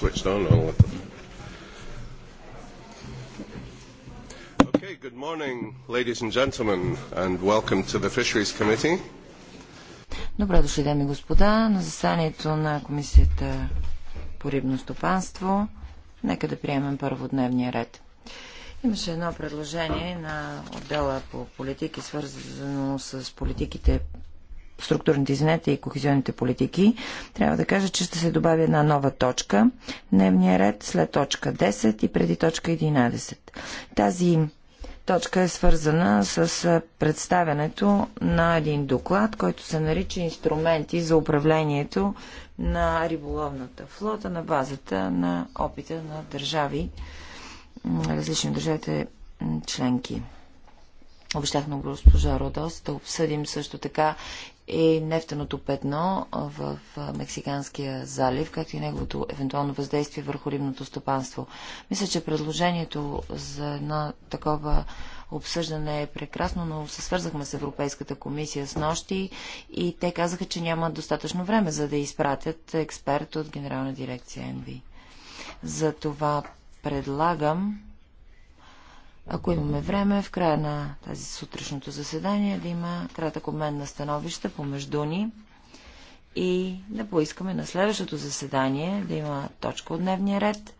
switched on Okay, good morning, ladies and gentlemen, and welcome to the Fisheries Committee. Добре дошли, дами и господа, на заседанието на Комисията по рибно стопанство. Нека да приемем първо дневния ред. Имаше едно предложение на отдела по политики, свързано с политиките структурните извинете и кохезионните политики, трябва да кажа, че ще се добави една нова точка в дневния ред след точка 10 и преди точка 11. Тази точка е свързана с представянето на един доклад, който се нарича Инструменти за управлението на риболовната флота на базата на опита на държави, различни държавите членки. Обещахме госпожа Родос да обсъдим също така и нефтеното петно в Мексиканския залив, както и неговото евентуално въздействие върху рибното стопанство. Мисля, че предложението за едно такова обсъждане е прекрасно, но се свързахме с Европейската комисия с нощи и те казаха, че няма достатъчно време за да изпратят експерт от Генерална дирекция НВ. За това предлагам ако имаме време, в края на тази сутрешното заседание да има кратък обмен на становища помежду ни и да поискаме на следващото заседание да има точка от дневния ред,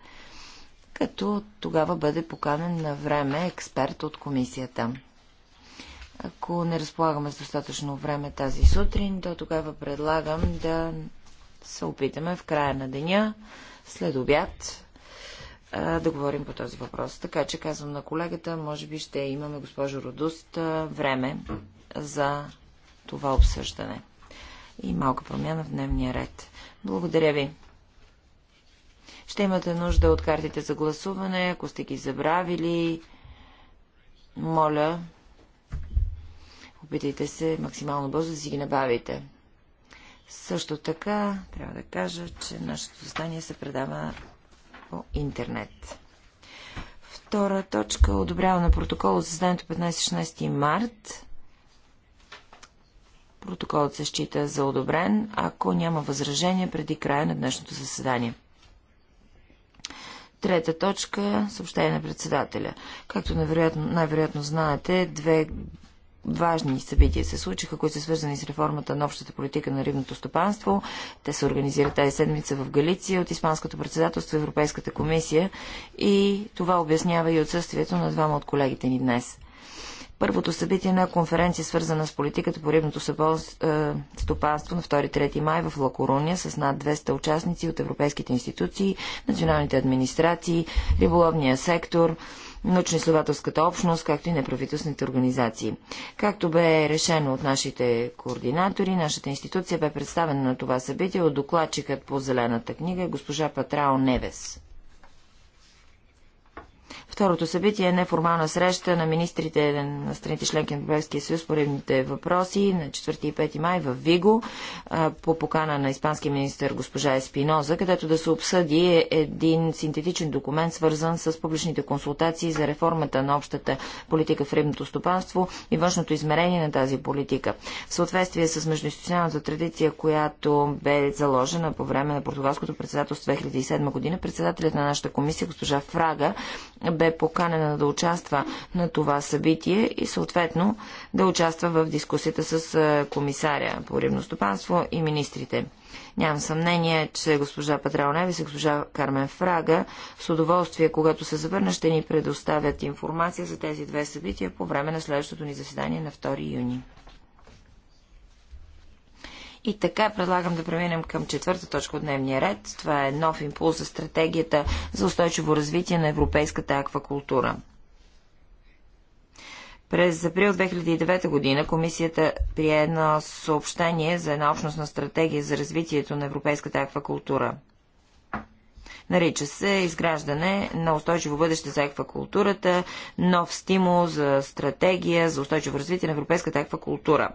като тогава бъде поканен на време експерт от комисията. Ако не разполагаме с достатъчно време тази сутрин, то тогава предлагам да се опитаме в края на деня, след обяд, да говорим по този въпрос. Така че казвам на колегата, може би ще имаме, госпожо Родост, време за това обсъждане. И малка промяна в дневния ред. Благодаря ви. Ще имате нужда от картите за гласуване, ако сте ги забравили. Моля, опитайте се максимално бързо да си ги набавите. Също така, трябва да кажа, че нашето състояние се предава по интернет. Втора точка – одобрява на протокол от заседанието 15-16 март. Протоколът се счита за одобрен, ако няма възражение преди края на днешното заседание. Трета точка – съобщение на председателя. Както най-вероятно, най-вероятно знаете, две важни събития се случиха, които са свързани с реформата на общата политика на рибното стопанство. Те се организират тази седмица в Галиция от Испанското председателство Европейската комисия и това обяснява и отсъствието на двама от колегите ни днес. Първото събитие на конференция, свързана с политиката по рибното е, стопанство на 2-3 май в Лакоруния с над 200 участници от европейските институции, националните администрации, риболовния сектор, научно-изследователската общност, както и неправителствените организации. Както бе решено от нашите координатори, нашата институция бе представена на това събитие от докладчикът по Зелената книга е госпожа Патрао Невес. Второто събитие е неформална среща на министрите на страните членки на Европейския съюз по ревните въпроси на 4 и 5 май в Виго по покана на испанския министр госпожа Еспиноза, където да се обсъди е един синтетичен документ, свързан с публичните консултации за реформата на общата политика в рибното стопанство и външното измерение на тази политика. В съответствие с междуинституционалната традиция, която бе заложена по време на португалското председателство 2007 година, председателят на нашата комисия, госпожа Фрага, бе поканена да участва на това събитие и съответно да участва в дискусията с комисаря по рибно стопанство и министрите. Нямам съмнение, че госпожа Патрал Невис и госпожа Кармен Фрага с удоволствие, когато се завърна, ще ни предоставят информация за тези две събития по време на следващото ни заседание на 2 юни. И така предлагам да преминем към четвърта точка от дневния ред. Това е нов импулс за стратегията за устойчиво развитие на европейската аквакултура. През април 2009 година комисията прие едно съобщение за една общностна стратегия за развитието на европейската аквакултура. Нарича се изграждане на устойчиво бъдеще за еквакултурата, нов стимул за стратегия за устойчиво развитие на европейската еквакултура.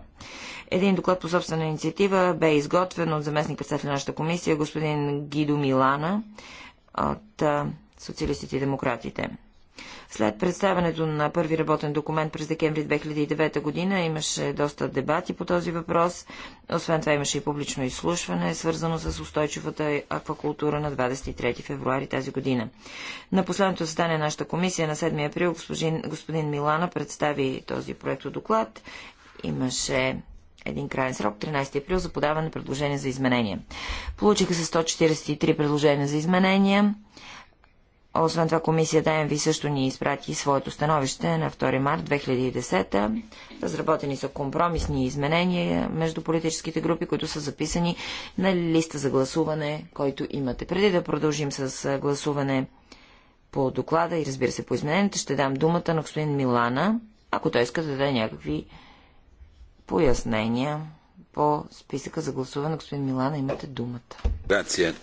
Един доклад по собствена инициатива бе изготвен от заместник председател на нашата комисия, господин Гидо Милана от Социалистите и демократите. След представянето на първи работен документ през декември 2009 година имаше доста дебати по този въпрос. Освен това имаше и публично изслушване, свързано с устойчивата аквакултура на 23 февруари тази година. На последното на нашата комисия на 7 април господин, господин Милана представи този проект доклад. Имаше един крайен срок 13 април за подаване на предложения за изменения. Получиха се 143 предложения за изменения. Освен това, комисията МВ също ни изпрати своето становище на 2 март 2010. Разработени са компромисни изменения между политическите групи, които са записани на листа за гласуване, който имате. Преди да продължим с гласуване по доклада и разбира се по измененията, ще дам думата на господин Милана, ако той иска да даде някакви пояснения по списъка за гласуване. Господин Милана, имате думата. Грация,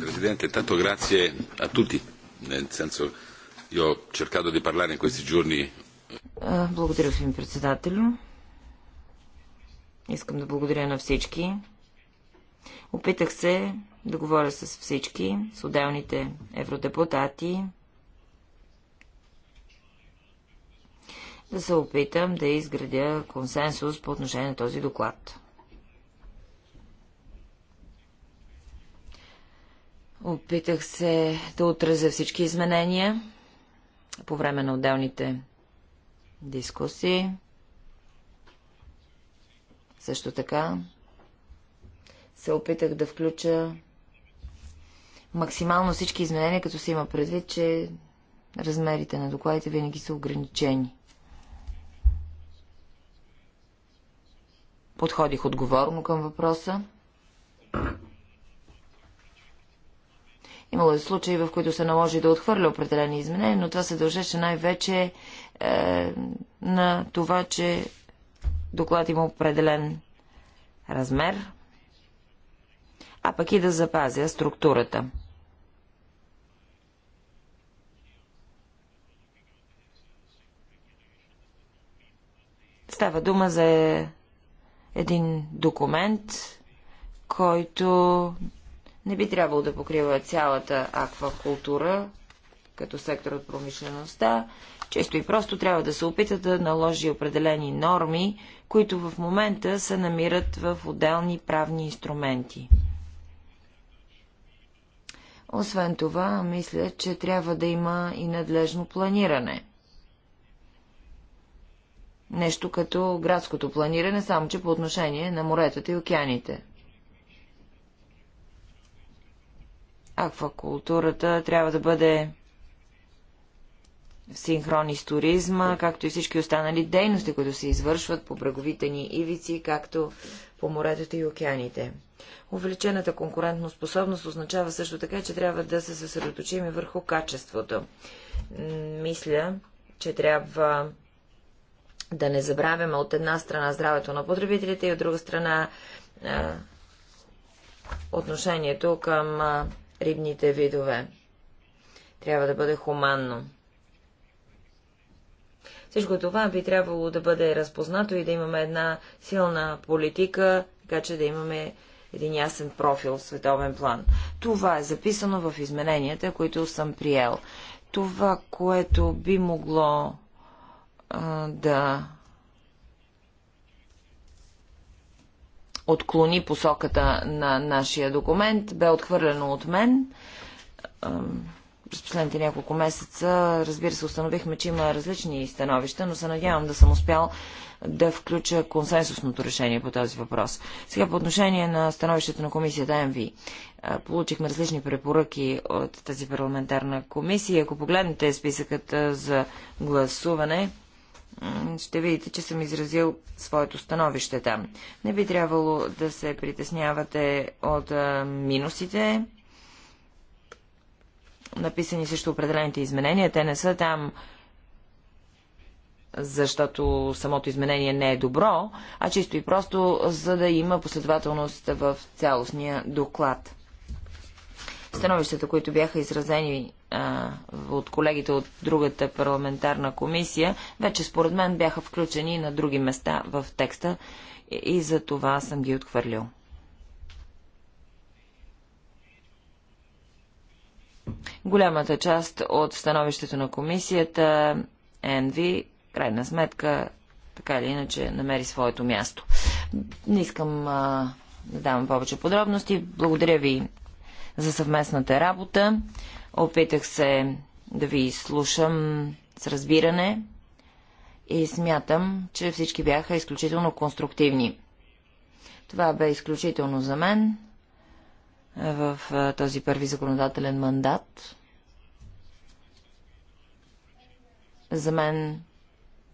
президенте, тато грация, а тути. Nel senso, io ho cercato di parlare in questi giorni. Благодаря, господин председателю. Искам да благодаря на всички. Опитах се да говоря с всички, с отделните евродепутати, да се опитам да изградя консенсус по отношение на този доклад. Опитах се да отразя всички изменения по време на отделните дискусии. Също така се опитах да включа максимално всички изменения, като се има предвид, че размерите на докладите винаги са ограничени. Подходих отговорно към въпроса. Имало е случаи, в които се наложи да отхвърля определени изменения, но това се дължеше най-вече е, на това, че доклад има определен размер, а пък и да запазя структурата. Става дума за е, един документ, който не би трябвало да покрива цялата аквакултура, като сектор от промишлеността. Често и просто трябва да се опита да наложи определени норми, които в момента се намират в отделни правни инструменти. Освен това, мисля, че трябва да има и надлежно планиране. Нещо като градското планиране, само че по отношение на моретата и океаните. аквакултурата трябва да бъде в синхрон и с туризма, както и всички останали дейности, които се извършват по бреговите ни ивици, както по моретата и океаните. Увеличената конкурентоспособност означава също така, че трябва да се съсредоточим и върху качеството. Мисля, че трябва да не забравяме от една страна здравето на потребителите и от друга страна отношението към рибните видове. Трябва да бъде хуманно. Всичко това би трябвало да бъде разпознато и да имаме една силна политика, така че да имаме един ясен профил в световен план. Това е записано в измененията, които съм приел. Това, което би могло а, да отклони посоката на нашия документ. Бе отхвърлено от мен. През последните няколко месеца, разбира се, установихме, че има различни становища, но се надявам да съм успял да включа консенсусното решение по този въпрос. Сега по отношение на становището на комисията МВ. Получихме различни препоръки от тази парламентарна комисия. Ако погледнете списъкът за гласуване, ще видите, че съм изразил своето становище там. Не би трябвало да се притеснявате от минусите, написани също определените изменения. Те не са там защото самото изменение не е добро, а чисто и просто за да има последователност в цялостния доклад становищата, които бяха изразени а, от колегите от другата парламентарна комисия, вече според мен бяха включени на други места в текста и, и за това съм ги отхвърлил. Голямата част от становището на комисията НВ, крайна сметка, така или иначе, намери своето място. Не искам а, да давам повече подробности. Благодаря ви за съвместната работа. Опитах се да ви слушам с разбиране и смятам, че всички бяха изключително конструктивни. Това бе изключително за мен в този първи законодателен мандат. За мен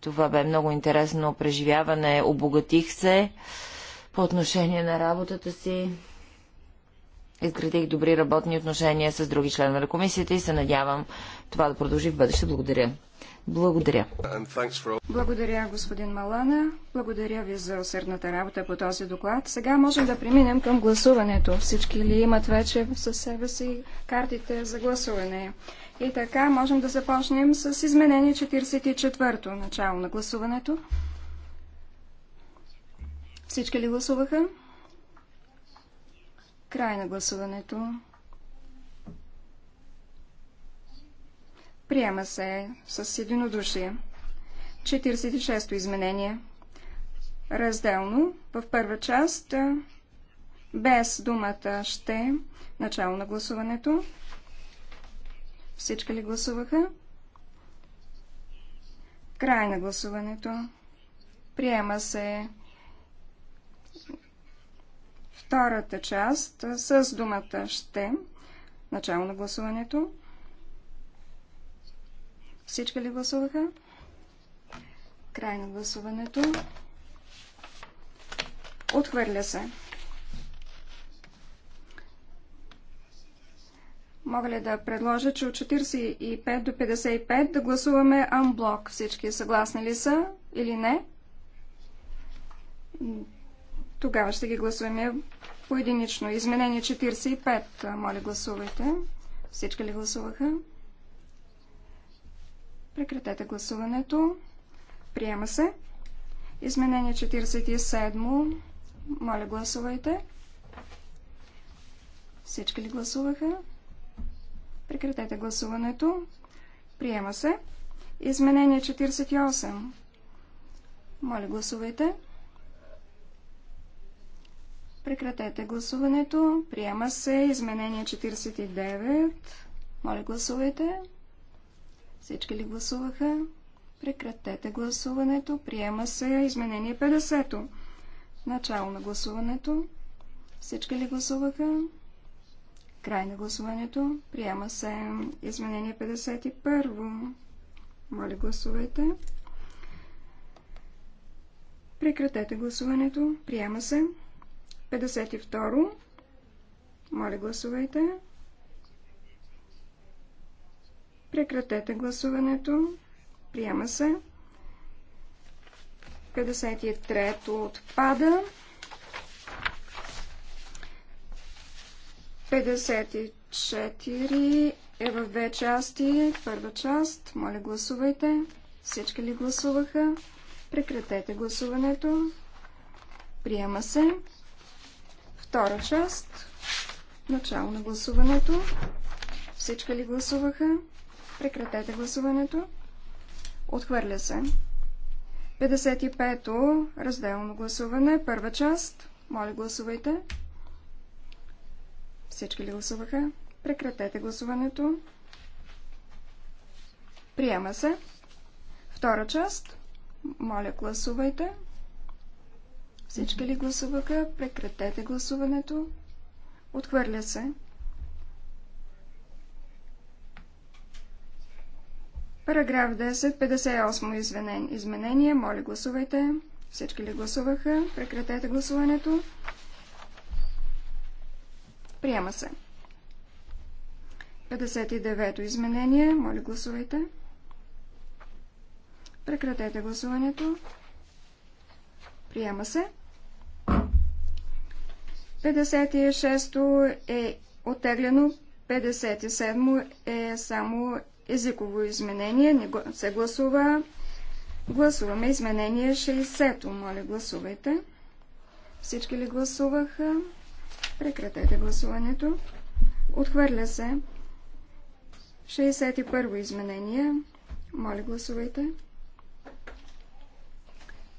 това бе много интересно преживяване. Обогатих се по отношение на работата си изградих добри работни отношения с други членове на комисията и се надявам това да продължи в бъдеще. Благодаря. Благодаря. Благодаря, господин Малана. Благодаря ви за усърдната работа по този доклад. Сега можем да преминем към гласуването. Всички ли имат вече със себе си картите за гласуване? И така можем да започнем с изменение 44-то, начало на гласуването. Всички ли гласуваха? Край на гласуването. Приема се с единодушие. 46-то изменение. Разделно, в първа част, без думата ще, начало на гласуването. Всички ли гласуваха? Край на гласуването. Приема се втората част с думата ще. Начало на гласуването. Всички ли гласуваха? Край на гласуването. Отхвърля се. Мога ли да предложа, че от 45 до 55 да гласуваме анблок. Всички съгласни ли са или не? Тогава ще ги гласуваме Поединично. Изменение 45. Моля, гласувайте. Всички ли гласуваха? Прекратете гласуването. Приема се. Изменение 47. Моля, гласувайте. Всички ли гласуваха? Прекратете гласуването. Приема се. Изменение 48. Моля, гласувайте. Прекратете гласуването. Приема се изменение 49. Моля, гласувайте. Всички ли гласуваха? Прекратете гласуването. Приема се изменение 50-то. Начало на гласуването. Всички ли гласуваха? Край на гласуването. Приема се изменение 51. Моля, гласувайте. Прекратете гласуването. Приема се. 52. Моля, гласувайте. Прекратете гласуването. Приема се. 53-то отпада. 54 е в две части. Първа част. Моля, гласувайте. Всички ли гласуваха? Прекратете гласуването. Приема се. Втора част. Начало на гласуването. Всички ли гласуваха? Прекратете гласуването. Отхвърля се. 55-то разделно гласуване. Първа част. Моля, гласувайте. Всички ли гласуваха? Прекратете гласуването. Приема се. Втора част. Моля, гласувайте. Всички ли гласуваха? Прекратете гласуването. Отхвърля се. Параграф 10, 58 изменение. Моля, гласувайте. Всички ли гласуваха? Прекратете гласуването. Приема се. 59-то изменение. Моля, гласувайте. Прекратете гласуването. Приема се. 56-то е отеглено, 57-то е само езиково изменение, не се гласува. Гласуваме изменение 60-то. Моля, гласувайте. Всички ли гласуваха? Прекратете гласуването. Отхвърля се. 61-во изменение. Моля, гласувайте.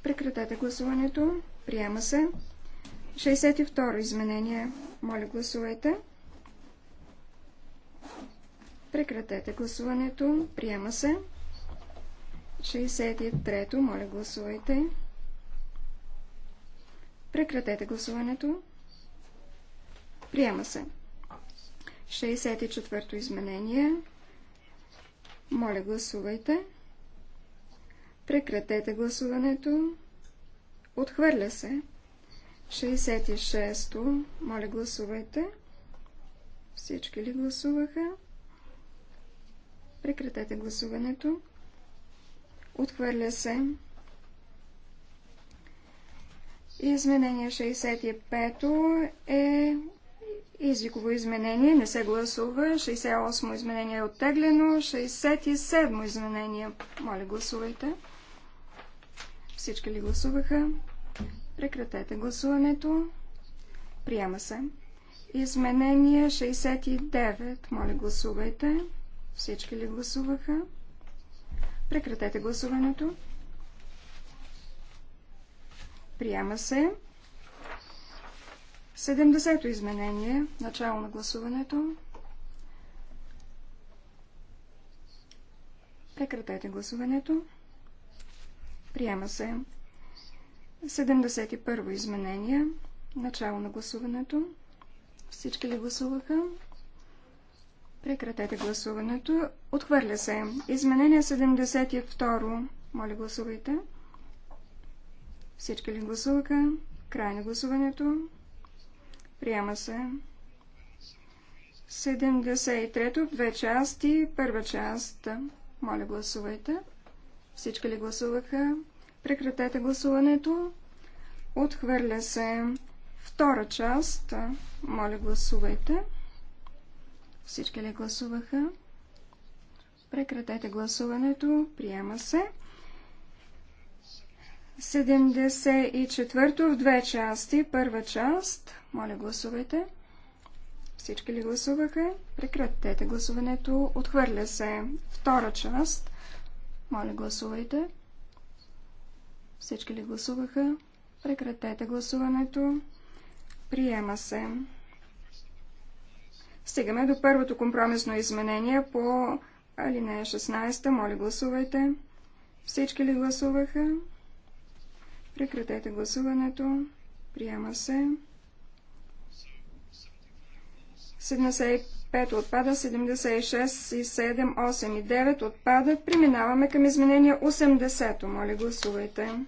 Прекратете гласуването. Приема се. 62 изменение. Моля, гласувайте. Прекратете гласуването. Приема се. 63 Моля, гласувайте. Прекратете гласуването. Приема се. 64-то изменение. Моля, гласувайте. Прекратете гласуването. Отхвърля се. 66-то. Моля, гласувайте. Всички ли гласуваха? Прекратете гласуването. Отхвърля се. Изменение 65-то е езиково изменение, не се гласува. 68-о изменение е оттеглено. 67-о изменение. Моля, гласувайте. Всички ли гласуваха? Прекратете гласуването. Приема се. Изменение 69. Моля, гласувайте. Всички ли гласуваха? Прекратете гласуването. Приема се. 70-то изменение. Начало на гласуването. Прекратете гласуването. Приема се. 71 изменение. Начало на гласуването. Всички ли гласуваха? Прекратете гласуването. Отхвърля се. Изменение 72. Моля гласувайте. Всички ли гласуваха? Край на гласуването. Приема се. 73-то, две части, първа част. Моля гласувайте. Всички ли гласуваха? Прекратете гласуването. Отхвърля се втора част. Моля, гласувайте. Всички ли гласуваха? Прекратете гласуването. Приема се. 74 в две части. Първа част. Моля, гласувайте. Всички ли гласуваха? Прекратете гласуването. Отхвърля се. Втора част. Моля, гласувайте. Всички ли гласуваха? Прекратете гласуването. Приема се. Стигаме до първото компромисно изменение по алинея 16. Моля, гласувайте. Всички ли гласуваха? Прекратете гласуването. Приема се. 5 отпада, 76 и 7, 8 и 9 отпадат. Преминаваме към изменение 80. Моля, гласувайте.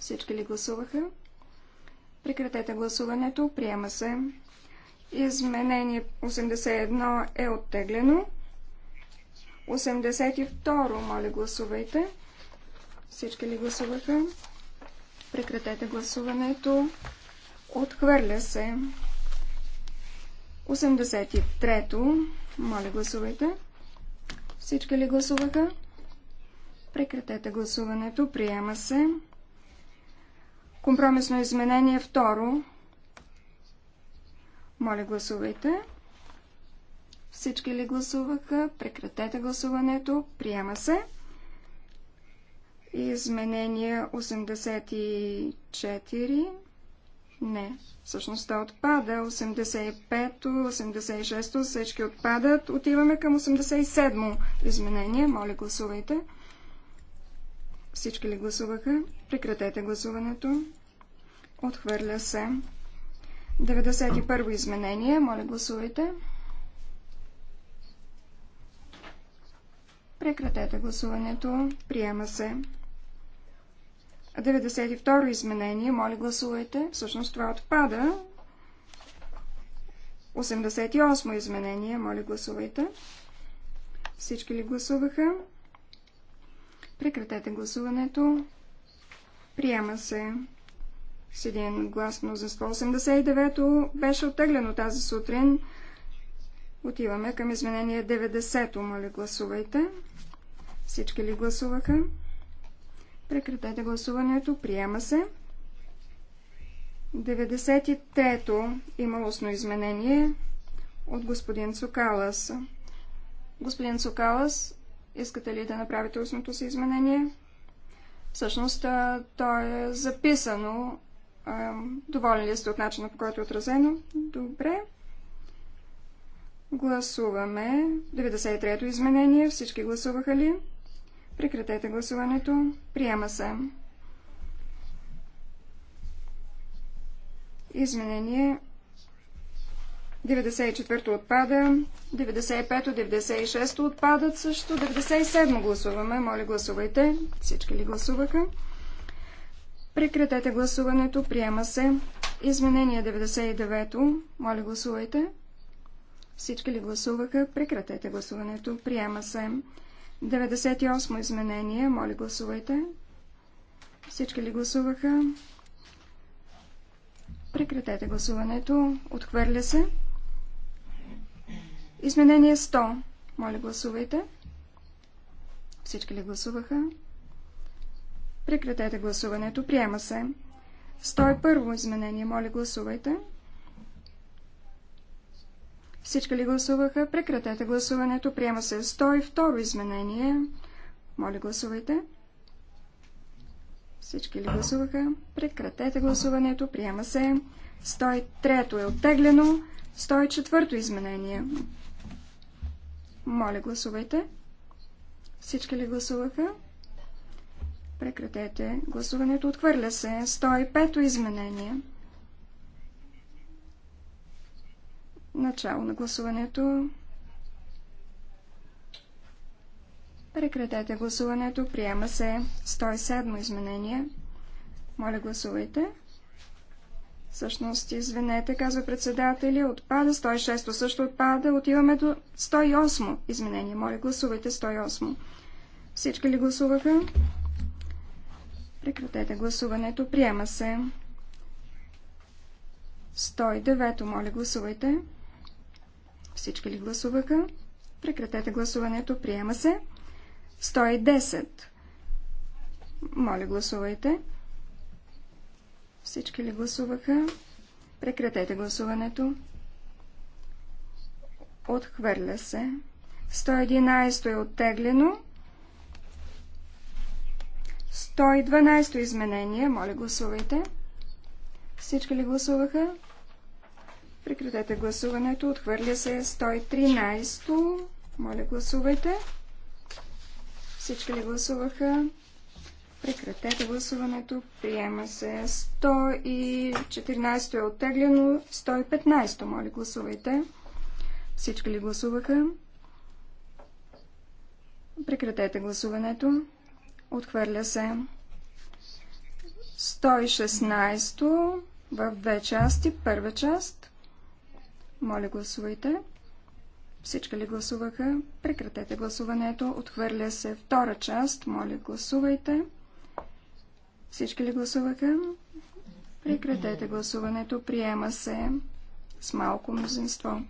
Всички ли гласуваха? Прекратете гласуването. Приема се. Изменение 81 е оттеглено. 82. Моля, гласувайте. Всички ли гласуваха? Прекратете гласуването. Отхвърля се. 83-то. Моля, гласувайте. Всички ли гласуваха? Прекратете гласуването. Приема се. Компромисно изменение второ. Моля, гласувайте. Всички ли гласуваха? Прекратете гласуването. Приема се. Изменение 84. Не. Всъщност това отпада. 85-то, 86-то, всички отпадат. Отиваме към 87-мо изменение. Моля, гласувайте. Всички ли гласуваха? Прекратете гласуването. Отхвърля се. 91-во изменение. Моля, гласувайте. Прекратете гласуването. Приема се. 92 изменение, моля гласувайте. Всъщност това отпада. 88 изменение, моля гласувайте. Всички ли гласуваха? Прекратете гласуването. Приема се с един глас мнозинство. 89-то беше оттеглено тази сутрин. Отиваме към изменение 90-то. Моля, гласувайте. Всички ли гласуваха? Прекратете гласуването. Приема се. 93-то има устно изменение от господин Цукалас. Господин Цукалас, искате ли да направите устното си изменение? Всъщност, то е записано. Доволни ли сте от начина, по който е отразено? Добре. Гласуваме 93-то изменение. Всички гласуваха ли? Прекратете гласуването. Приема се. Изменение 94-то отпада, 95-то, 96-то отпадат също, 97-то гласуваме, моля гласувайте, всички ли гласуваха? Прекратете гласуването, приема се. Изменение 99-то, моля гласувайте. Всички ли гласуваха? Прекратете гласуването, приема се. 98 изменение. моли гласувайте. Всички ли гласуваха? Прекратете гласуването. Отхвърля се. Изменение 100. Моля, гласувайте. Всички ли гласуваха? Прекратете гласуването. Приема се. 101 изменение. Моля, гласувайте. Всички ли гласуваха? Прекратете гласуването. Приема се 102 изменение. Моля, гласувайте. Всички ли гласуваха? Прекратете гласуването. Приема се 103 е оттеглено. 104 изменение. Моля, гласувайте. Всички ли гласуваха? Прекратете гласуването. Отхвърля се 105 изменение. Начало на гласуването. Прекратете гласуването. Приема се 107 изменение. Моля, гласувайте. Всъщност, извинете, казва председателя, отпада 106 също отпада. Отиваме до 108 изменение. Моля, гласувайте 108. Всички ли гласуваха? Прекратете гласуването. Приема се. 109. Моля, гласувайте. Всички ли гласуваха? Прекратете гласуването. Приема се. 110. Моля, гласувайте. Всички ли гласуваха? Прекратете гласуването. Отхвърля се. 111 е оттеглено. 112 изменение. Моля, гласувайте. Всички ли гласуваха? Прекратете гласуването. Отхвърля се 113. Моля, гласувайте. Всички ли гласуваха? Прекратете гласуването. Приема се 114 е оттеглено. 115. Моля, гласувайте. Всички ли гласуваха? Прекратете гласуването. Отхвърля се. 116 в две части. Първа част. Моля, гласувайте. Всички ли гласуваха? Прекратете гласуването. Отхвърля се втора част. Моля, гласувайте. Всички ли гласуваха? Прекратете гласуването. Приема се с малко мнозинство.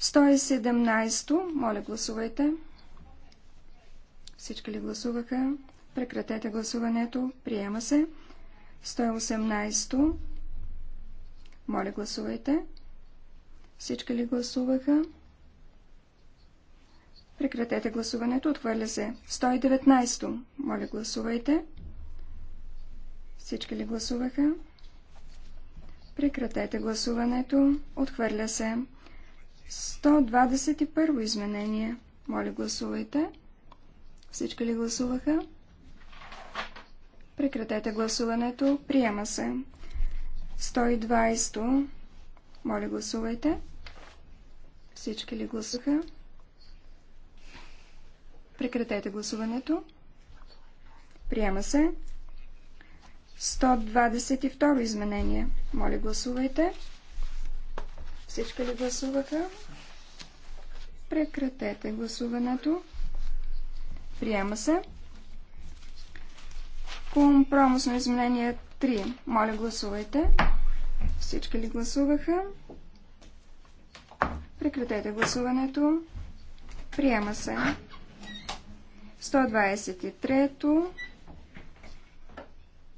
117. Моля, гласувайте. Всички ли гласуваха? Прекратете гласуването. Приема се. 118. Моля, гласувайте. Всички ли гласуваха? Прекратете гласуването. Отхвърля се. 119. Моля, гласувайте. Всички ли гласуваха? Прекратете гласуването. Отхвърля се. 121 изменение. Моля, гласувайте. Всички ли гласуваха? Прекратете гласуването. Приема се. 120. Моля, гласувайте. Всички ли гласаха? Прекратете гласуването. Приема се. 122 изменение. Моля, гласувайте. Всички ли гласуваха? Прекратете гласуването. Приема се. Компромисно изменение 3. Моля, гласувайте. Всички ли гласуваха? Прекратете гласуването. Приема се. 123-то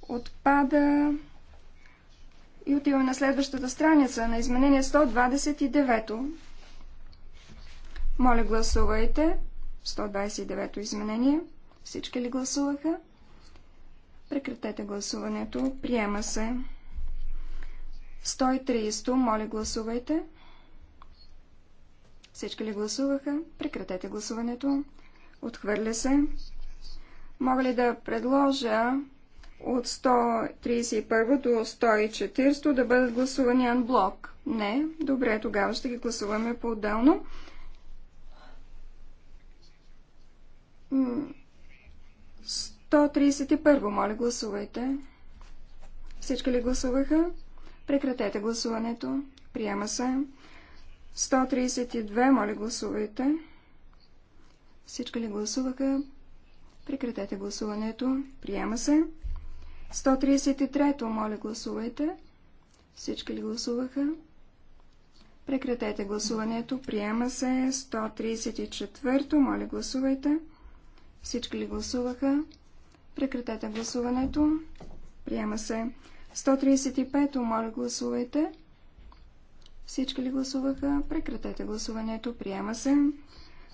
отпада и отиваме на следващата страница на изменение 129-то. Моля, гласувайте. 129-то изменение. Всички ли гласуваха? Прекратете гласуването. Приема се. 130-то. Моля, гласувайте. 130 всички ли гласуваха? Прекратете гласуването. Отхвърля се. Мога ли да предложа от 131 до 140 да бъдат гласувани анблок? Не. Добре, тогава ще ги гласуваме по-отделно. М 131, моля гласувайте. Всички ли гласуваха? Прекратете гласуването. Приема се. 132, моля гласувайте. Всички ли гласуваха? Прекратете гласуването. Приема се. 133, моля гласувайте. Всички ли гласуваха? Прекратете гласуването. Приема се. 134, моля гласувайте. Всички ли гласуваха? Прекратете гласуването. Приема се. 135, моля гласувайте. Всички ли гласуваха? Прекратете гласуването. Приема се.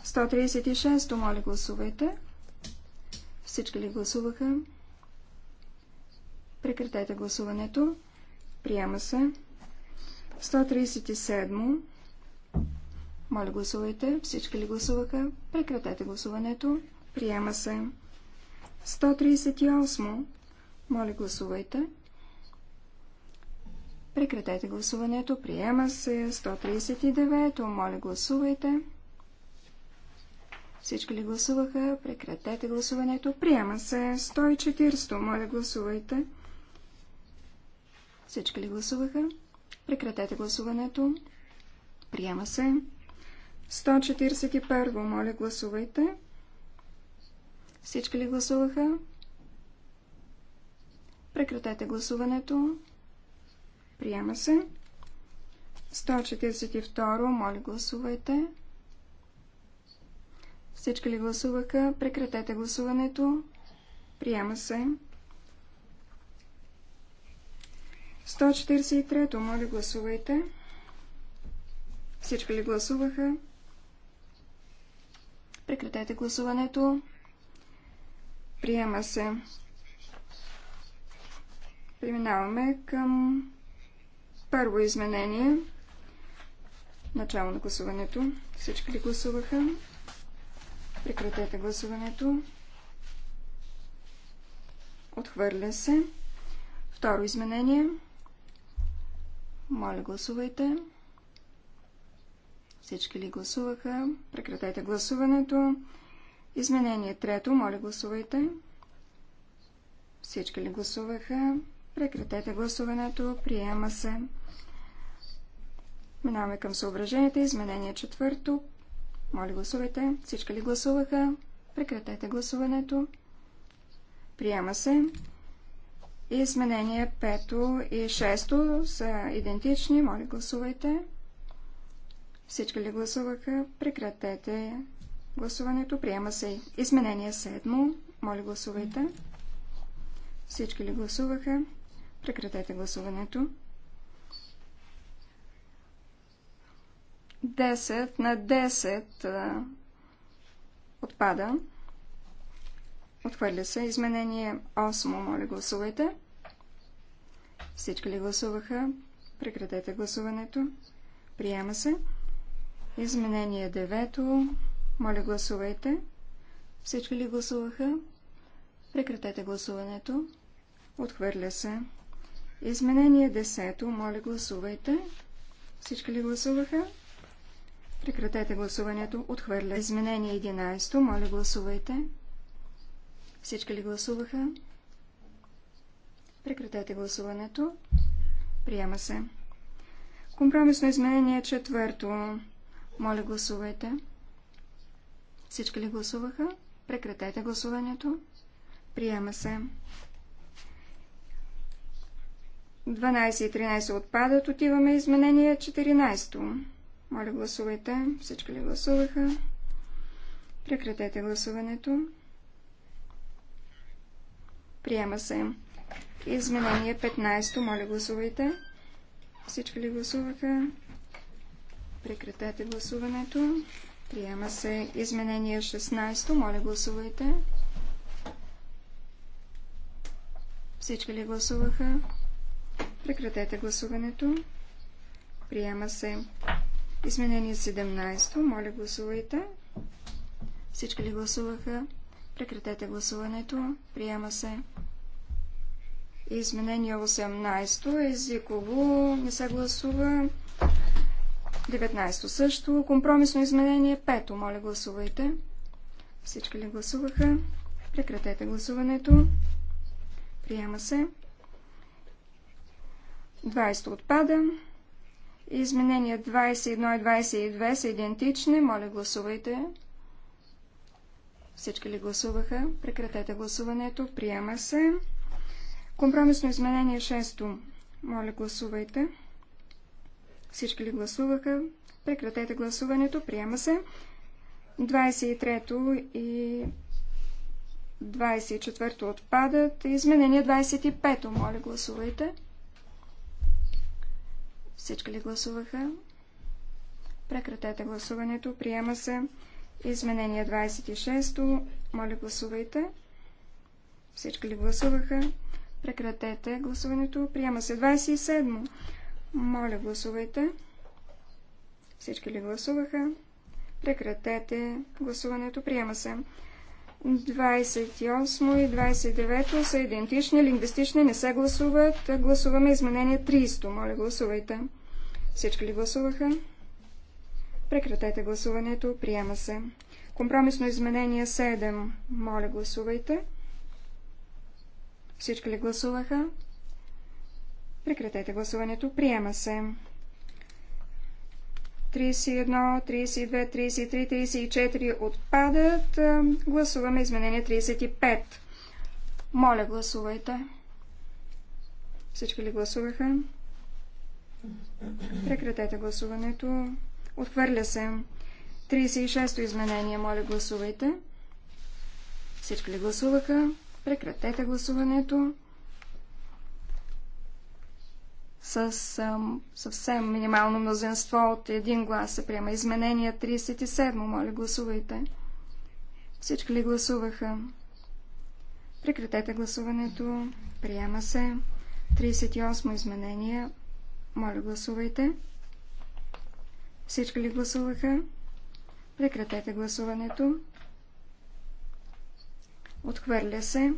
136. Моля, гласувайте. Всички ли гласуваха? Прекратете гласуването. Приема се. 137. Моля, гласувайте. Всички ли гласуваха? Прекратете гласуването. Приема се. 138. Моля, гласувайте. Прекратете гласуването. Приема се 139. то Моля, гласувайте. Всички ли гласуваха? Прекратете гласуването. Приема се 140. Моля, гласувайте. Всички ли гласуваха? Прекратете гласуването. Приема се. 141. Моля, гласувайте. Всички ли гласуваха? Прекратете гласуването. Приема се. 142. Моля, гласувайте. Всички ли гласуваха? Прекратете гласуването. Приема се. 143. Моля, гласувайте. Всички ли гласуваха? Прекратете гласуването. Приема се. Преминаваме към първо изменение. Начало на гласуването. Всички ли гласуваха? Прекратете гласуването. Отхвърля се. Второ изменение. Моля, гласувайте. Всички ли гласуваха? Прекратете гласуването. Изменение трето. Моля, гласувайте. Всички ли гласуваха? Прекратете гласуването. Приема се. Минаваме към съображенията. Изменение четвърто. Моля гласувайте. Всички ли гласуваха? Прекратете гласуването. Приема се. Изменение 5 и шесто са идентични. Моля гласувайте. Всички ли гласуваха? Прекратете гласуването. Приема се. Изменение седмо. Моля гласувайте. Всички ли гласуваха? Прекратете гласуването. 10 на 10 отпада. Отхвърля се. Изменение 8. Моля, гласувайте. Всички ли гласуваха? Прекратете гласуването. Приема се. Изменение 9. Моля, гласувайте. Всички ли гласуваха? Прекратете гласуването. Отхвърля се. Изменение 10. Моля, гласувайте. Всички ли гласуваха? Прекратете гласуването. Отхвърля. Изменение 11. Моля гласувайте. Всички ли гласуваха? Прекратете гласуването. Приема се. Компромисно изменение 4. Моля гласувайте. Всички ли гласуваха? Прекратете гласуването. Приема се. 12 и 13 отпадат. Отиваме изменение 14. Моля, гласувайте. Всички ли гласуваха? Прекратете гласуването. Приема се. Изменение 15. Моля, гласувайте. Всички ли гласуваха? Прекратете гласуването. Приема се изменение 16. Моля, гласувайте. Всички ли гласуваха? Прекратете гласуването. Приема се Изменение 17. Моля, гласувайте. Всички ли гласуваха? Прекратете гласуването. Приема се. Изменение 18. Езиково не се гласува. 19 също. Компромисно изменение 5. Моля, гласувайте. Всички ли гласуваха? Прекратете гласуването. Приема се. 20 отпада. Изменения 21 и 22 са идентични. Моля, гласувайте. Всички ли гласуваха? Прекратете гласуването. Приема се. Компромисно изменение 6. Моля, гласувайте. Всички ли гласуваха? Прекратете гласуването. Приема се. 23 и 24 отпадат. Изменение 25. Моля, гласувайте. Всички ли гласуваха? Прекратете гласуването. Приема се изменение 26. Моля гласувайте. Всички ли гласуваха? Прекратете гласуването. Приема се 27. Моля гласувайте. Всички ли гласуваха? Прекратете гласуването. Приема се. 28 и 29 са идентични, лингвистични, не се гласуват. Гласуваме изменение 300. Моля, гласувайте. Всички ли гласуваха? Прекратете гласуването. Приема се. Компромисно изменение 7. Моля, гласувайте. Всички ли гласуваха? Прекратете гласуването. Приема се. 31, 32, 33, 34 отпадат. Гласуваме изменение 35. Моля, гласувайте. Всички ли гласуваха? Прекратете гласуването. Отхвърля се. 36-то изменение. Моля, гласувайте. Всички ли гласуваха? Прекратете гласуването с съвсем минимално мнозинство от един глас се приема. Изменение 37. Моля, гласувайте. Всички ли гласуваха? Прекратете гласуването. Приема се. 38 изменение. Моля, гласувайте. Всички ли гласуваха? Прекратете гласуването. Отхвърля се.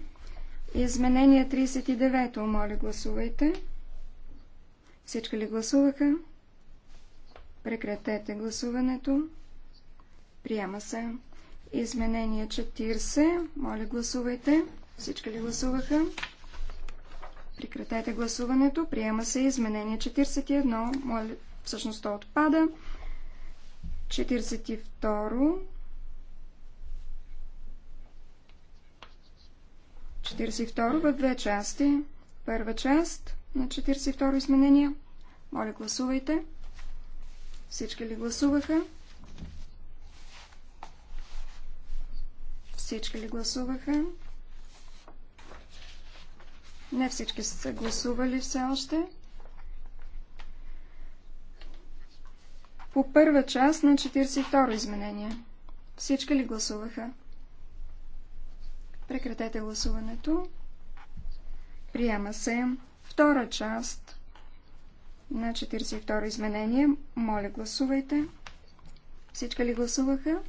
Изменение 39. Моля, гласувайте. Всички ли гласуваха? Прекратете гласуването. Приема се. Изменение 40. Моля, гласувайте. Всички ли гласуваха? Прекратете гласуването. Приема се изменение 41. Моля, всъщност то отпада. 42. 42 в две части. Първа част – на 42 изменение. Моля, гласувайте. Всички ли гласуваха? Всички ли гласуваха? Не всички са гласували все още. По първа част на 42 изменение. Всички ли гласуваха? Прекратете гласуването. Приема се. Втора част на 42 изменение. Моля, гласувайте. Всички ли гласуваха?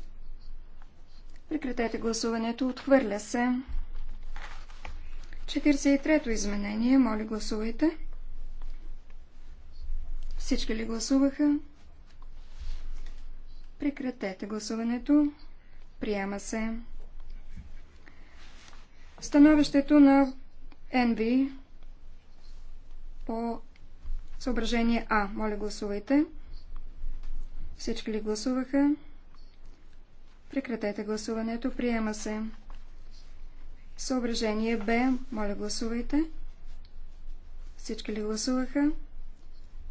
Прекратете гласуването. Отхвърля се. 43-то изменение. Моля, гласувайте. Всички ли гласуваха? Прекратете гласуването. Приема се. Становището на НВ по съображение А. Моля, гласувайте. Всички ли гласуваха? Прекратете гласуването. Приема се. Съображение Б. Моля, гласувайте. Всички ли гласуваха?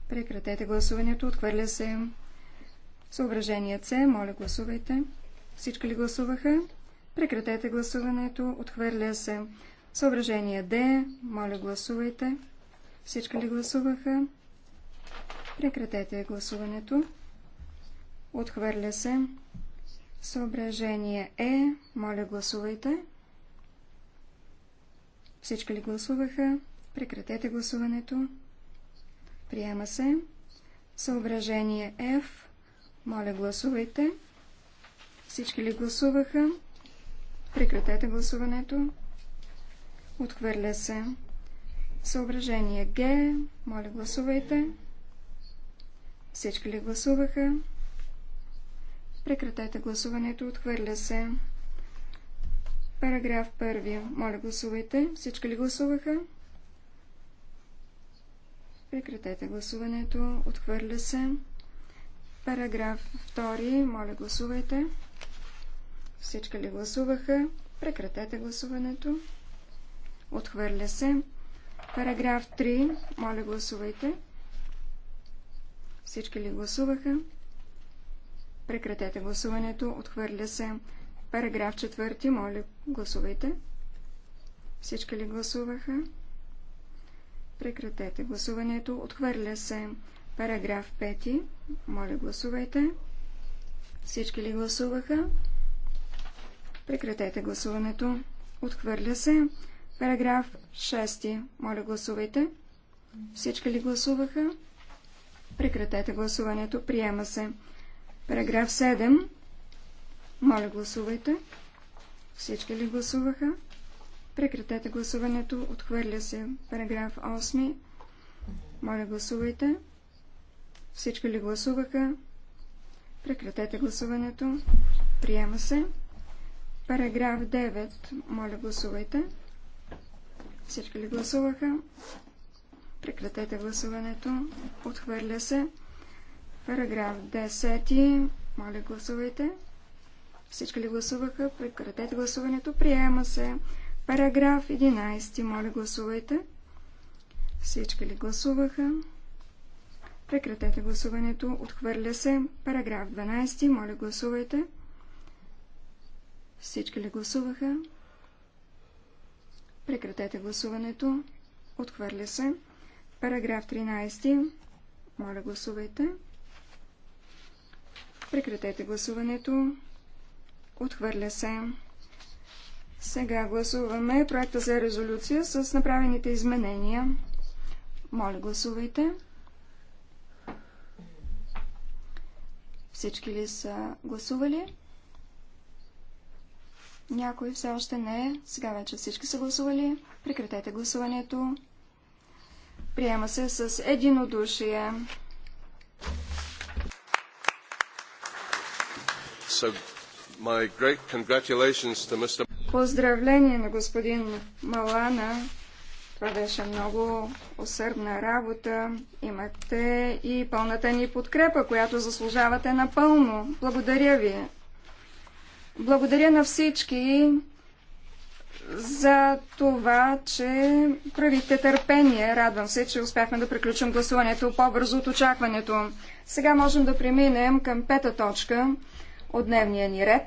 Прекратете гласуването. Отхвърля се. Съображение С. Моля, гласувайте. Всички ли гласуваха? Прекратете гласуването. Отхвърля се. Съображение Д. Моля, гласувайте. Всички ли гласуваха? Прекратете гласуването. Отхвърля се. Съображение е. Моля, гласувайте. Всички ли гласуваха? Прекратете гласуването. Приема се. Съображение F. Моля, гласувайте. Всички ли гласуваха? Прекратете гласуването. Отхвърля се. Съображение Г. Моля, гласувайте. Всички ли гласуваха? Прекратете гласуването. Отхвърля се. Параграф 1. Моля, гласувайте. Всички ли гласуваха? Прекратете гласуването. Отхвърля се. Параграф 2. Моля, гласувайте. Всички ли гласуваха? Прекратете гласуването. Отхвърля се. Параграф 3. Моля, гласувайте. Всички ли гласуваха? Прекратете гласуването. Отхвърля се. Параграф 4. Моля, гласувайте. Всички ли гласуваха? Прекратете гласуването. Отхвърля се. Параграф 5. Моля, гласувайте. Всички ли гласуваха? Прекратете гласуването. Отхвърля се. Параграф 6. Моля гласувайте. Всички ли гласуваха? Прекратете гласуването. Приема се. Параграф 7. Моля гласувайте. Всички ли гласуваха? Прекратете гласуването. Отхвърля се. Параграф 8. Моля гласувайте. Всички ли гласуваха? Прекратете гласуването. Приема се. Параграф 9. Моля гласувайте. Всички ли гласуваха? Прекратете гласуването. Отхвърля се. Параграф 10. Моля, гласувайте. Всички ли гласуваха? Прекратете гласуването. Приема се. Параграф 11. Моля, гласувайте. Всички ли гласуваха? Прекратете гласуването. Отхвърля се. Параграф 12. Моля, гласувайте. Всички ли гласуваха? Прекратете гласуването. Отхвърля се. Параграф 13. Моля гласувайте. Прекратете гласуването. Отхвърля се. Сега гласуваме проекта за резолюция с направените изменения. Моля гласувайте. Всички ли са гласували? Някой все още не е. Сега вече всички са гласували. Прекратете гласуването. Приема се с единодушие. So, my great congratulations to Mr. Поздравление на господин Малана. Това беше много усърдна работа. Имахте и пълната ни подкрепа, която заслужавате напълно. Благодаря ви. Благодаря на всички за това, че правихте търпение. Радвам се, че успяхме да приключим гласуването по-бързо от очакването. Сега можем да преминем към пета точка от дневния ни ред.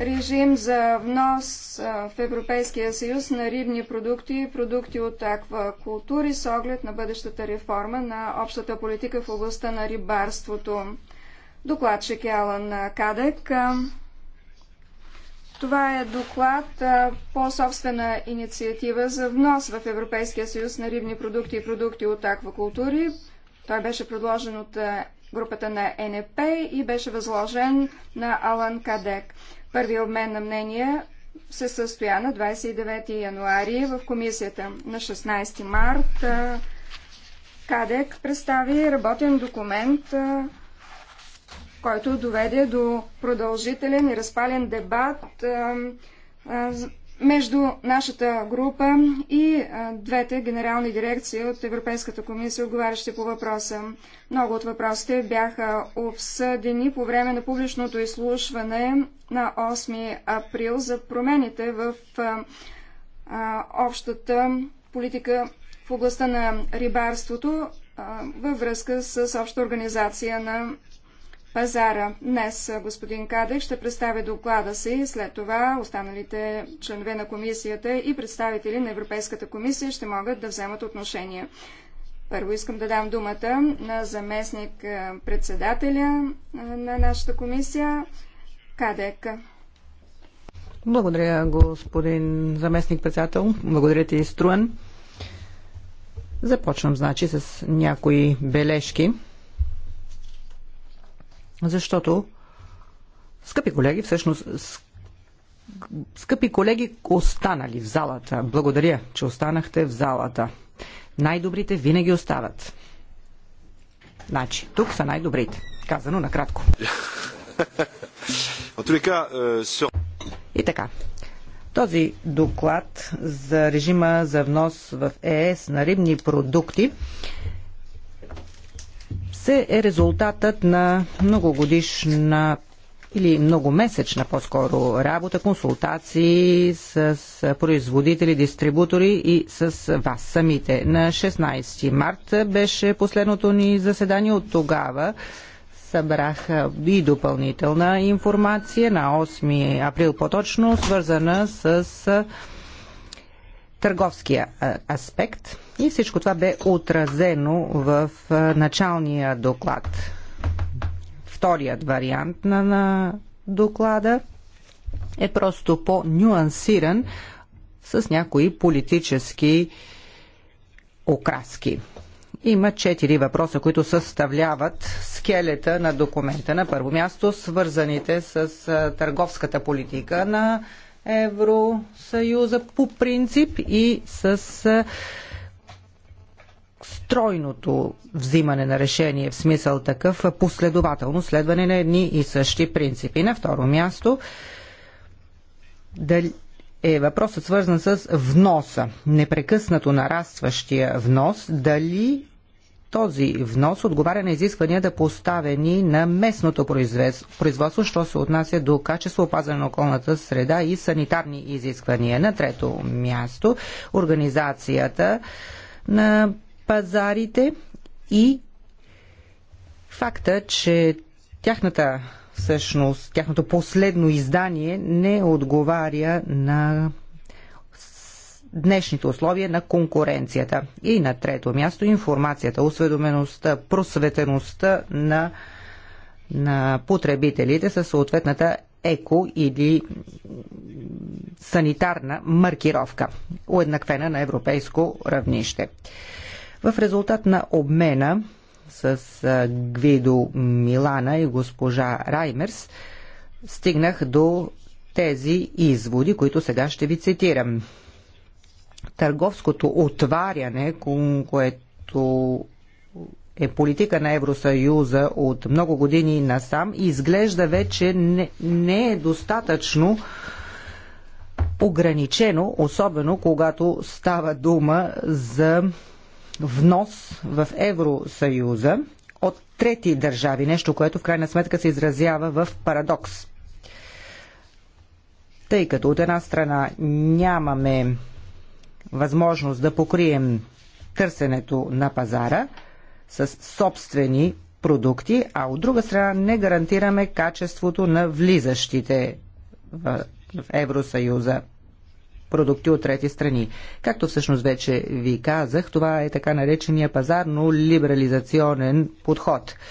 Режим за внос в Европейския съюз на рибни продукти и продукти от аквакултури с оглед на бъдещата реформа на общата политика в областта на рибарството докладчик е Алан Кадек. Това е доклад по собствена инициатива за внос в Европейския съюз на рибни продукти и продукти от аквакултури. Той беше предложен от групата на НП и беше възложен на Алан Кадек. Първи обмен на мнение се състоя на 29 януари в комисията. На 16 март Кадек представи работен документ който доведе до продължителен и разпален дебат между нашата група и двете генерални дирекции от Европейската комисия, отговарящи по въпроса. Много от въпросите бяха обсъдени по време на публичното изслушване на 8 април за промените в общата политика в областта на рибарството във връзка с обща организация на пазара. Днес господин Кадек ще представи доклада си, след това останалите членове на комисията и представители на Европейската комисия ще могат да вземат отношение. Първо искам да дам думата на заместник председателя на нашата комисия Кадек. Благодаря, господин заместник председател. Благодаря ти, Струен. Започвам, значи, с някои бележки защото, скъпи колеги, всъщност, скъпи колеги, останали в залата. Благодаря, че останахте в залата. Най-добрите винаги остават. Значи, тук са най-добрите. Казано накратко. Euh, И така. Този доклад за режима за внос в ЕС на рибни продукти се е резултатът на многогодишна или многомесечна по-скоро работа, консултации с производители, дистрибутори и с вас самите. На 16 март беше последното ни заседание от тогава. Събрах и допълнителна информация на 8 април по-точно, свързана с търговския аспект. И всичко това бе отразено в началния доклад. Вторият вариант на, на доклада е просто по-нюансиран с някои политически окраски. Има четири въпроса, които съставляват скелета на документа. На първо място свързаните с търговската политика на Евросъюза по принцип и с стройното взимане на решение в смисъл такъв последователно следване на едни и същи принципи. На второ място дали е въпросът свързан с вноса, непрекъснато нарастващия внос, дали този внос отговаря на изискванията поставени на местното производство, що се отнася до качество, опазване на околната среда и санитарни изисквания. На трето място организацията на пазарите и факта, че тяхната всъщност, тяхното последно издание не отговаря на днешните условия на конкуренцията. И на трето място информацията, осведомеността, просветеността на, на потребителите със съответната еко или санитарна маркировка, уеднаквена на европейско равнище. В резултат на обмена с Гвидо Милана и госпожа Раймерс стигнах до тези изводи, които сега ще ви цитирам търговското отваряне, което е политика на Евросъюза от много години насам, изглежда вече не, не е достатъчно ограничено, особено когато става дума за внос в Евросъюза от трети държави, нещо, което в крайна сметка се изразява в парадокс. Тъй като от една страна нямаме възможност да покрием търсенето на пазара с собствени продукти, а от друга страна не гарантираме качеството на влизащите в Евросъюза продукти от трети страни. Както всъщност вече ви казах, това е така наречения пазарно-либерализационен подход –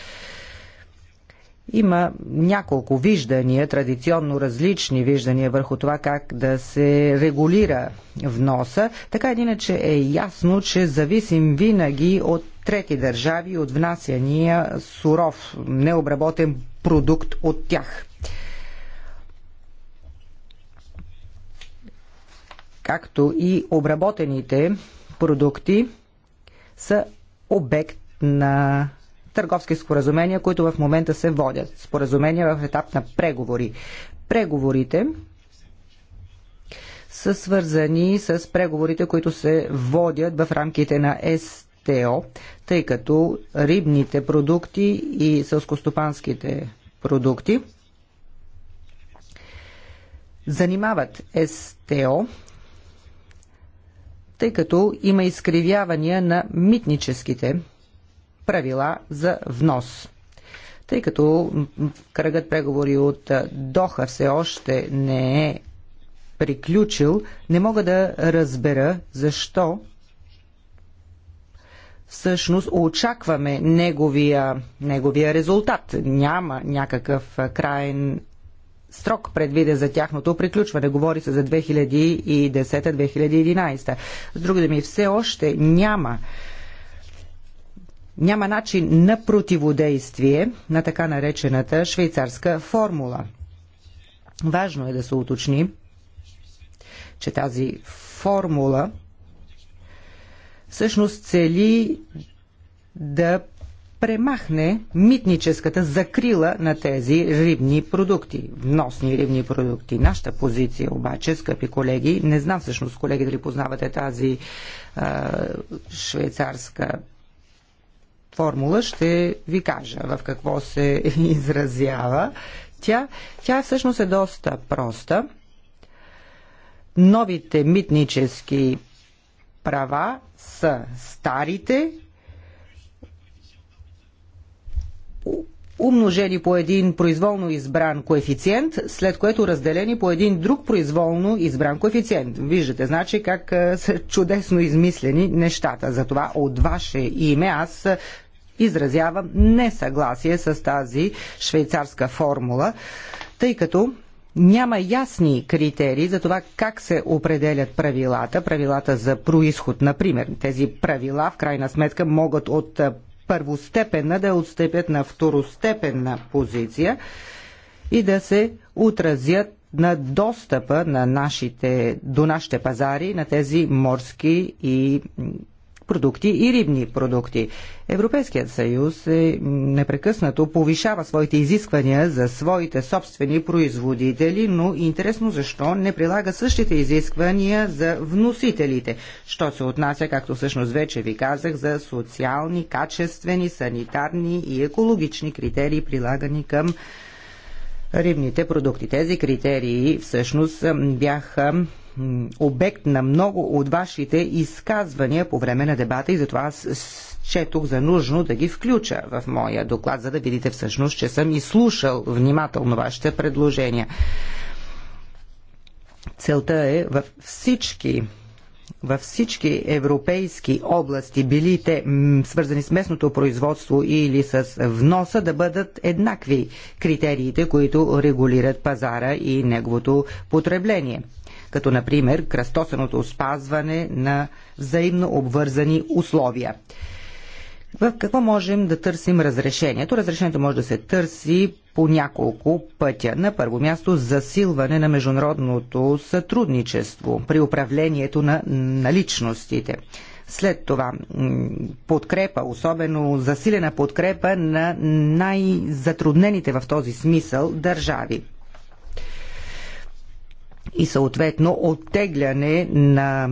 има няколко виждания, традиционно различни виждания върху това как да се регулира вноса. Така иначе е ясно, че зависим винаги от трети държави, от внасяния суров, необработен продукт от тях. Както и обработените продукти са обект на търговски споразумения, които в момента се водят. Споразумения в етап на преговори. Преговорите са свързани с преговорите, които се водят в рамките на СТО, тъй като рибните продукти и сълскостопанските продукти занимават СТО, тъй като има изкривявания на митническите правила за внос. Тъй като кръгът преговори от Доха все още не е приключил, не мога да разбера защо всъщност очакваме неговия, неговия резултат. Няма някакъв крайен срок предвиден за тяхното приключване. Говори се за 2010-2011. С други думи, все още няма няма начин на противодействие на така наречената швейцарска формула. Важно е да се уточни, че тази формула всъщност цели да премахне митническата закрила на тези рибни продукти, вносни рибни продукти. Нашата позиция обаче, скъпи колеги, не знам всъщност колеги дали познавате тази а, швейцарска формула, ще ви кажа в какво се изразява. Тя, тя всъщност е доста проста. Новите митнически права са старите умножени по един произволно избран коефициент, след което разделени по един друг произволно избран коефициент. Виждате, значи как са чудесно измислени нещата. Затова от ваше име аз изразявам несъгласие с тази швейцарска формула, тъй като няма ясни критерии за това как се определят правилата, правилата за происход, например. Тези правила в крайна сметка могат от първостепенна да отстъпят на второстепенна позиция и да се отразят на достъпа на нашите, до нашите пазари на тези морски и продукти и рибни продукти. Европейският съюз е непрекъснато повишава своите изисквания за своите собствени производители, но интересно защо не прилага същите изисквания за вносителите, що се отнася, както всъщност вече ви казах, за социални, качествени, санитарни и екологични критерии, прилагани към рибните продукти. Тези критерии всъщност бяха обект на много от вашите изказвания по време на дебата и затова аз четох за нужно да ги включа в моя доклад, за да видите всъщност, че съм изслушал внимателно вашите предложения. Целта е във всички във всички европейски области, били те свързани с местното производство или с вноса, да бъдат еднакви критериите, които регулират пазара и неговото потребление като например кръстосаното спазване на взаимно обвързани условия. В какво можем да търсим разрешението? Разрешението може да се търси по няколко пътя. На първо място засилване на международното сътрудничество при управлението на наличностите. След това подкрепа, особено засилена подкрепа на най-затруднените в този смисъл държави и съответно оттегляне на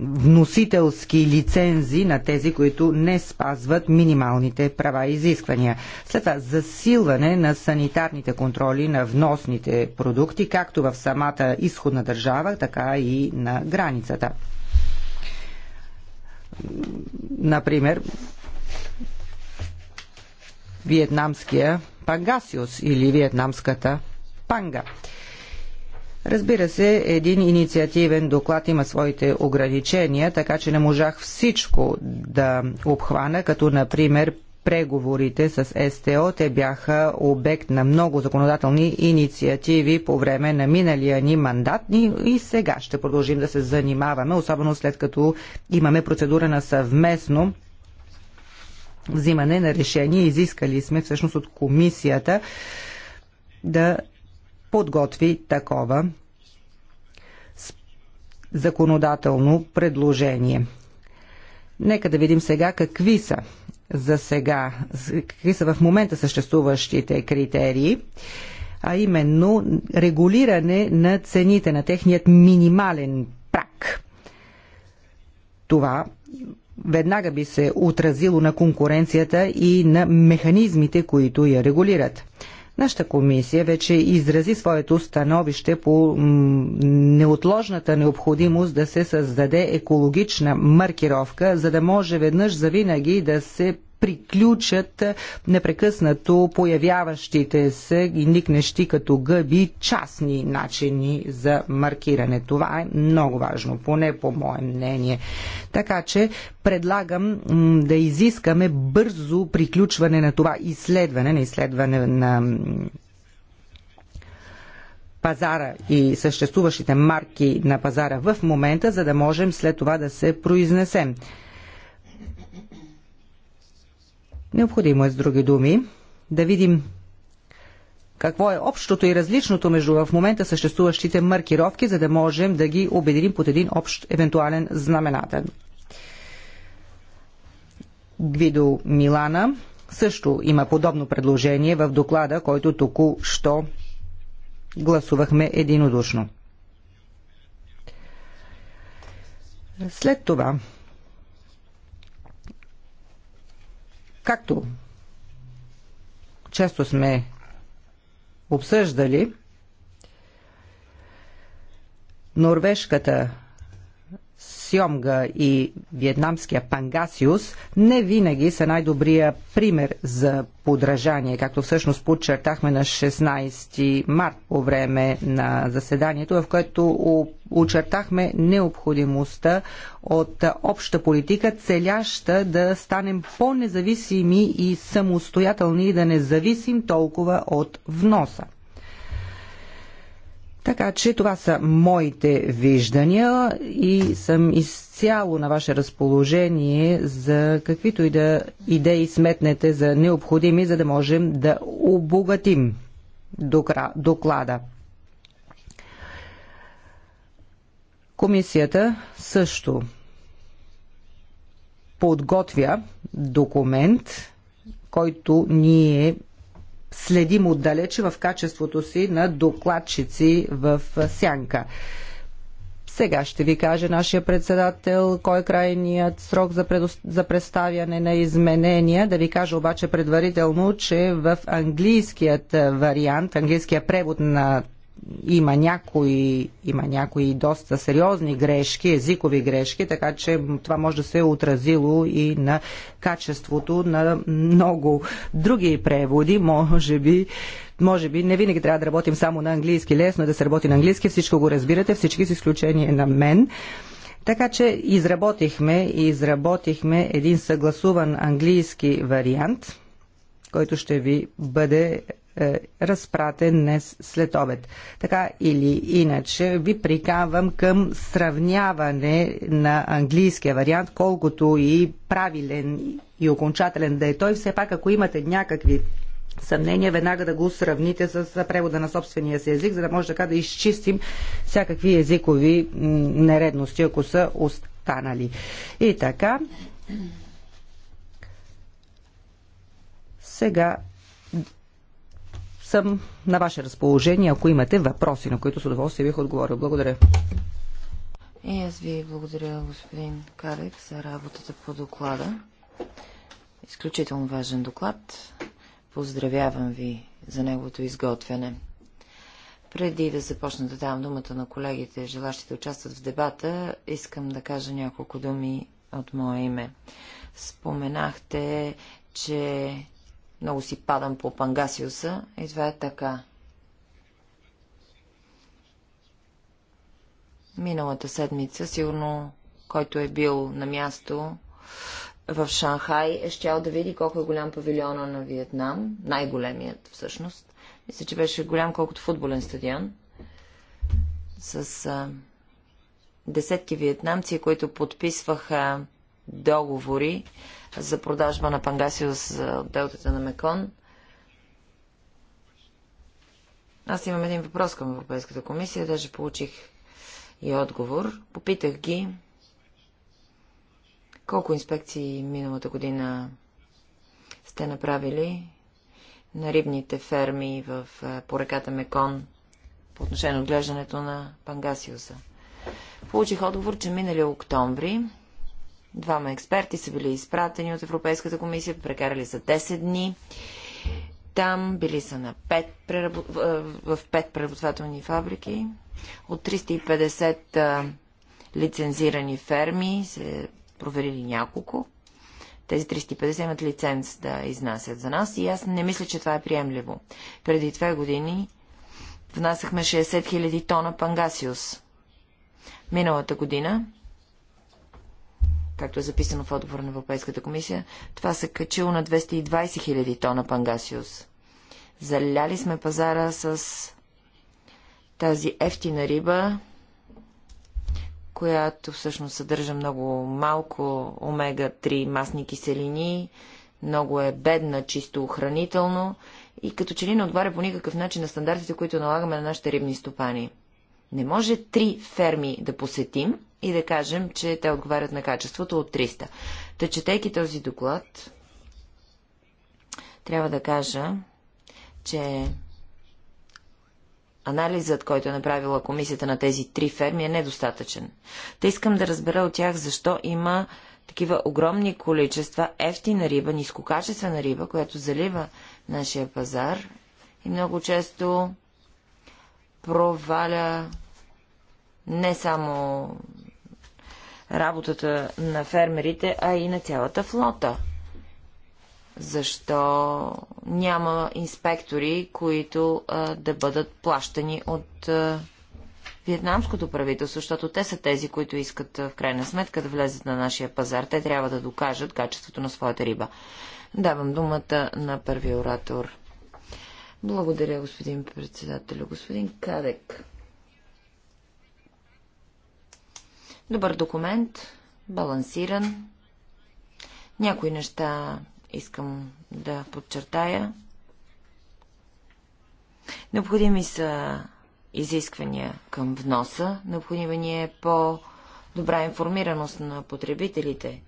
вносителски лицензи на тези, които не спазват минималните права и изисквания. След това засилване на санитарните контроли на вносните продукти, както в самата изходна държава, така и на границата. Например, виетнамския пангасиус или виетнамската панга. Разбира се, един инициативен доклад има своите ограничения, така че не можах всичко да обхвана, като например преговорите с СТО. Те бяха обект на много законодателни инициативи по време на миналия ни мандат и сега ще продължим да се занимаваме, особено след като имаме процедура на съвместно взимане на решение. Изискали сме всъщност от комисията да подготви такова законодателно предложение. Нека да видим сега какви са за сега, какви са в момента съществуващите критерии, а именно регулиране на цените, на техният минимален прак. Това веднага би се отразило на конкуренцията и на механизмите, които я регулират. Нашата комисия вече изрази своето становище по неотложната необходимост да се създаде екологична маркировка, за да може веднъж завинаги да се приключат непрекъснато появяващите се и никнещи като гъби частни начини за маркиране. Това е много важно, поне по мое мнение. Така че предлагам да изискаме бързо приключване на това изследване, на изследване на пазара и съществуващите марки на пазара в момента, за да можем след това да се произнесем. Необходимо е, с други думи, да видим какво е общото и различното между в момента съществуващите маркировки, за да можем да ги обединим под един общ евентуален знаменател. Гвидо Милана също има подобно предложение в доклада, който току-що гласувахме единодушно. След това Както често сме обсъждали, норвежката Сьомга и вьетнамския Пангасиус не винаги са най-добрия пример за подражание, както всъщност подчертахме на 16 март по време на заседанието, в което очертахме необходимостта от обща политика, целяща да станем по-независими и самостоятелни и да не зависим толкова от вноса. Така че това са моите виждания и съм изцяло на ваше разположение за каквито и да идеи сметнете за необходими, за да можем да обогатим доклада. Комисията също подготвя документ, който ние следим отдалече в качеството си на докладчици в сянка. Сега ще ви каже нашия председател кой е крайният срок за, предо... за представяне на изменения. Да ви кажа обаче предварително, че в английският е, вариант, английския превод на има някои, има някои доста сериозни грешки, езикови грешки, така че това може да се е отразило и на качеството на много други преводи, може би. Може би не винаги трябва да работим само на английски. Лесно е да се работи на английски, всичко го разбирате, всички с изключение на мен. Така че изработихме и изработихме един съгласуван английски вариант, който ще ви бъде е, разпратен днес след обед. Така или иначе ви прикавам към сравняване на английския вариант, колкото и правилен и окончателен да е той. Все пак, ако имате някакви съмнения, веднага да го сравните с превода на собствения си език, за да може така да изчистим всякакви езикови нередности, ако са останали. И така. Сега съм на ваше разположение, ако имате въпроси, на които с удоволствие бих отговорил. Благодаря. И аз ви благодаря, господин Калек, за работата по доклада. Изключително важен доклад. Поздравявам ви за неговото изготвяне. Преди да започна да давам думата на колегите, желащите да участват в дебата, искам да кажа няколко думи от мое име. Споменахте, че много си падам по Пангасиуса и това е така. Миналата седмица, сигурно, който е бил на място в Шанхай, е щял да види колко е голям павилиона на Виетнам, най-големият всъщност. Мисля, че беше голям колкото футболен стадион. С а, десетки виетнамци, които подписваха договори за продажба на Пангасиус от делтата на Мекон. Аз имам един въпрос към Европейската комисия, даже получих и отговор. Попитах ги колко инспекции миналата година сте направили на рибните ферми в, е, по реката Мекон по отношение на отглеждането на пангасиуса. Получих отговор, че минали октомври Двама експерти са били изпратени от Европейската комисия, прекарали са 10 дни. Там били са на 5 преработ... в 5 преработвателни фабрики. От 350 лицензирани ферми се проверили няколко. Тези 350 имат лиценз да изнасят за нас и аз не мисля, че това е приемливо. Преди две години внасяхме 60 000 тона пангасиус. Миналата година както е записано в отговор на Европейската комисия, това се качило на 220 000 тона пангасиус. Заляли сме пазара с тази ефтина риба, която всъщност съдържа много малко омега-3 масни киселини, много е бедна чисто хранително и като че ли не отговаря по никакъв начин на стандартите, които налагаме на нашите рибни стопани. Не може три ферми да посетим, и да кажем, че те отговарят на качеството от 300. Та, четейки този доклад, трябва да кажа, че анализът, който е направила комисията на тези три ферми е недостатъчен. Та искам да разбера от тях защо има такива огромни количества ефтина риба, нискокачествена риба, която залива нашия пазар и много често проваля не само работата на фермерите, а и на цялата флота. Защо няма инспектори, които а, да бъдат плащани от а, вьетнамското правителство, защото те са тези, които искат а, в крайна сметка да влезат на нашия пазар. Те трябва да докажат качеството на своята риба. Давам думата на първи оратор. Благодаря, господин председател. Господин Кадек. Добър документ, балансиран. Някои неща искам да подчертая. Необходими са изисквания към вноса, необходима ни е по-добра информираност на потребителите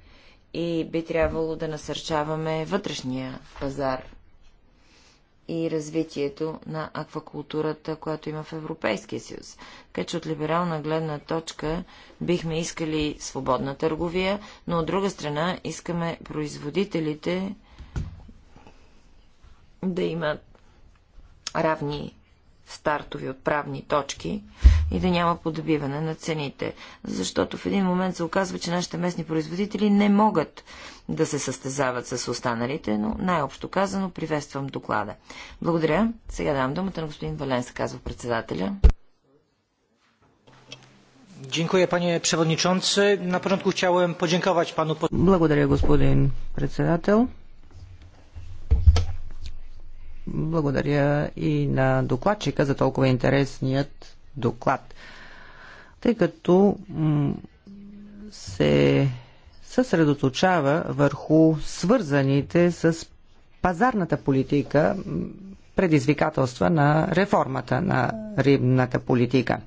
и би трябвало да насърчаваме вътрешния пазар – и развитието на аквакултурата, която има в Европейския съюз. Така че от либерална гледна точка бихме искали свободна търговия, но от друга страна искаме производителите да имат равни стартови отправни точки, и да няма подобиване на цените. Защото в един момент се оказва, че нашите местни производители не могат да се състезават с останалите, но най-общо казано приветствам доклада. Благодаря. Сега давам думата на господин Валенс, казва председателя. Благодаря, господин председател. Благодаря и на докладчика за толкова интересният доклад. Тъй като се съсредоточава върху свързаните с пазарната политика предизвикателства на реформата на рибната политика.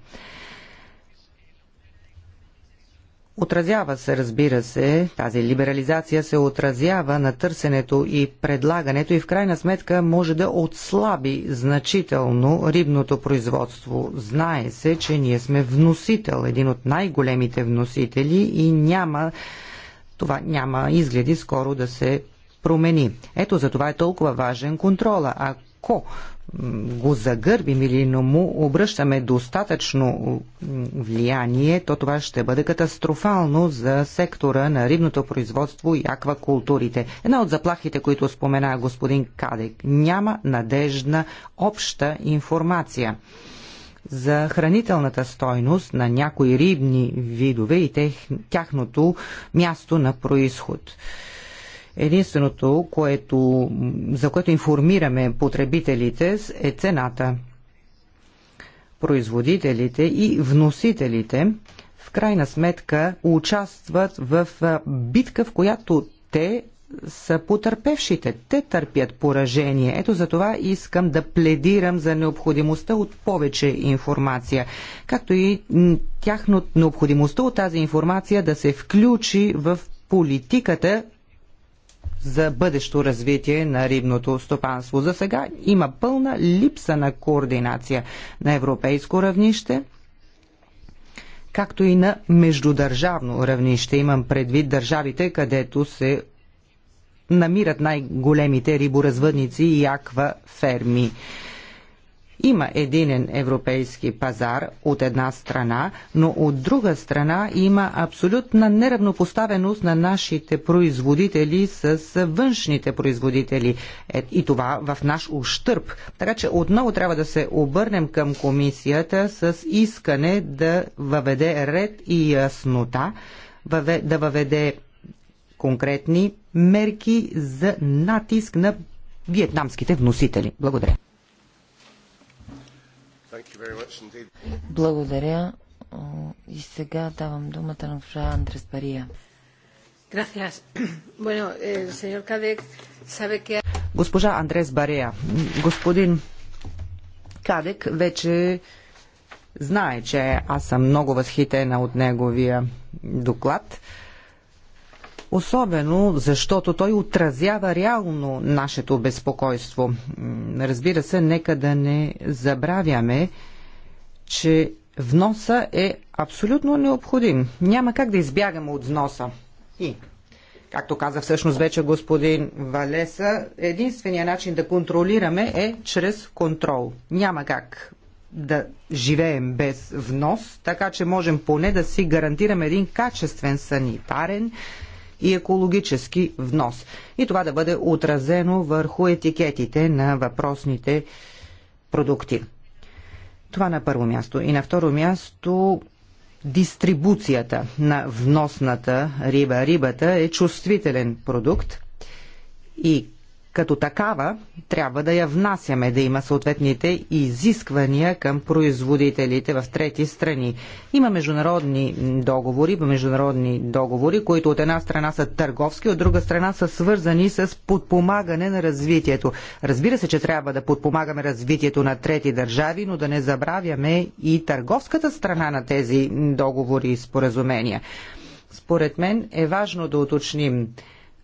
Отразява се, разбира се, тази либерализация се отразява на търсенето и предлагането и в крайна сметка може да отслаби значително рибното производство. Знае се, че ние сме вносител, един от най-големите вносители и няма, това няма изгледи скоро да се промени. Ето за това е толкова важен контрола. Ако го загърбим или не му обръщаме достатъчно влияние, то това ще бъде катастрофално за сектора на рибното производство и аквакултурите. Една от заплахите, които спомена господин Кадек, няма надежна обща информация за хранителната стойност на някои рибни видове и тяхното място на происход. Единственото, което, за което информираме потребителите е цената. Производителите и вносителите в крайна сметка участват в битка, в която те са потърпевшите. Те търпят поражение. Ето за това искам да пледирам за необходимостта от повече информация, както и тяхно необходимостта от тази информация да се включи в политиката за бъдещо развитие на рибното стопанство. За сега има пълна липса на координация на европейско равнище, както и на междудържавно равнище. Имам предвид държавите, където се намират най-големите риборазвъдници и акваферми. ферми. Има единен европейски пазар от една страна, но от друга страна има абсолютна неравнопоставеност на нашите производители с външните производители. Е, и това в наш ущърп. Така че отново трябва да се обърнем към комисията с искане да въведе ред и яснота, да въведе конкретни мерки за натиск на вьетнамските вносители. Благодаря. Благодаря. И сега давам думата на госпожа Андрес Пария. Госпожа Андрес Бария, господин Кадек вече знае, че аз съм много възхитена от неговия доклад особено защото той отразява реално нашето безпокойство. Разбира се, нека да не забравяме, че вноса е абсолютно необходим. Няма как да избягаме от вноса. И както каза всъщност вече господин Валеса, единствения начин да контролираме е чрез контрол. Няма как да живеем без внос, така че можем поне да си гарантираме един качествен санитарен, и екологически внос. И това да бъде отразено върху етикетите на въпросните продукти. Това на първо място. И на второ място дистрибуцията на вносната риба. Рибата е чувствителен продукт и като такава трябва да я внасяме, да има съответните изисквания към производителите в трети страни. Има международни договори, международни договори, които от една страна са търговски, от друга страна са свързани с подпомагане на развитието. Разбира се, че трябва да подпомагаме развитието на трети държави, но да не забравяме и търговската страна на тези договори и споразумения. Според мен е важно да уточним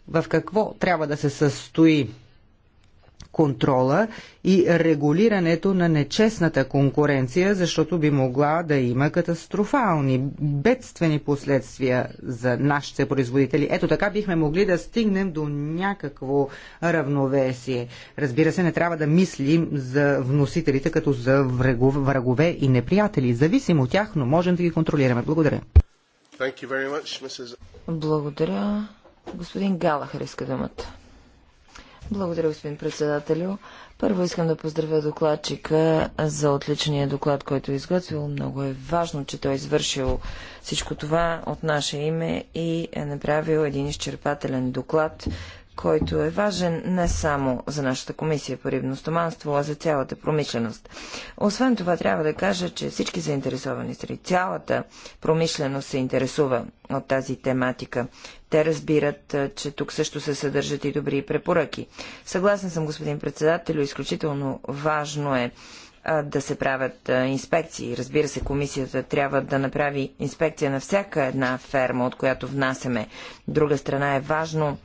в какво трябва да се състои контрола и регулирането на нечестната конкуренция, защото би могла да има катастрофални, бедствени последствия за нашите производители. Ето така бихме могли да стигнем до някакво равновесие. Разбира се, не трябва да мислим за вносителите като за врагове и неприятели. Зависим от тях, но можем да ги контролираме. Благодаря. Благодаря, Господин Галах, иска думата. Благодаря, господин председателю. Първо искам да поздравя докладчика за отличния доклад, който е изготвил. Много е важно, че той е извършил всичко това от наше име и е направил един изчерпателен доклад, който е важен не само за нашата комисия по рибно стоманство, а за цялата промишленост. Освен това, трябва да кажа, че всички заинтересовани страни, цялата промишленост се интересува от тази тематика те разбират, че тук също се съдържат и добри препоръки. Съгласен съм, господин председател, изключително важно е да се правят инспекции. Разбира се, комисията трябва да направи инспекция на всяка една ферма, от която внасяме. Друга страна е важно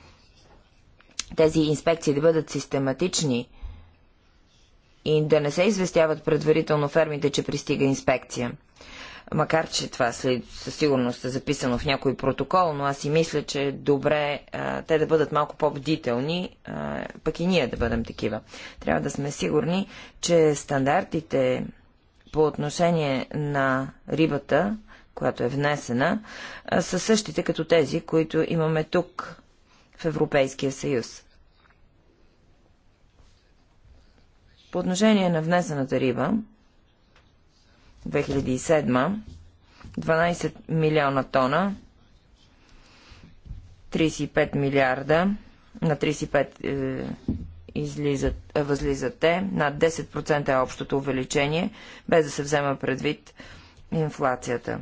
тези инспекции да бъдат систематични и да не се известяват предварително фермите, че пристига инспекция макар че това след, със сигурност е записано в някой протокол, но аз и мисля, че е добре а, те да бъдат малко по-бдителни, пък и ние да бъдем такива. Трябва да сме сигурни, че стандартите по отношение на рибата, която е внесена, а, са същите като тези, които имаме тук в Европейския съюз. По отношение на внесената риба, 2007 12 милиона тона, 35 милиарда, на 35 е, излизат, е, възлизат те, над 10% е общото увеличение, без да се взема предвид инфлацията.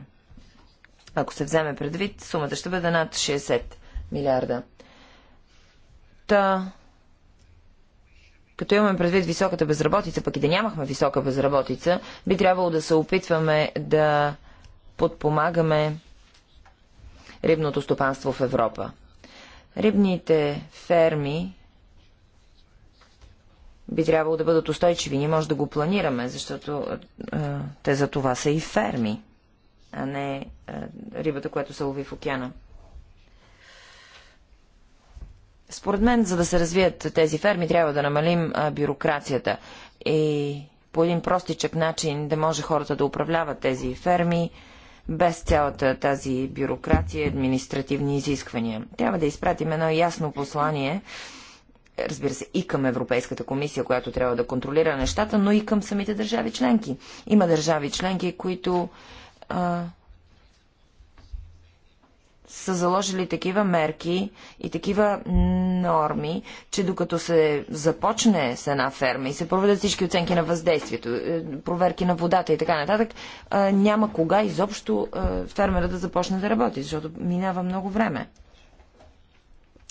Ако се вземе предвид, сумата ще бъде над 60 милиарда. Та като имаме предвид високата безработица, пък и да нямахме висока безработица, би трябвало да се опитваме да подпомагаме рибното стопанство в Европа. Рибните ферми би трябвало да бъдат устойчиви. Ние може да го планираме, защото те за това са и ферми, а не рибата, която се лови в океана. Според мен, за да се развият тези ферми, трябва да намалим бюрокрацията и по един простичък начин да може хората да управляват тези ферми без цялата тази бюрокрация и административни изисквания. Трябва да изпратим едно ясно послание, разбира се, и към Европейската комисия, която трябва да контролира нещата, но и към самите държави членки. Има държави членки, които а, са заложили такива мерки и такива норми, че докато се започне с една ферма и се проведат всички оценки на въздействието, е, проверки на водата и така нататък, е, няма кога изобщо е, фермера да започне да работи, защото минава много време.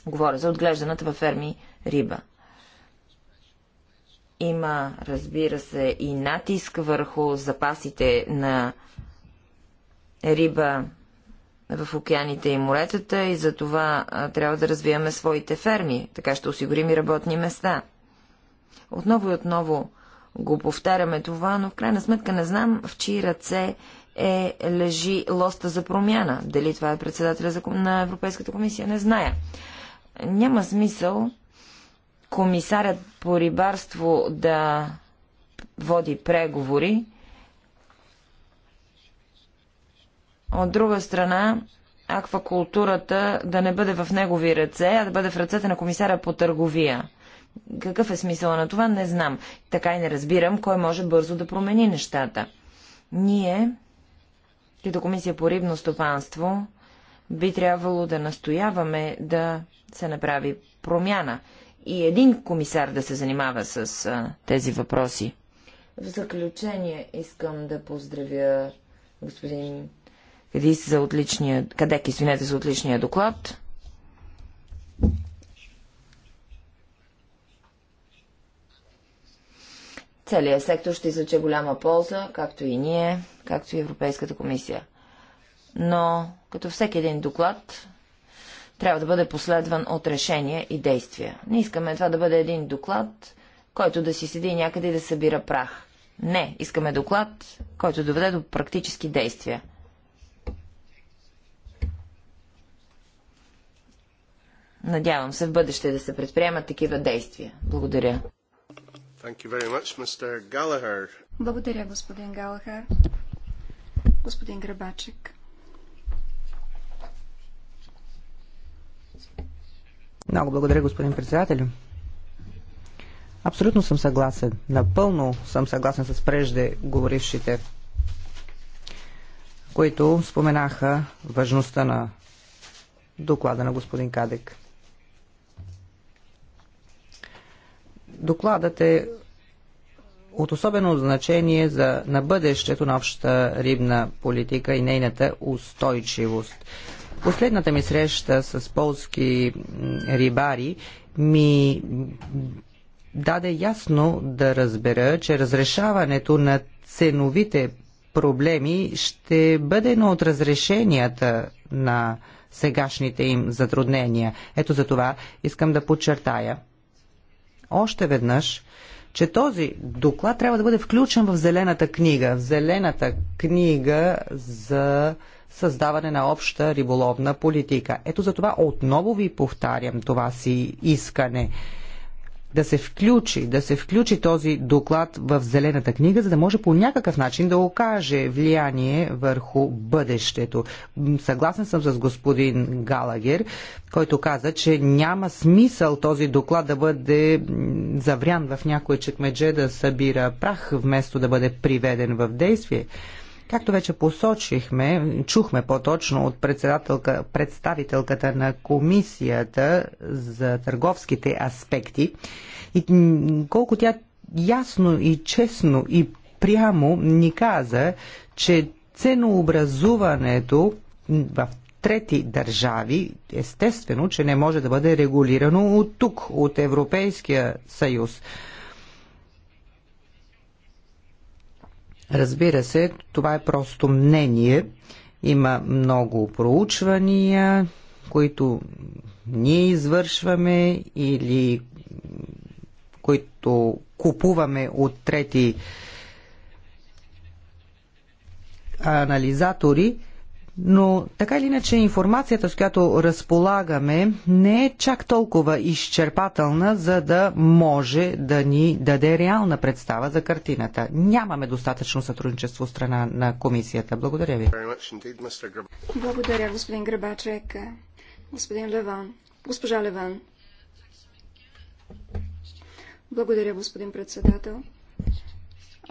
Говоря за отглежданата във ферми риба. Има, разбира се, и натиск върху запасите на риба в океаните и моретата и за това трябва да развиваме своите ферми. Така ще осигурим и работни места. Отново и отново го повтаряме това, но в крайна сметка не знам в чии ръце е лежи лоста за промяна. Дали това е председателя на Европейската комисия, не зная. Няма смисъл комисарят по рибарство да води преговори, От друга страна, аквакултурата да не бъде в негови ръце, а да бъде в ръцете на комисара по търговия. Какъв е смисъл на това, не знам. Така и не разбирам кой може бързо да промени нещата. Ние, като комисия по рибно стопанство, би трябвало да настояваме да се направи промяна и един комисар да се занимава с а, тези въпроси. В заключение искам да поздравя господин Кадис е за отличния, Кадек, извинете, за отличния доклад. Целият сектор ще излече голяма полза, както и ние, както и Европейската комисия. Но, като всеки един доклад, трябва да бъде последван от решения и действия. Не искаме това да бъде един доклад, който да си седи някъде и да събира прах. Не, искаме доклад, който доведе до практически действия. Надявам се в бъдеще да се предприемат такива действия. Благодаря. Much, Благодаря, господин Галахар. Господин Грабачек. Много благодаря, господин председател. Абсолютно съм съгласен. Напълно съм съгласен с говорившите, които споменаха важността на доклада на господин Кадек. Докладът е от особено значение за, на бъдещето на общата рибна политика и нейната устойчивост. Последната ми среща с полски рибари ми даде ясно да разбера, че разрешаването на ценовите проблеми ще бъде едно от разрешенията на сегашните им затруднения. Ето за това искам да подчертая – още веднъж, че този доклад трябва да бъде включен в Зелената книга. В Зелената книга за създаване на обща риболовна политика. Ето за това отново ви повтарям това си искане да се включи, да се включи този доклад в Зелената книга, за да може по някакъв начин да окаже влияние върху бъдещето. Съгласен съм с господин Галагер, който каза, че няма смисъл този доклад да бъде заврян в някое чекмедже да събира прах, вместо да бъде приведен в действие. Както вече посочихме, чухме по-точно от председателка, представителката на комисията за търговските аспекти и колко тя ясно и честно и прямо ни каза, че ценообразуването в трети държави, естествено, че не може да бъде регулирано от тук, от Европейския съюз. Разбира се, това е просто мнение. Има много проучвания, които ние извършваме или които купуваме от трети анализатори, но така или иначе информацията, с която разполагаме, не е чак толкова изчерпателна, за да може да ни даде реална представа за картината. Нямаме достатъчно сътрудничество страна на комисията. Благодаря ви. Благодаря, господин Гребачек. Господин Леван. Госпожа Леван. Благодаря, господин председател.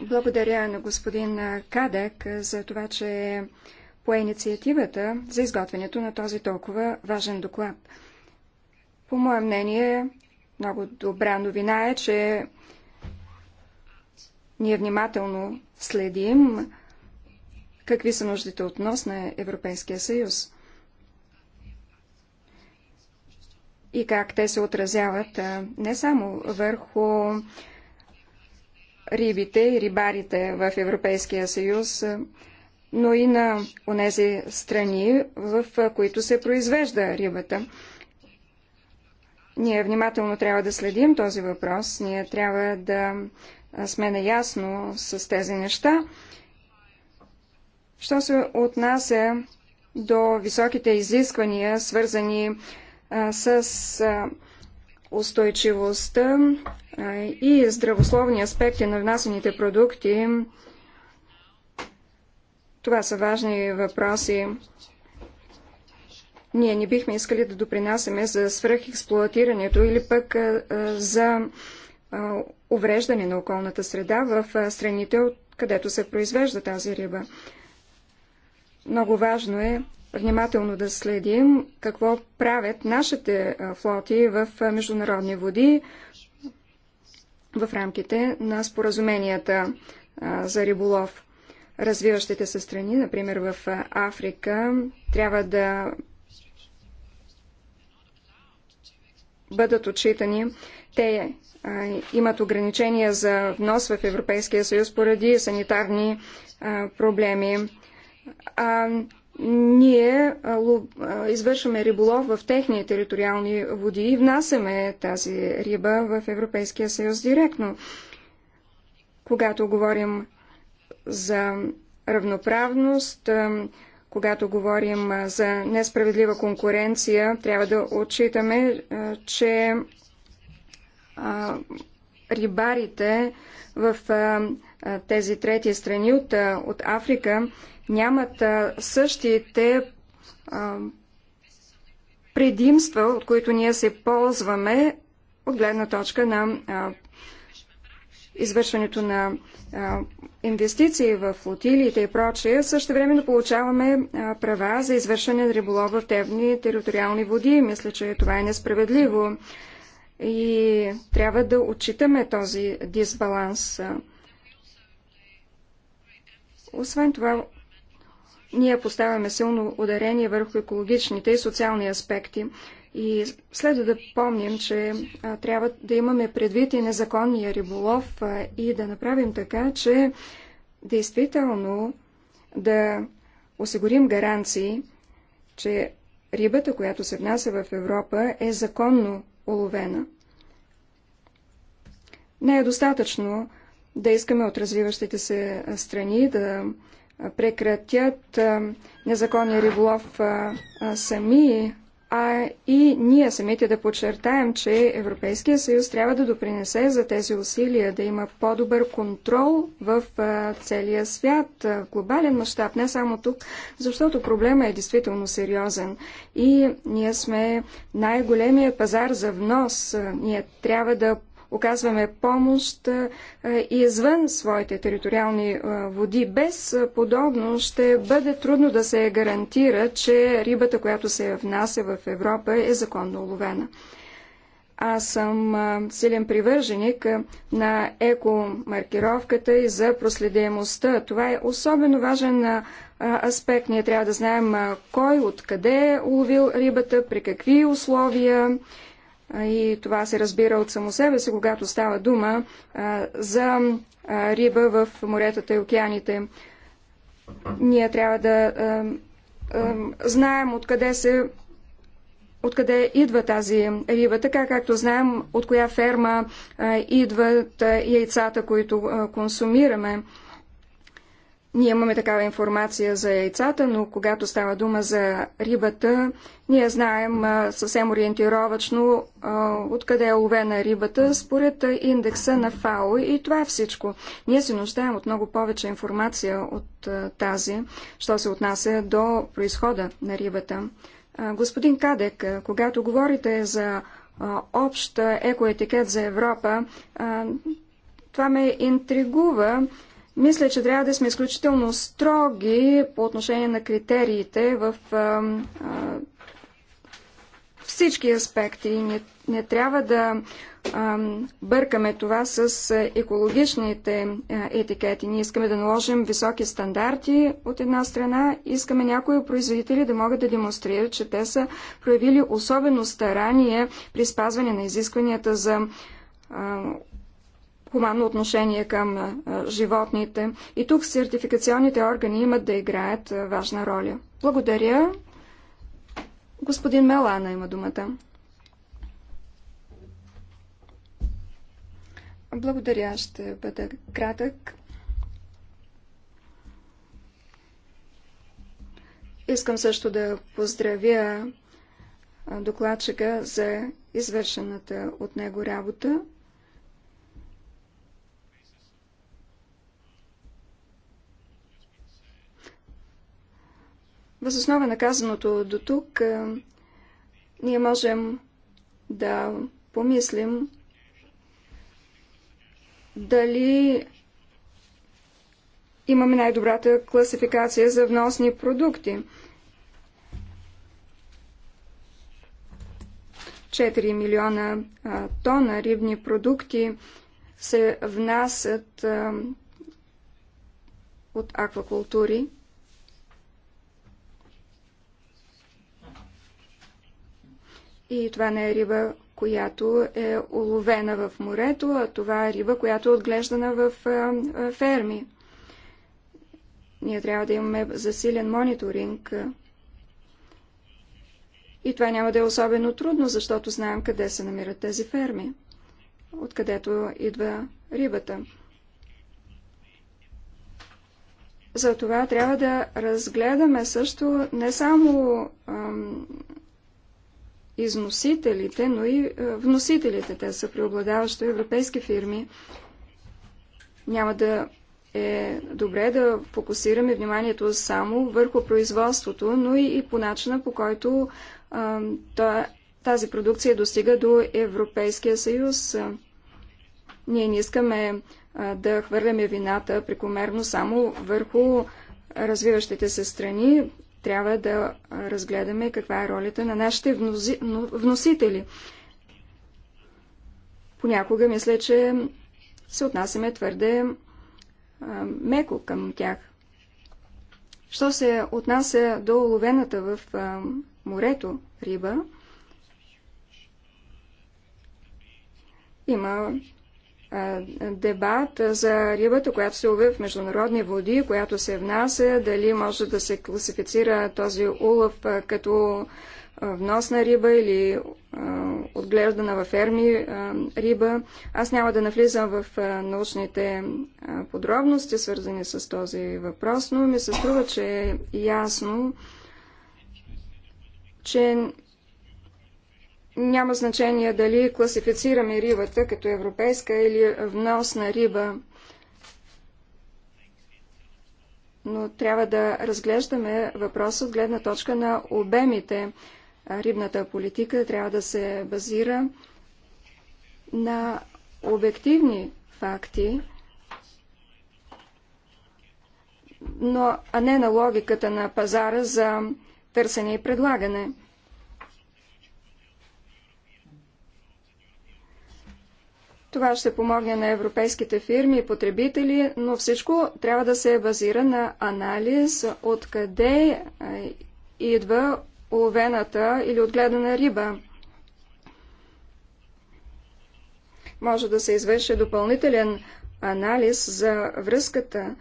Благодаря на господин Кадек за това, че по инициативата за изготвянето на този толкова важен доклад. По мое мнение, много добра новина е, че ние внимателно следим какви са нуждите от нос на Европейския съюз и как те се отразяват не само върху рибите и рибарите в Европейския съюз, но и на онези страни, в които се произвежда рибата. Ние внимателно трябва да следим този въпрос, ние трябва да сме наясно с тези неща. Що се отнася до високите изисквания, свързани с устойчивостта и здравословни аспекти на внасените продукти, това са важни въпроси. Ние не бихме искали да допринасяме за свръхексплуатирането или пък за увреждане на околната среда в страните, където се произвежда тази риба. Много важно е внимателно да следим какво правят нашите флоти в международни води в рамките на споразуменията за риболов развиващите се страни, например в Африка, трябва да бъдат отчитани. Те а, имат ограничения за внос в Европейския съюз поради санитарни а, проблеми. А, ние а, а, извършваме риболов в техни териториални води и внасяме тази риба в Европейския съюз директно. Когато говорим за равноправност, е, когато говорим е, за несправедлива конкуренция, трябва да отчитаме, е, че рибарите в тези трети страни от, от Африка нямат същите предимства, от които ние се ползваме от гледна точка на извършването на а, инвестиции в флотилиите и прочее, също времено получаваме а, права за извършване на риболов в тевни териториални води. Мисля, че това е несправедливо и трябва да отчитаме този дисбаланс. Освен това, ние поставяме силно ударение върху екологичните и социални аспекти. И следва да помним, че а, трябва да имаме предвид и незаконния риболов а, и да направим така, че действително да осигурим гаранции, че рибата, която се внася в Европа, е законно уловена. Не е достатъчно да искаме от развиващите се страни да прекратят незаконния риболов сами, а и ние самите да подчертаем, че Европейския съюз трябва да допринесе за тези усилия да има по-добър контрол в целия свят, в глобален мащаб, не само тук, защото проблема е действително сериозен. И ние сме най-големия пазар за внос. Ние трябва да оказваме помощ извън своите териториални води. Без подобно ще бъде трудно да се гарантира, че рибата, която се внася в Европа, е законно уловена. Аз съм силен привърженик на екомаркировката и за проследимостта. Това е особено важен аспект. Ние трябва да знаем кой, откъде е уловил рибата, при какви условия и това се разбира от само себе си, когато става дума за риба в моретата и океаните. Ние трябва да знаем откъде се откъде идва тази риба, така както знаем от коя ферма идват яйцата, които консумираме. Ние имаме такава информация за яйцата, но когато става дума за рибата, ние знаем съвсем ориентировачно откъде е ловена рибата според индекса на ФАО и това е всичко. Ние се нуждаем от много повече информация от тази, що се отнася до происхода на рибата. Господин Кадек, когато говорите за общ екоетикет за Европа, това ме интригува, мисля, че трябва да сме изключително строги по отношение на критериите в а, а, всички аспекти. Не, не трябва да а, бъркаме това с екологичните етикети. Ние искаме да наложим високи стандарти от една страна. Искаме някои производители да могат да демонстрират, че те са проявили особено старание при спазване на изискванията за хуманно отношение към животните. И тук сертификационните органи имат да играят важна роля. Благодаря. Господин Мелана има думата. Благодаря, ще бъда кратък. Искам също да поздравя докладчика за извършената от него работа. Възоснова на казаното до тук, е, ние можем да помислим дали имаме най-добрата класификация за вносни продукти. 4 милиона тона рибни продукти се внасят от аквакултури. И това не е риба, която е уловена в морето, а това е риба, която е отглеждана в ферми. Ние трябва да имаме засилен мониторинг. И това няма да е особено трудно, защото знаем къде се намират тези ферми, откъдето идва рибата. Затова трябва да разгледаме също не само ам, износителите, но и е, вносителите. Те са преобладаващо европейски фирми. Няма да е добре да фокусираме вниманието само върху производството, но и по начина по който е, тази продукция достига до Европейския съюз. Ние не искаме е, да хвърляме вината прекомерно само върху развиващите се страни трябва да разгледаме каква е ролята на нашите вносители. Понякога мисля, че се отнасяме твърде меко към тях. Що се отнася до ловената в морето риба, има дебат за рибата, която се лови в международни води, която се внася, дали може да се класифицира този улов като вносна риба или отглеждана във ферми риба. Аз няма да навлизам в научните подробности, свързани с този въпрос, но ми се струва, че е ясно, че няма значение дали класифицираме рибата като европейска или вносна риба, но трябва да разглеждаме въпроса от гледна точка на обемите. Рибната политика трябва да се базира на обективни факти, но а не на логиката на пазара за търсене и предлагане. Това ще помогне на европейските фирми и потребители, но всичко трябва да се базира на анализ откъде е, идва уловената или отгледана риба. Може да се извърши допълнителен анализ за връзката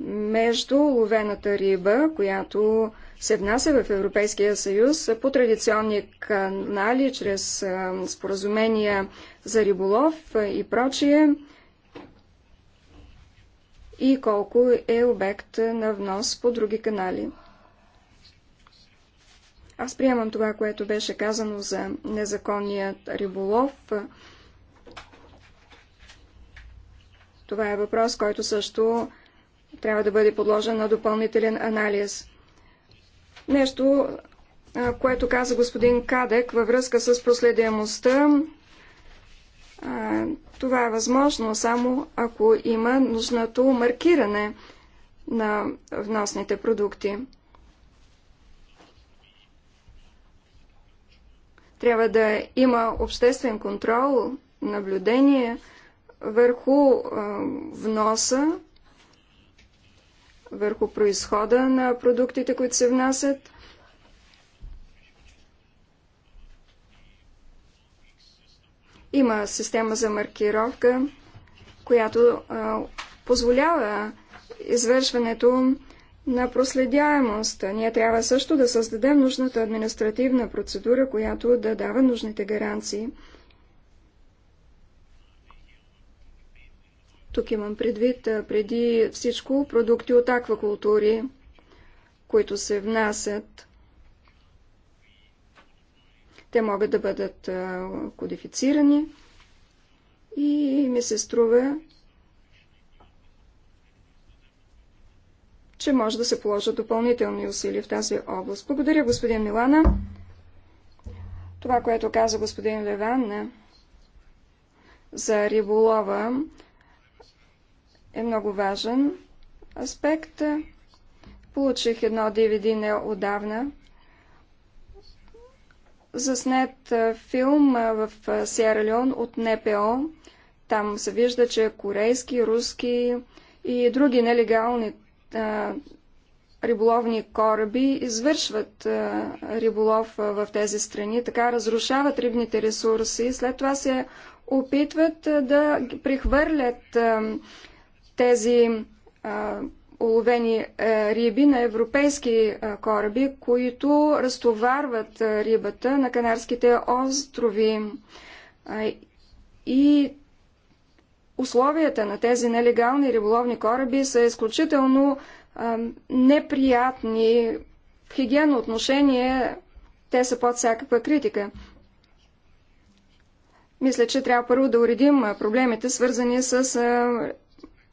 между уловената риба, която се внася в Европейския съюз по традиционни канали, чрез споразумения за риболов и прочие, и колко е обект на внос по други канали. Аз приемам това, което беше казано за незаконният риболов. Това е въпрос, който също трябва да бъде подложен на допълнителен анализ. Нещо, което каза господин Кадек във връзка с проследяемостта. Това е възможно само ако има нужното маркиране на вносните продукти. Трябва да има обществен контрол, наблюдение върху вноса върху происхода на продуктите, които се внасят. Има система за маркировка, която а, позволява извършването на проследяемост. Ние трябва също да създадем нужната административна процедура, която да дава нужните гаранции. Тук имам предвид преди всичко продукти от аквакултури, които се внасят. Те могат да бъдат кодифицирани и ми се струва, че може да се положат допълнителни усилия в тази област. Благодаря, господин Милана. Това, което каза господин Леван за риболова, е много важен аспект. Получих едно DVD отдавна. Заснет филм в Сиера Леон от НПО. Там се вижда, че е корейски, руски и други нелегални а, риболовни кораби извършват а, риболов в тези страни, така разрушават рибните ресурси. След това се опитват да прихвърлят тези а, уловени а, риби на европейски а, кораби, които разтоварват а, рибата на Канарските острови. А, и условията на тези нелегални риболовни кораби са изключително а, неприятни. В хигиенно отношение те са под всякаква критика. Мисля, че трябва първо да уредим проблемите, свързани с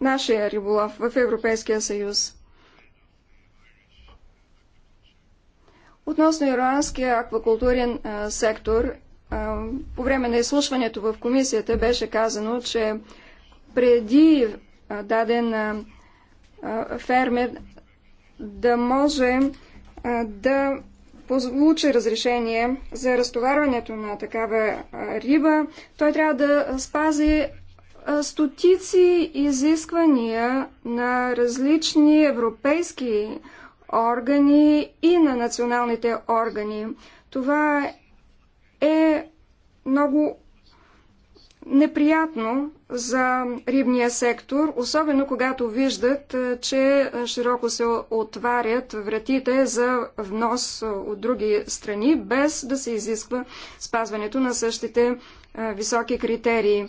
нашия риболов в Европейския съюз. Относно ирландския аквакултурен а, сектор, а, по време на изслушването в комисията беше казано, че преди а, даден а, фермер да може а, да получи разрешение за разтоварването на такава риба, той трябва да спази стотици изисквания на различни европейски органи и на националните органи. Това е много неприятно за рибния сектор, особено когато виждат, че широко се отварят вратите за внос от други страни, без да се изисква спазването на същите високи критерии.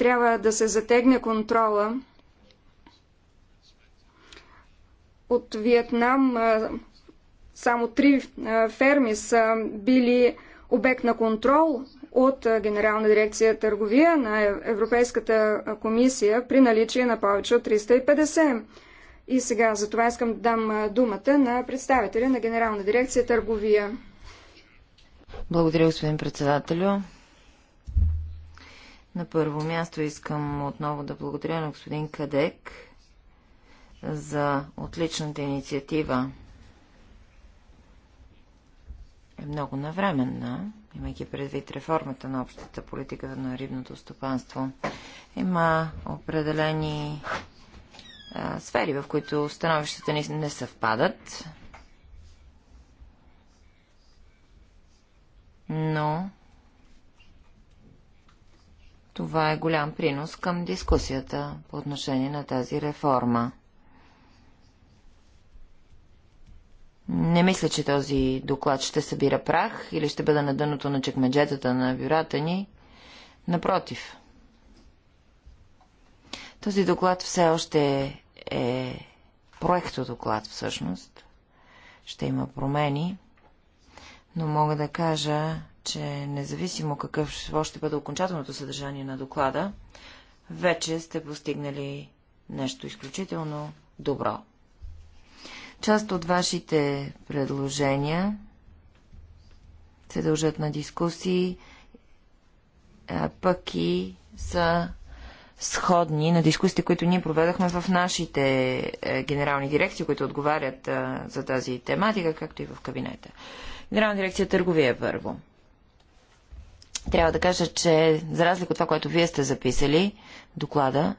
Трябва да се затегне контрола. От Виетнам само три ферми са били обект на контрол от Генерална дирекция търговия на Европейската комисия при наличие на повече от 350. И сега за това искам да дам думата на представителя на Генерална дирекция търговия. Благодаря, господин председателю. На първо място искам отново да благодаря на господин Кадек за отличната инициатива. Е много навременна, имайки предвид реформата на общата политика на рибното стопанство. Има определени а, сфери, в които становищата ни не съвпадат, но това е голям принос към дискусията по отношение на тази реформа. Не мисля, че този доклад ще събира прах или ще бъде на дъното на чекмеджетата на бюрата ни. Напротив. Този доклад все още е проекто доклад всъщност. Ще има промени, но мога да кажа, че независимо какъв ще бъде окончателното съдържание на доклада, вече сте постигнали нещо изключително добро. Част от вашите предложения се дължат на дискусии, пък и са сходни на дискусиите, които ние проведахме в нашите е, генерални дирекции, които отговарят е, за тази тематика, както и в кабинета. Генерална дирекция търговия първо. Трябва да кажа, че за разлика от това, което вие сте записали в доклада,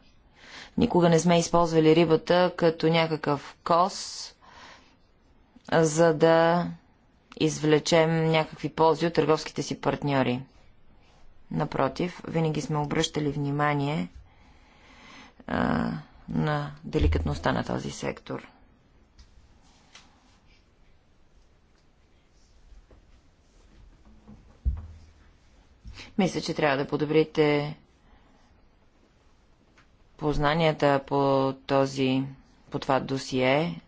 никога не сме използвали рибата като някакъв кос, за да извлечем някакви ползи от търговските си партньори. Напротив, винаги сме обръщали внимание а, на деликатността на този сектор. Мисля, че трябва да подобрите познанията по този, по това досие.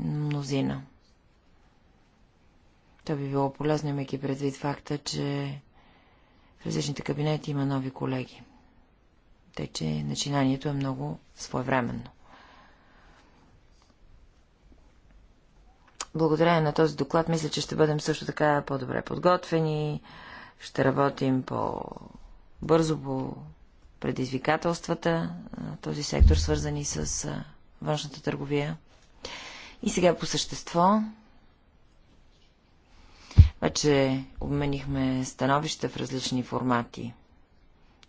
Мнозина. То би било полезно, имайки предвид факта, че в различните кабинети има нови колеги. Тъй, че начинанието е много своевременно. благодарение на този доклад, мисля, че ще бъдем също така по-добре подготвени, ще работим по-бързо по предизвикателствата на този сектор, свързани с външната търговия. И сега по същество. Вече обменихме становища в различни формати.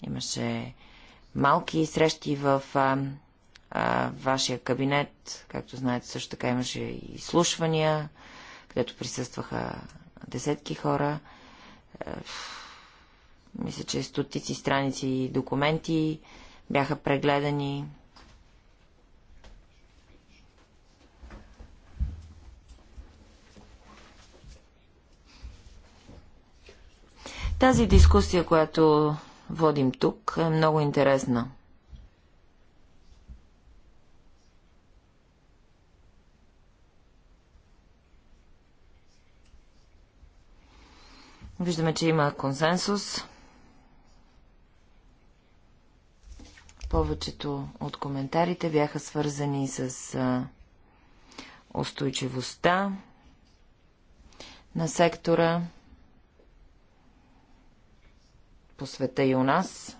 Имаше малки срещи в а, вашия кабинет, както знаете, също така имаше и изслушвания, където присъстваха десетки хора. А, е, мисля, че стотици страници и документи бяха прегледани. Тази дискусия, която водим тук, е много интересна – Виждаме, че има консенсус. Повечето от коментарите бяха свързани с устойчивостта на сектора по света и у нас.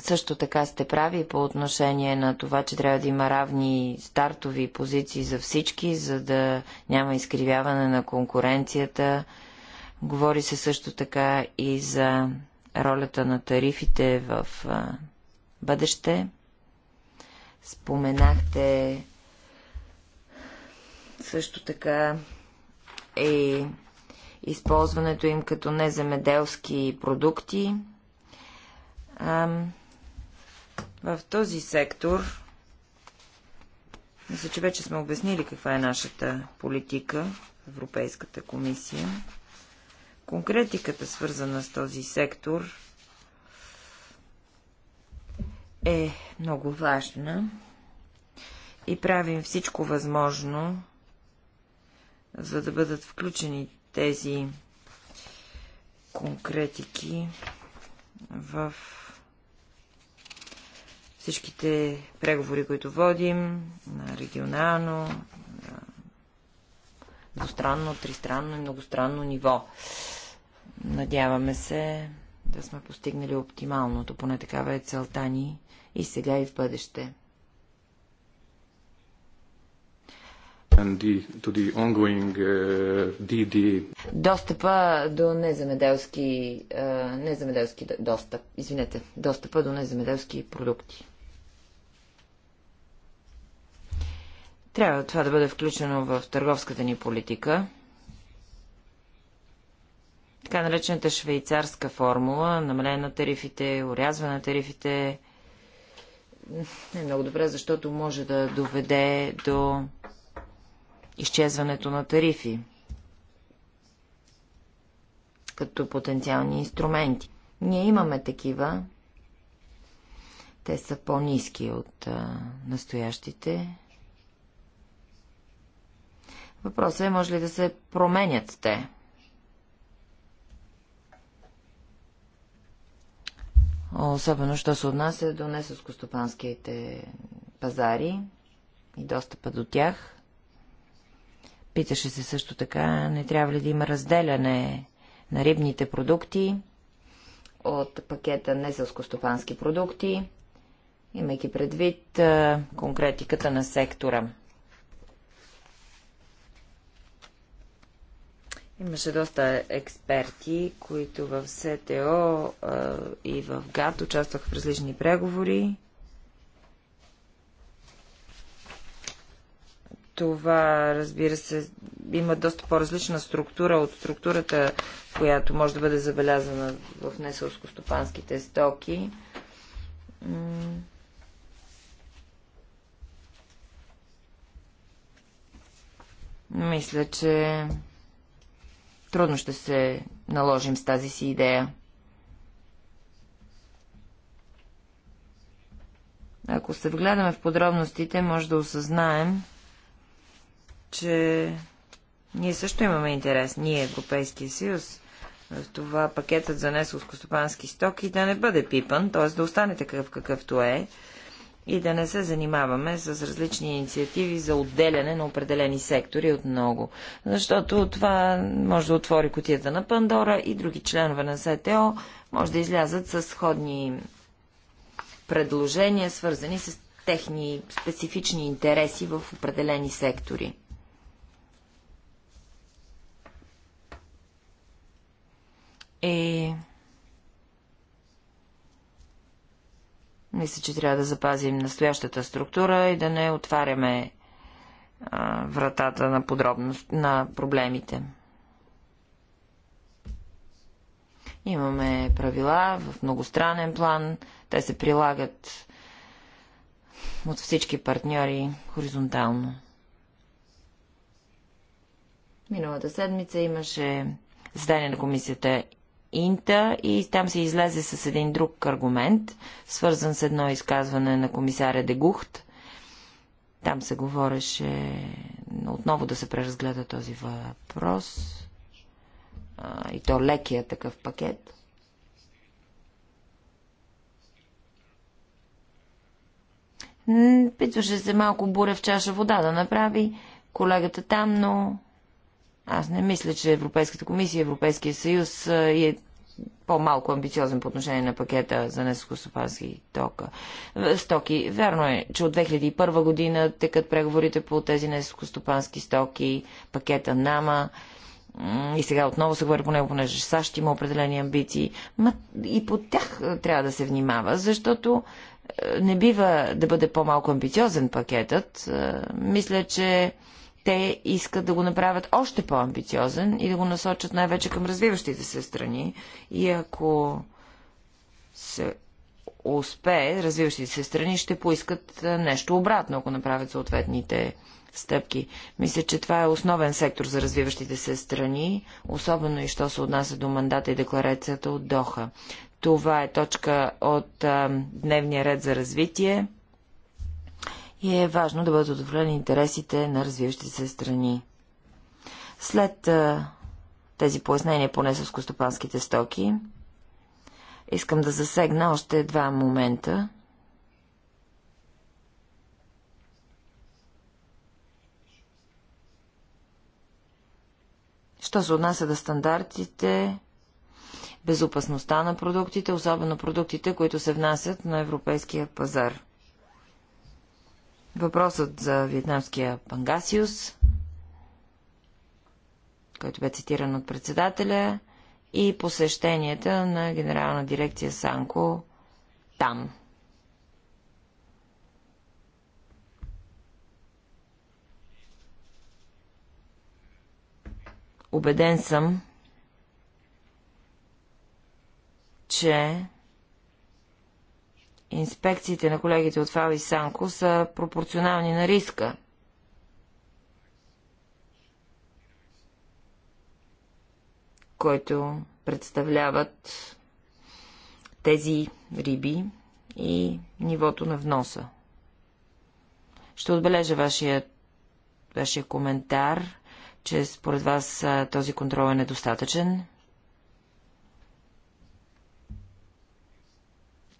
Също така сте прави по отношение на това, че трябва да има равни стартови позиции за всички, за да няма изкривяване на конкуренцията. Говори се също така и за ролята на тарифите в бъдеще. Споменахте също така и използването им като неземеделски продукти. В този сектор, мисля, че вече сме обяснили каква е нашата политика в Европейската комисия. Конкретиката, свързана с този сектор, е много важна и правим всичко възможно, за да бъдат включени тези конкретики в Всичките преговори, които водим на регионално, на двустранно, тристранно и многостранно ниво. Надяваме се да сме постигнали оптималното, поне такава е целта ни и сега и в бъдеще. The, the ongoing, uh, DD. Достъпа до неземеделски, uh, неземеделски достъп, извинете, достъпа до неземеделски продукти. Трябва това да бъде включено в търговската ни политика. Така наречената швейцарска формула, намаление на тарифите, урязване на тарифите, не е много добре, защото може да доведе до изчезването на тарифи като потенциални инструменти. Ние имаме такива. Те са по-низки от а, настоящите. Въпросът е, може ли да се променят те? Особено, що се отнася до несъскостопанските пазари и достъпа до тях. Питаше се също така, не трябва ли да има разделяне на рибните продукти от пакета несъскостопански продукти, имайки предвид конкретиката на сектора. Имаше доста експерти, които в СТО а, и в ГАТ участваха в различни преговори. Това, разбира се, има доста по-различна структура от структурата, която може да бъде забелязана в несълскостопанските стоки. Мисля, че Трудно ще се наложим с тази си идея. Ако се вгледаме в подробностите, може да осъзнаем, че ние също имаме интерес, ние, Европейския съюз, в това пакетът за неселско-стопански стоки да не бъде пипан, т.е. да остане такъв какъвто е, и да не се занимаваме с различни инициативи за отделяне на определени сектори от много. Защото това може да отвори котията на Пандора и други членове на СТО може да излязат с сходни предложения, свързани с техни специфични интереси в определени сектори. И Мисля, че трябва да запазим настоящата структура и да не отваряме а, вратата на подробност на проблемите. Имаме правила в многостранен план. Те се прилагат от всички партньори хоризонтално. Миналата седмица имаше заседание на комисията Инта и там се излезе с един друг аргумент, свързан с едно изказване на комисаря Дегухт. Там се говореше отново да се преразгледа този въпрос а, и то лекия такъв пакет. Питваше се малко буря в чаша вода да направи колегата там, но аз не мисля, че Европейската комисия, Европейския съюз е по-малко амбициозен по отношение на пакета за нескосопански стоки. Вярно е, че от 2001 година текат преговорите по тези нескостопански стоки, пакета НАМА и сега отново се говори по него, понеже САЩ има определени амбиции. Ма и по тях трябва да се внимава, защото не бива да бъде по-малко амбициозен пакетът. Мисля, че те искат да го направят още по-амбициозен и да го насочат най-вече към развиващите се страни. И ако се успее, развиващите се страни ще поискат нещо обратно, ако направят съответните стъпки. Мисля, че това е основен сектор за развиващите се страни, особено и що се отнася до мандата и декларацията от Доха. Това е точка от а, дневния ред за развитие и е важно да бъдат удовлетворени интересите на развиващите се страни. След тези пояснения по несъскостопанските стоки, искам да засегна още два момента. Що се отнася до стандартите, безопасността на продуктите, особено продуктите, които се внасят на европейския пазар. Въпросът за вьетнамския пангасиус, който бе цитиран от председателя, и посещенията на генерална дирекция Санко там. Обеден съм, че инспекциите на колегите от ФАО и Санко са пропорционални на риска. който представляват тези риби и нивото на вноса. Ще отбележа вашия, вашия коментар, че според вас този контрол е недостатъчен.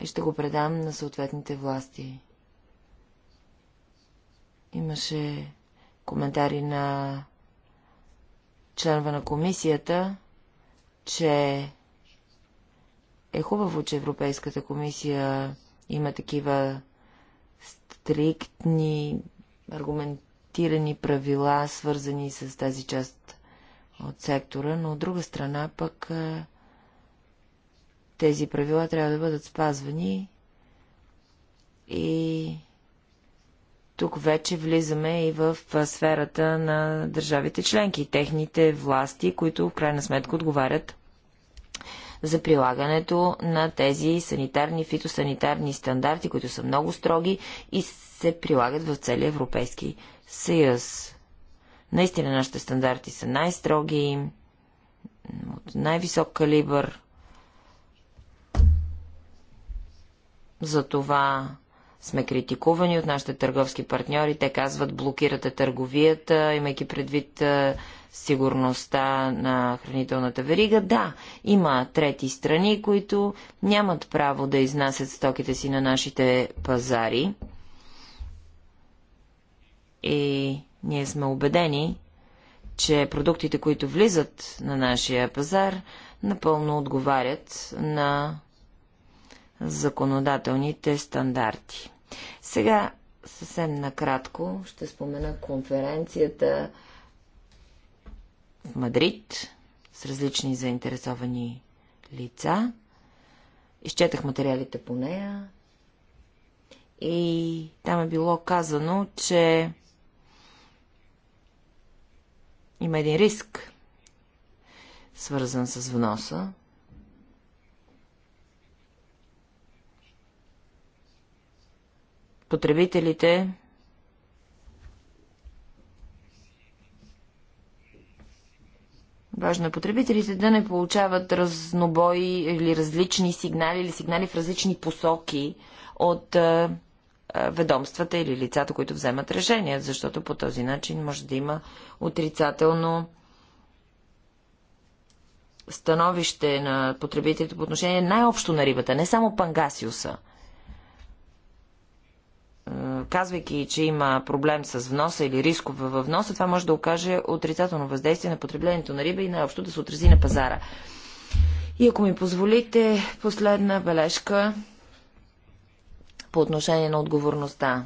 и ще го предам на съответните власти. Имаше коментари на членове на комисията, че е хубаво, че Европейската комисия има такива стриктни, аргументирани правила, свързани с тази част от сектора, но от друга страна пък тези правила трябва да бъдат спазвани и тук вече влизаме и в сферата на държавите членки, техните власти, които в крайна сметка отговарят за прилагането на тези санитарни, фитосанитарни стандарти, които са много строги и се прилагат в целия Европейски съюз. Наистина нашите стандарти са най-строги, от най-висок калибър. Затова сме критикувани от нашите търговски партньори. Те казват, блокирате търговията, имайки предвид сигурността на хранителната верига. Да, има трети страни, които нямат право да изнасят стоките си на нашите пазари. И ние сме убедени, че продуктите, които влизат на нашия пазар, напълно отговарят на законодателните стандарти. Сега съвсем накратко ще спомена конференцията в Мадрид с различни заинтересовани лица. Изчетах материалите по нея и там е било казано, че има един риск, свързан с вноса потребителите Важно е потребителите да не получават разнобои или различни сигнали или сигнали в различни посоки от а, а, ведомствата или лицата, които вземат решения, защото по този начин може да има отрицателно становище на потребителите по отношение най-общо на рибата, не само пангасиуса – е, казвайки, че има проблем с вноса или рискове във вноса, това може да окаже отрицателно въздействие на потреблението на риба и най-общо да се отрази на пазара. И ако ми позволите, последна бележка по отношение на отговорността.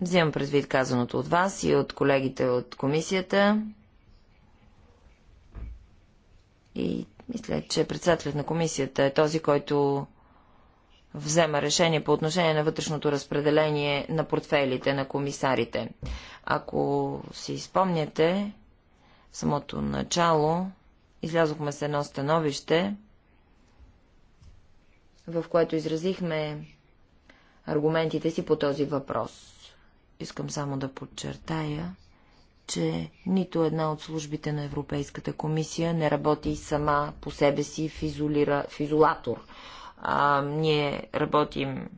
Взимам предвид казаното от вас и от колегите от комисията. И мисля, че председателят на комисията е този, който взема решение по отношение на вътрешното разпределение на портфелите на комисарите. Ако си спомняте, в самото начало излязохме с едно становище, в което изразихме аргументите си по този въпрос. Искам само да подчертая, че нито една от службите на Европейската комисия не работи сама по себе си в, изолира, в изолатор. А, ние работим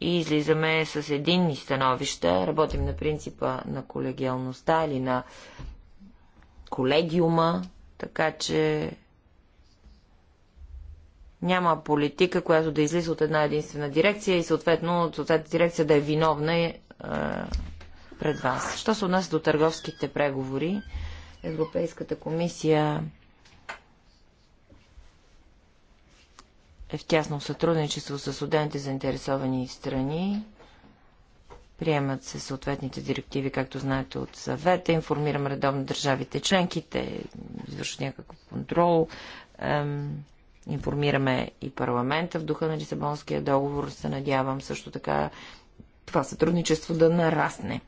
и излизаме с единни становища, работим на принципа на колегиалността или на колегиума, така че няма политика, която да излиза от една единствена дирекция и съответно от дирекция да е виновна е, пред вас. Що се отнася до търговските преговори, Европейската комисия е в тясно сътрудничество с студенти заинтересовани страни. Приемат се съответните директиви, както знаете, от съвета. Информирам редовно държавите членките, извършват някакъв контрол. Ем, информираме и парламента в духа на Лисабонския договор. Се надявам също така това сътрудничество да нарасне.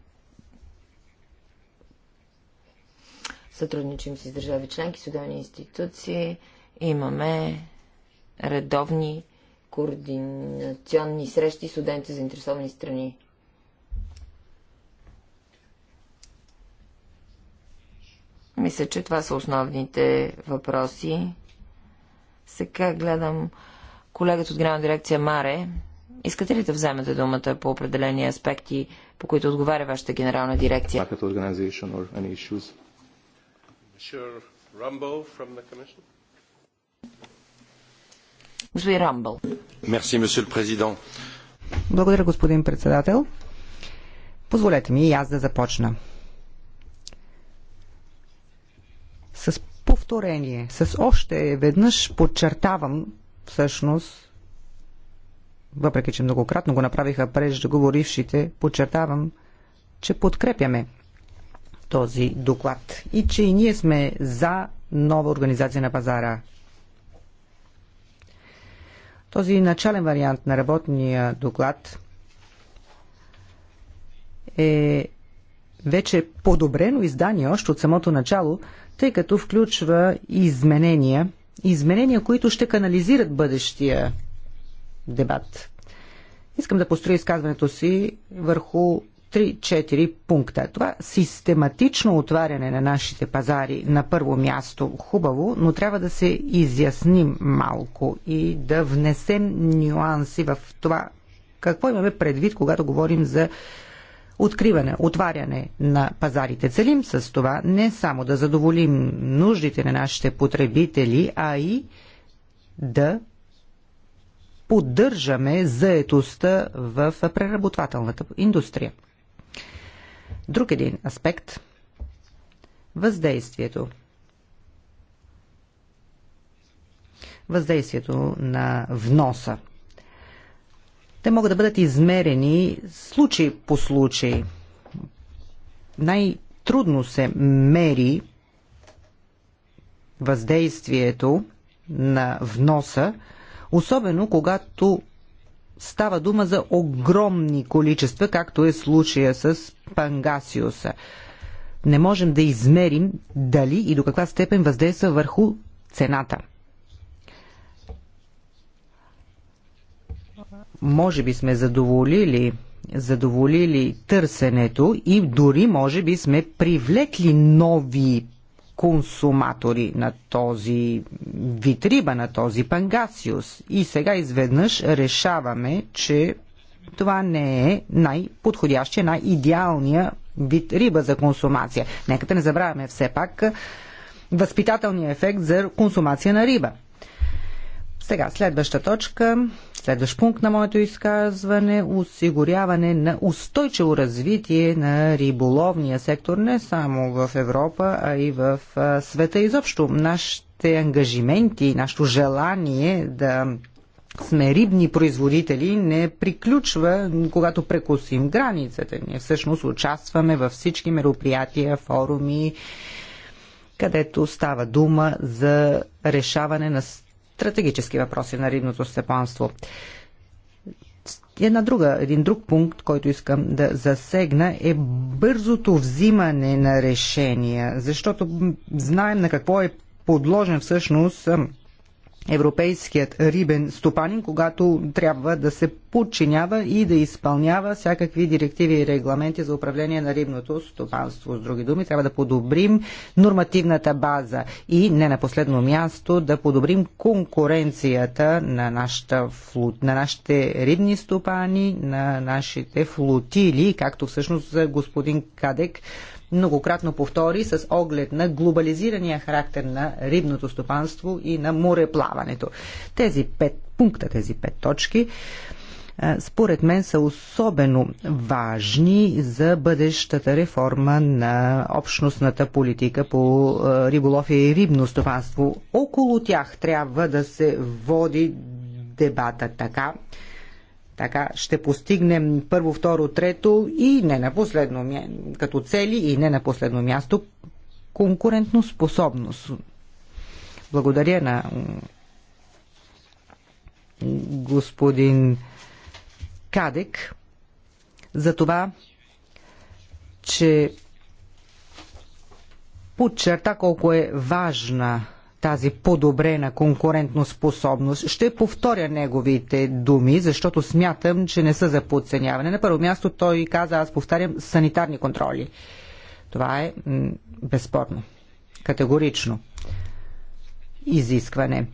Сътрудничим си с държави членки, судебни институции. Имаме редовни координационни срещи с за интересовани страни. Мисля, че това са основните въпроси. Сега гледам колегата от Грана дирекция Маре. Искате ли да вземете думата по определени аспекти, по които отговаря вашата генерална дирекция? Господин Рамбъл. Благодаря, господин председател. Позволете ми и аз да започна. С повторение, с още веднъж подчертавам всъщност, въпреки че многократно го направиха преждеговорившите, подчертавам, че подкрепяме този доклад и че и ние сме за нова организация на пазара. Този начален вариант на работния доклад е вече подобрено издание още от самото начало, тъй като включва изменения, изменения, които ще канализират бъдещия дебат. Искам да построя изказването си върху 3-4 пункта. Това систематично отваряне на нашите пазари на първо място хубаво, но трябва да се изясним малко и да внесем нюанси в това какво имаме предвид, когато говорим за откриване, отваряне на пазарите. Целим с това не само да задоволим нуждите на нашите потребители, а и да поддържаме заетостта в преработвателната индустрия. Друг един аспект – въздействието. Въздействието на вноса. Те могат да бъдат измерени случай по случай. Най-трудно се мери въздействието на вноса, особено когато става дума за огромни количества, както е случая с Пангасиуса. Не можем да измерим дали и до каква степен въздейства върху цената. Може би сме задоволили задоволили търсенето и дори може би сме привлекли нови консуматори на този витриба, на този пангасиус. И сега изведнъж решаваме, че това не е най-подходящия, най-идеалния вид риба за консумация. Нека да не забравяме все пак възпитателния ефект за консумация на риба. Сега, следваща точка, следващ пункт на моето изказване осигуряване на устойчиво развитие на риболовния сектор не само в Европа, а и в света изобщо. Нашите ангажименти, нашето желание да сме рибни производители не приключва, когато прекусим границата. Ние всъщност участваме във всички мероприятия, форуми, където става дума за решаване на стратегически въпроси на рибното степанство. Една друга, един друг пункт, който искам да засегна е бързото взимане на решения, защото знаем на какво е подложен всъщност европейският рибен стопанин, когато трябва да се подчинява и да изпълнява всякакви директиви и регламенти за управление на рибното стопанство. С други думи, трябва да подобрим нормативната база и не на последно място да подобрим конкуренцията на, нашата флот, на нашите рибни стопани, на нашите флотили, както всъщност господин Кадек многократно повтори с оглед на глобализирания характер на рибното стопанство и на мореплаването. Тези пет пункта, тези пет точки според мен са особено важни за бъдещата реформа на общностната политика по риболов и рибно стопанство. Около тях трябва да се води дебата така, така ще постигнем първо, второ, трето и не на последно като цели и не на последно място конкурентно способност. Благодаря на господин Кадек за това, че подчерта колко е важна тази подобрена конкурентноспособност. Ще повторя неговите думи, защото смятам, че не са за подценяване. На първо място той каза, аз повтарям, санитарни контроли. Това е безспорно. Категорично изискване.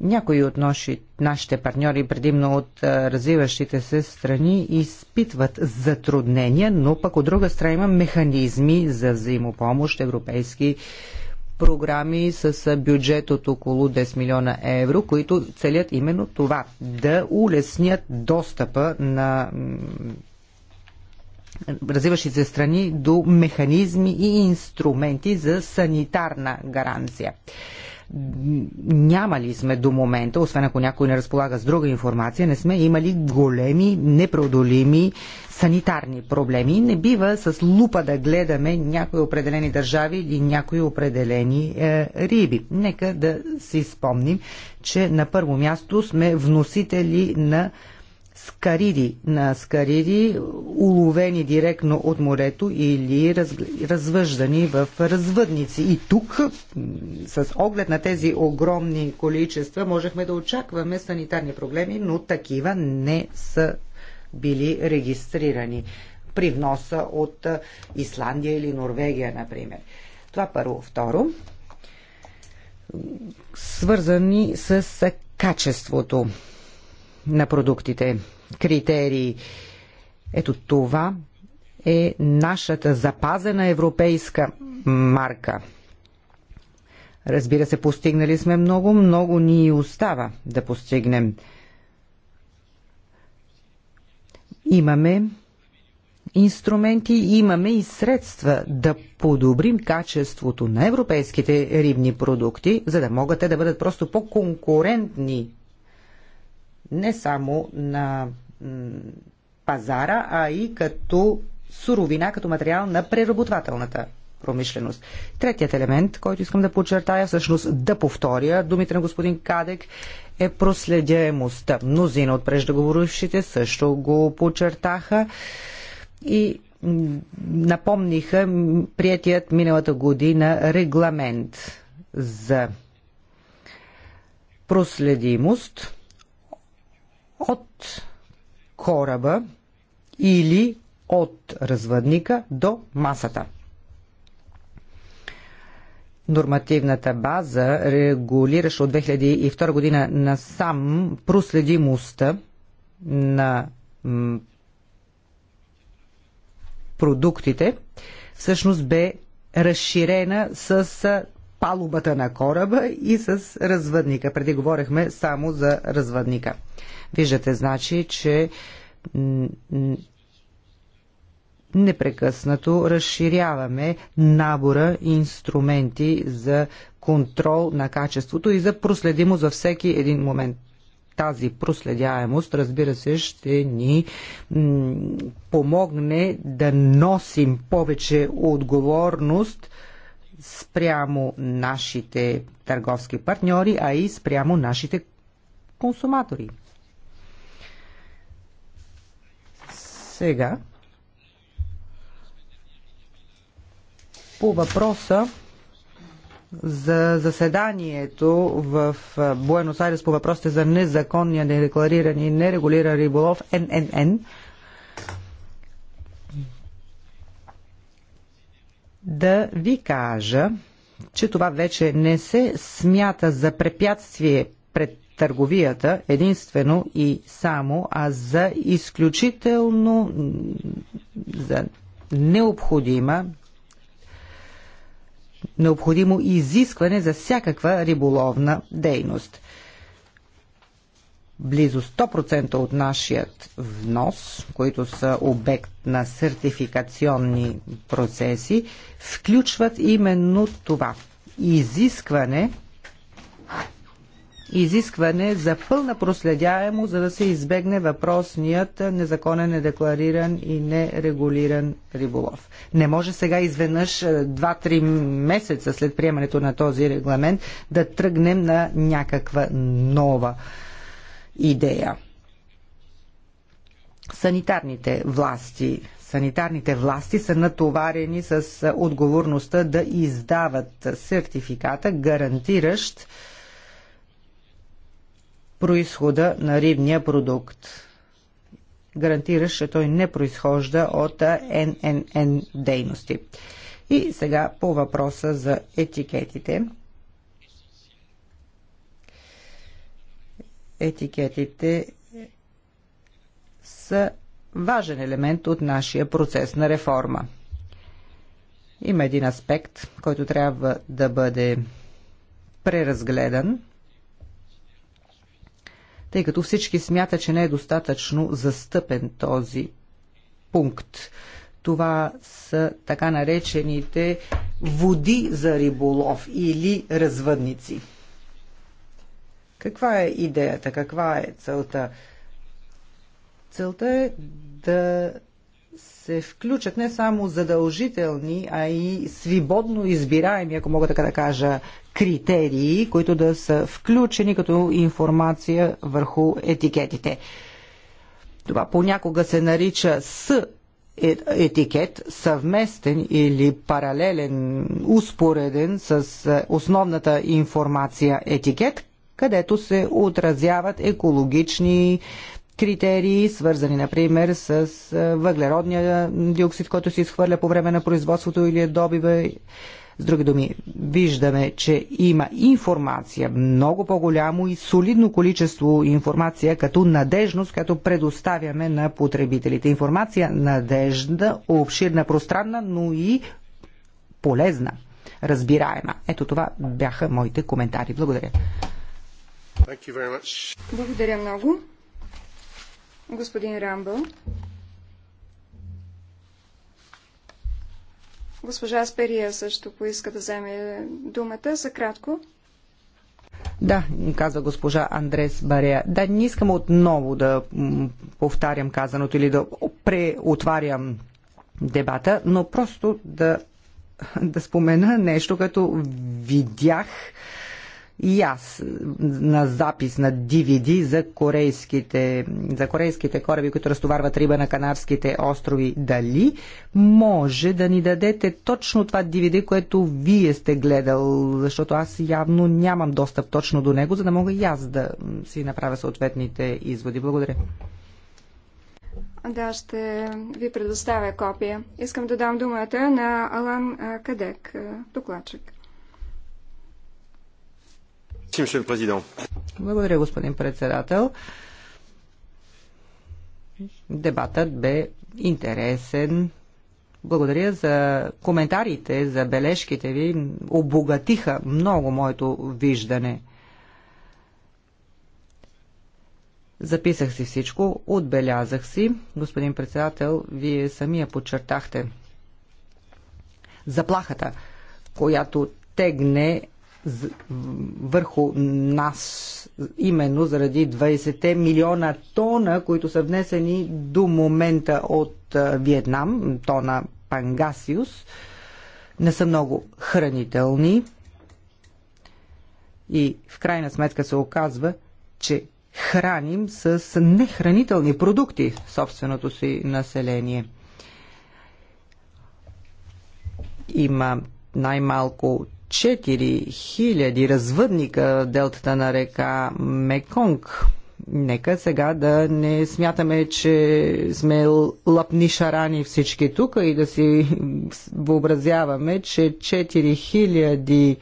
Някои от наши, нашите партньори, предимно от развиващите се страни, изпитват затруднения, но пък от друга страна има механизми за взаимопомощ, европейски програми с бюджет от около 10 милиона евро, които целят именно това да улеснят достъпа на развиващите се страни до механизми и инструменти за санитарна гаранция нямали сме до момента, освен ако някой не разполага с друга информация, не сме имали големи, непреодолими санитарни проблеми. Не бива с лупа да гледаме някои определени държави или някои определени е, риби. Нека да си спомним, че на първо място сме вносители на скариди на скариди, уловени директно от морето или развъждани в развъдници. И тук, с оглед на тези огромни количества, можехме да очакваме санитарни проблеми, но такива не са били регистрирани при вноса от Исландия или Норвегия, например. Това първо. Второ, свързани с качеството на продуктите, критерии. Ето това е нашата запазена европейска марка. Разбира се, постигнали сме много, много ни остава да постигнем. Имаме инструменти, имаме и средства да подобрим качеството на европейските рибни продукти, за да могат те да бъдат просто по-конкурентни не само на пазара, а и като суровина, като материал на преработвателната промишленост. Третият елемент, който искам да подчертая, всъщност да повторя думите на господин Кадек, е проследяемостта. Мнозина от преждеговорившите също го подчертаха и напомниха приятият миналата година регламент за проследимост – от кораба или от развъдника до масата. Нормативната база регулираш от 2002 година на сам проследимостта на продуктите, всъщност бе разширена с палубата на кораба и с развъдника. Преди говорехме само за развъдника. Виждате, значи, че непрекъснато разширяваме набора инструменти за контрол на качеството и за проследимост във всеки един момент. Тази проследяемост, разбира се, ще ни помогне да носим повече отговорност спрямо нашите търговски партньори, а и спрямо нашите консуматори. Сега по въпроса за заседанието в Буенос Айрес по въпросите за незаконния, недекларирани и нерегулиран риболов ННН да ви кажа, че това вече не се смята за препятствие пред търговията единствено и само, а за изключително за необходима необходимо изискване за всякаква риболовна дейност близо 100% от нашият внос, които са обект на сертификационни процеси, включват именно това изискване изискване за пълна проследяемо, за да се избегне въпросният незаконен, недеклариран и нерегулиран риболов. Не може сега изведнъж 2-3 е, месеца след приемането на този регламент да тръгнем на някаква нова идея. Санитарните власти санитарните власти са натоварени с отговорността да издават сертификата, гарантиращ происхода на рибния продукт. Гарантиращ, че той не произхожда от ННН дейности. И сега по въпроса за етикетите. етикетите са важен елемент от нашия процес на реформа. Има един аспект, който трябва да бъде преразгледан, тъй като всички смятат, че не е достатъчно застъпен този пункт. Това са така наречените води за риболов или развъдници. Каква е идеята? Каква е целта? Целта е да се включат не само задължителни, а и свободно избираеми, ако мога така да кажа, критерии, които да са включени като информация върху етикетите. Това понякога се нарича с е, етикет, съвместен или паралелен, успореден с е, основната информация етикет, където се отразяват екологични критерии, свързани, например, с въглеродния диоксид, който се изхвърля по време на производството или е добива. С други думи, виждаме, че има информация, много по-голямо и солидно количество информация като надежност, като предоставяме на потребителите. Информация надежда, обширна, пространна, но и полезна, разбираема. Ето това бяха моите коментари. Благодаря. Благодаря много. Господин Рамбъл. Госпожа Асперия също поиска да вземе думата за кратко. Да, каза госпожа Андрес Барея. Да, не искам отново да повтарям казаното или да преотварям дебата, но просто да, да спомена нещо, като видях и аз на запис на DVD за корейските, за корейските кораби, които разтоварват риба на Канарските острови. Дали може да ни дадете точно това DVD, което вие сте гледал, защото аз явно нямам достъп точно до него, за да мога и аз да си направя съответните изводи. Благодаря. Да, ще ви предоставя копия. Искам да дам думата на Алан Кадек, докладчик. Благодаря, господин председател. Дебатът бе интересен. Благодаря за коментарите, за бележките ви. Обогатиха много моето виждане. Записах си всичко, отбелязах си. Господин председател, вие самия подчертахте заплахата, която тегне върху нас, именно заради 20 милиона тона, които са внесени до момента от Виетнам, тона пангасиус. Не са много хранителни и в крайна сметка се оказва, че храним с нехранителни продукти собственото си население. Има най-малко 4000 развъдника делтата на река Меконг. Нека сега да не смятаме, че сме лапни шарани всички тук и да си въобразяваме, че 4000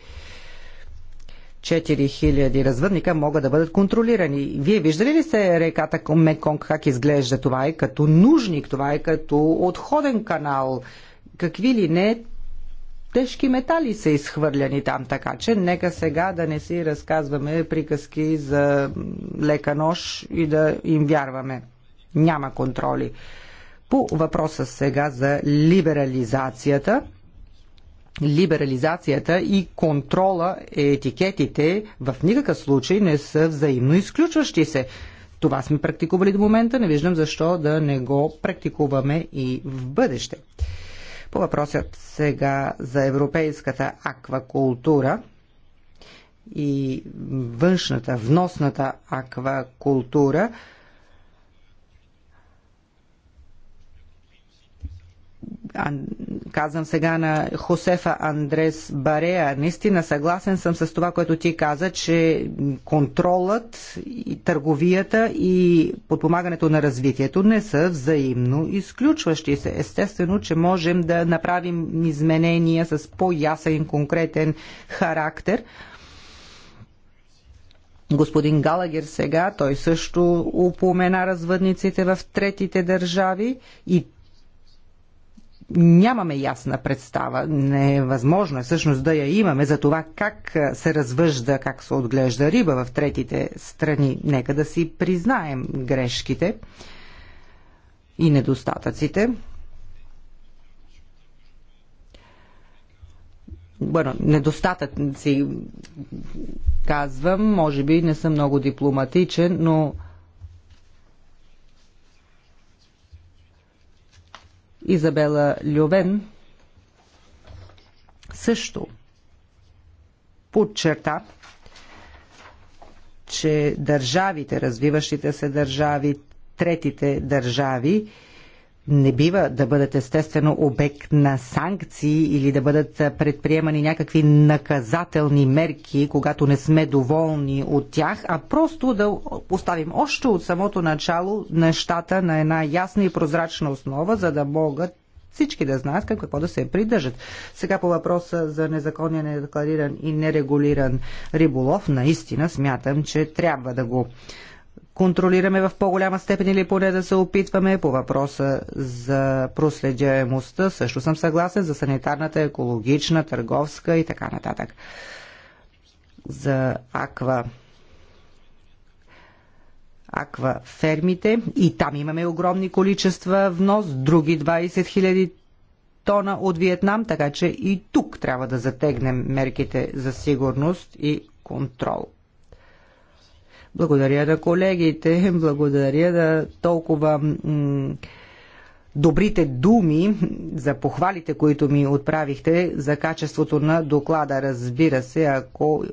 4000 развъдника могат да бъдат контролирани. Вие виждали ли се реката Меконг как изглежда? Това е като нужник, това е като отходен канал. Какви ли не тежки метали са изхвърляни там, така че нека сега да не си разказваме приказки за лека нож и да им вярваме. Няма контроли. По въпроса сега за либерализацията, либерализацията и контрола е етикетите в никакъв случай не са взаимно изключващи се. Това сме практикували до момента, не виждам защо да не го практикуваме и в бъдеще. По въпросът сега за европейската аквакултура и външната, вносната аквакултура, казвам сега на Хосефа Андрес Барея. Наистина съгласен съм с това, което ти каза, че контролът и търговията и подпомагането на развитието не са взаимно изключващи се. Естествено, че можем да направим изменения с по-ясен конкретен характер. Господин Галагер сега, той също упомена развъдниците в третите държави и нямаме ясна представа. Невъзможно е, е всъщност да я имаме за това как се развъжда, как се отглежда риба в третите страни. Нека да си признаем грешките и недостатъците. Бърно, недостатъци казвам, може би не съм много дипломатичен, но Изабела Лювен също подчерта, че държавите, развиващите се държави, третите държави, не бива да бъдат естествено обект на санкции или да бъдат предприемани някакви наказателни мерки, когато не сме доволни от тях, а просто да поставим още от самото начало нещата на една ясна и прозрачна основа, за да могат всички да знаят към какво да се придържат. Сега по въпроса за незаконния, недеклариран и нерегулиран риболов, наистина смятам, че трябва да го контролираме в по-голяма степен или поне да се опитваме по въпроса за проследяемостта. Също съм съгласен за санитарната, екологична, търговска и така нататък. За аква аква фермите и там имаме огромни количества внос, други 20 000 тона от Виетнам, така че и тук трябва да затегнем мерките за сигурност и контрол. Благодаря на колегите, благодаря на толкова добрите думи, за похвалите, които ми отправихте, за качеството на доклада. Разбира се, ако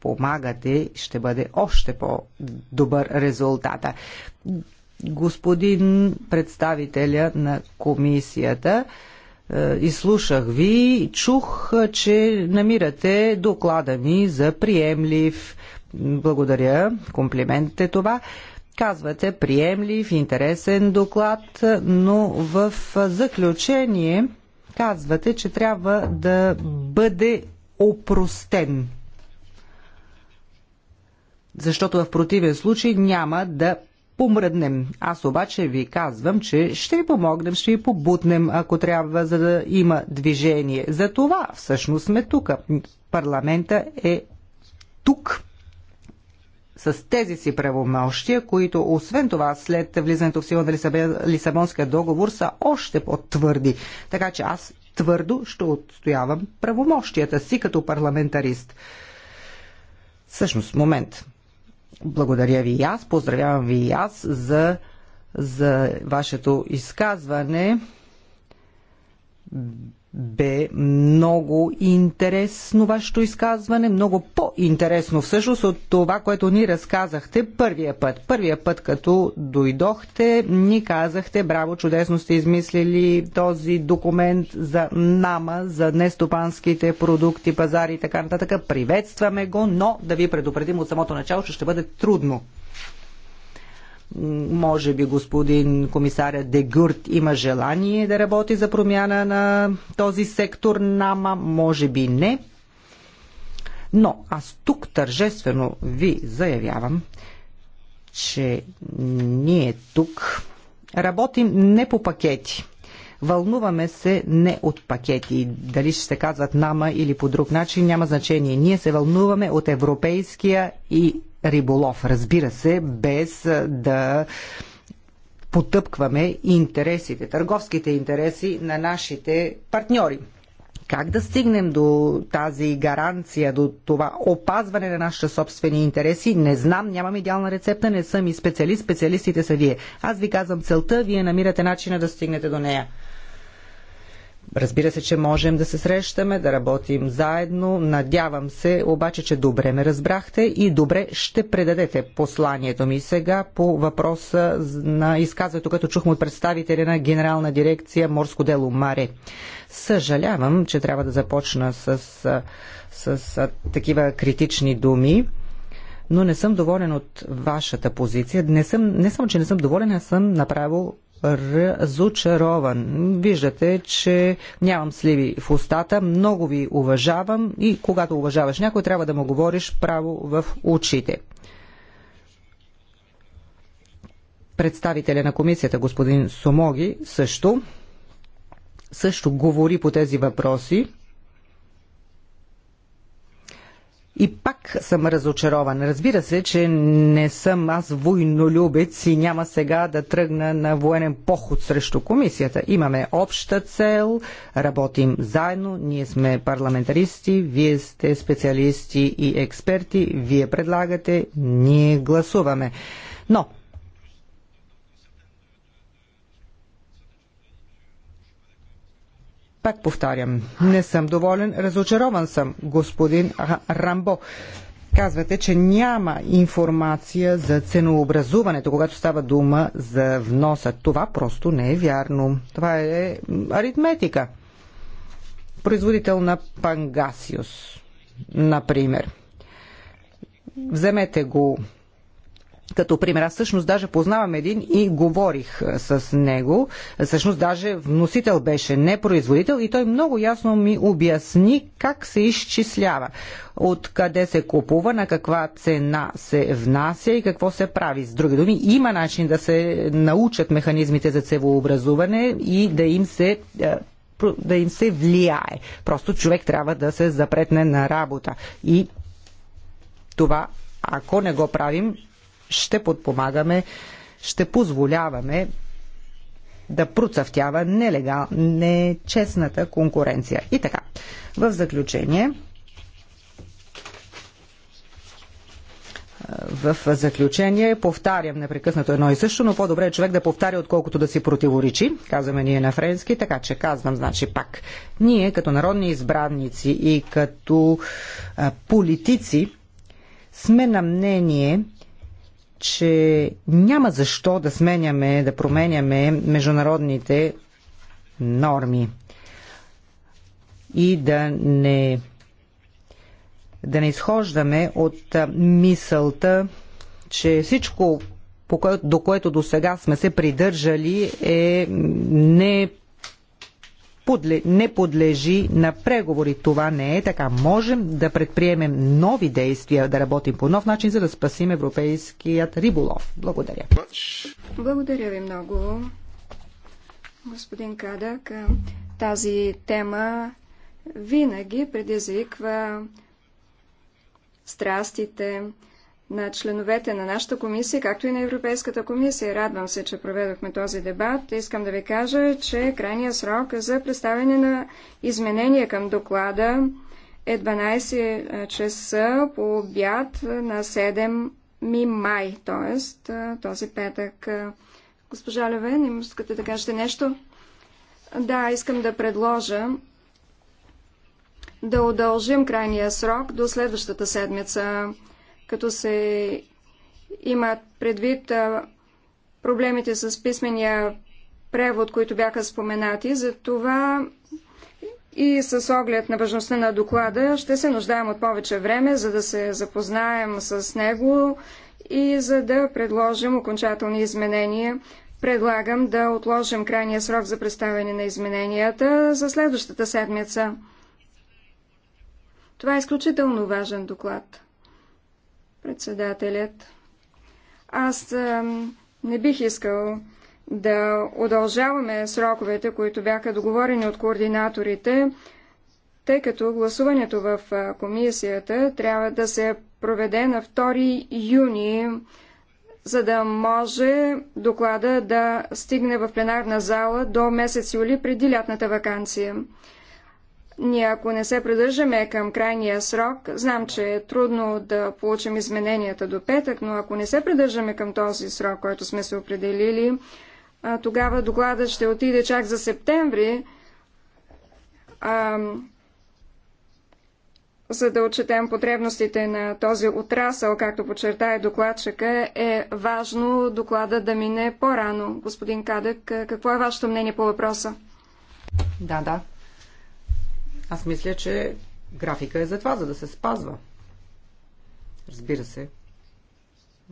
помагате, ще бъде още по-добър резултата. Господин представителя на комисията, е, изслушах ви и чух, че намирате доклада ми за приемлив. Благодаря. Комплимент е това. Казвате приемлив, интересен доклад, но в заключение казвате, че трябва да бъде опростен. Защото в противен случай няма да помръднем. Аз обаче ви казвам, че ще ви помогнем, ще ви побутнем, ако трябва, за да има движение. За това всъщност сме тук. Парламента е тук с тези си правомощия, които освен това след влизането в сила на Лисабонския договор са още по-твърди. Така че аз твърдо ще отстоявам правомощията си като парламентарист. Всъщност, момент. Благодаря ви и аз, поздравявам ви и аз за, за вашето изказване бе много интересно вашето изказване, много по-интересно всъщност от това, което ни разказахте първия път. Първия път, като дойдохте, ни казахте, браво, чудесно сте измислили този документ за нама, за нестопанските продукти, пазари и така нататък. Приветстваме го, но да ви предупредим от самото начало, че ще бъде трудно. Може би господин комисаря Дегурт има желание да работи за промяна на този сектор, нама може би не. Но аз тук тържествено ви заявявам, че ние тук работим не по пакети. Вълнуваме се не от пакети, дали ще се казват нама или по друг начин, няма значение. Ние се вълнуваме от европейския и риболов, разбира се, без да потъпкваме интересите, търговските интереси на нашите партньори. Как да стигнем до тази гаранция, до това опазване на нашите собствени интереси? Не знам, нямам идеална рецепта, не съм и специалист, специалистите са вие. Аз ви казвам целта, вие намирате начина да стигнете до нея. Разбира се, че можем да се срещаме, да работим заедно. Надявам се обаче, че добре ме разбрахте и добре ще предадете посланието ми сега по въпроса на изказването, като чухме от представителя на Генерална дирекция Морско дело Маре. Съжалявам, че трябва да започна с, с, с такива критични думи но не съм доволен от вашата позиция. Не съм, не само, че не съм доволен, а съм направо разочарован. Виждате, че нямам сливи в устата, много ви уважавам и когато уважаваш някой, трябва да му говориш право в очите. Представителя на комисията, господин Сомоги, също също говори по тези въпроси И пак съм разочарован. Разбира се, че не съм аз войнолюбец и няма сега да тръгна на военен поход срещу комисията. Имаме обща цел, работим заедно, ние сме парламентаристи, вие сте специалисти и експерти, вие предлагате, ние гласуваме. Но Пак повтарям, не съм доволен, разочарован съм, господин Рамбо. Казвате, че няма информация за ценообразуването, когато става дума за вноса. Това просто не е вярно. Това е аритметика. Производител на Пангасиус, например. Вземете го като пример. Аз всъщност даже познавам един и говорих с него. Всъщност даже вносител беше не производител и той много ясно ми обясни как се изчислява. От къде се купува, на каква цена се внася и какво се прави. С други думи, има начин да се научат механизмите за цевообразуване и да им се да им се влияе. Просто човек трябва да се запретне на работа. И това, ако не го правим, ще подпомагаме, ще позволяваме да процъфтява нелегал, нечестната конкуренция. И така, в заключение, в заключение повтарям непрекъснато едно и също, но по-добре е човек да повтаря, отколкото да си противоречи, казваме ние на френски, така че казвам, значи пак. Ние като народни избранници и като а, политици сме на мнение, че няма защо да сменяме, да променяме международните норми и да не, да не изхождаме от мисълта, че всичко, до което до сега сме се придържали, е не подле... не подлежи на преговори. Това не е така. Можем да предприемем нови действия, да работим по нов начин, за да спасим европейският риболов. Благодаря. Благодаря ви много, господин Кадък. Тази тема винаги предизвиква страстите, на членовете на нашата комисия, както и на Европейската комисия. Радвам се, че проведохме този дебат. Искам да ви кажа, че крайният срок за представяне на изменения към доклада е 12 часа по обяд на 7 май, т.е. този петък. Госпожа Левен, искате да кажете нещо? Да, искам да предложа да удължим крайния срок до следващата седмица като се имат предвид проблемите с писмения превод, които бяха споменати. За това и с оглед на важността на доклада ще се нуждаем от повече време, за да се запознаем с него и за да предложим окончателни изменения. Предлагам да отложим крайния срок за представяне на измененията за следващата седмица. Това е изключително важен доклад. Председателят. Аз не бих искал да удължаваме сроковете, които бяха договорени от координаторите, тъй като гласуването в комисията трябва да се проведе на 2 юни, за да може доклада да стигне в пленарна зала до месец юли преди лятната вакансия. Ние ако не се придържаме към крайния срок, знам, че е трудно да получим измененията до петък, но ако не се придържаме към този срок, който сме се определили, тогава докладът ще отиде чак за септември, а, за да отчетем потребностите на този отрасъл, както подчертае докладчика, е важно доклада да мине по-рано. Господин Кадък, какво е вашето мнение по въпроса? Да, да. Аз мисля, че графика е за това, за да се спазва. Разбира се.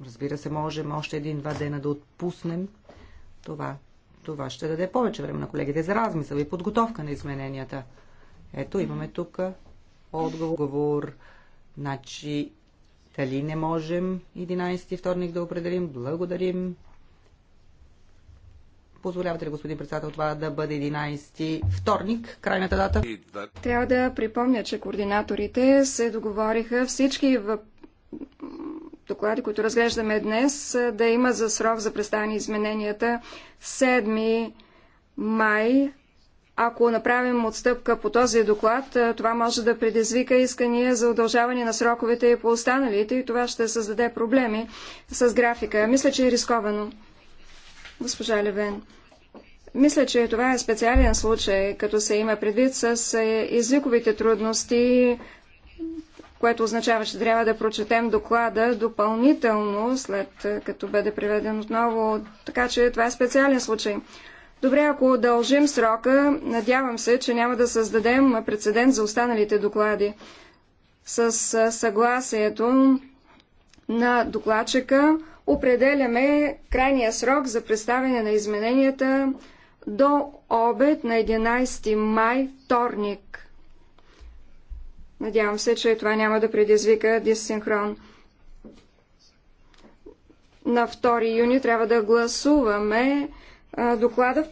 Разбира се, можем още един-два дена да отпуснем това. Това ще даде повече време на колегите за размисъл и подготовка на измененията. Ето, имаме тук отговор. Значи, дали не можем 11 вторник да определим? Благодарим. Позволявате ли, господин председател, това да бъде 11 вторник, крайната дата? Трябва да припомня, че координаторите се договориха всички в доклади, които разглеждаме днес, да има за срок за представяне измененията 7 май. Ако направим отстъпка по този доклад, това може да предизвика искания за удължаване на сроковете и по останалите и това ще създаде проблеми с графика. Мисля, че е рисковано. Госпожа Левен, мисля, че това е специален случай, като се има предвид с е, езиковите трудности, което означава, че трябва да прочетем доклада допълнително, след е, като бъде приведен отново. Така че това е специален случай. Добре, ако удължим срока, надявам се, че няма да създадем прецедент за останалите доклади. С е, съгласието на докладчика определяме крайния срок за представяне на измененията до обед на 11 май, вторник. Надявам се, че това няма да предизвика диссинхрон. На 2 юни трябва да гласуваме а, доклада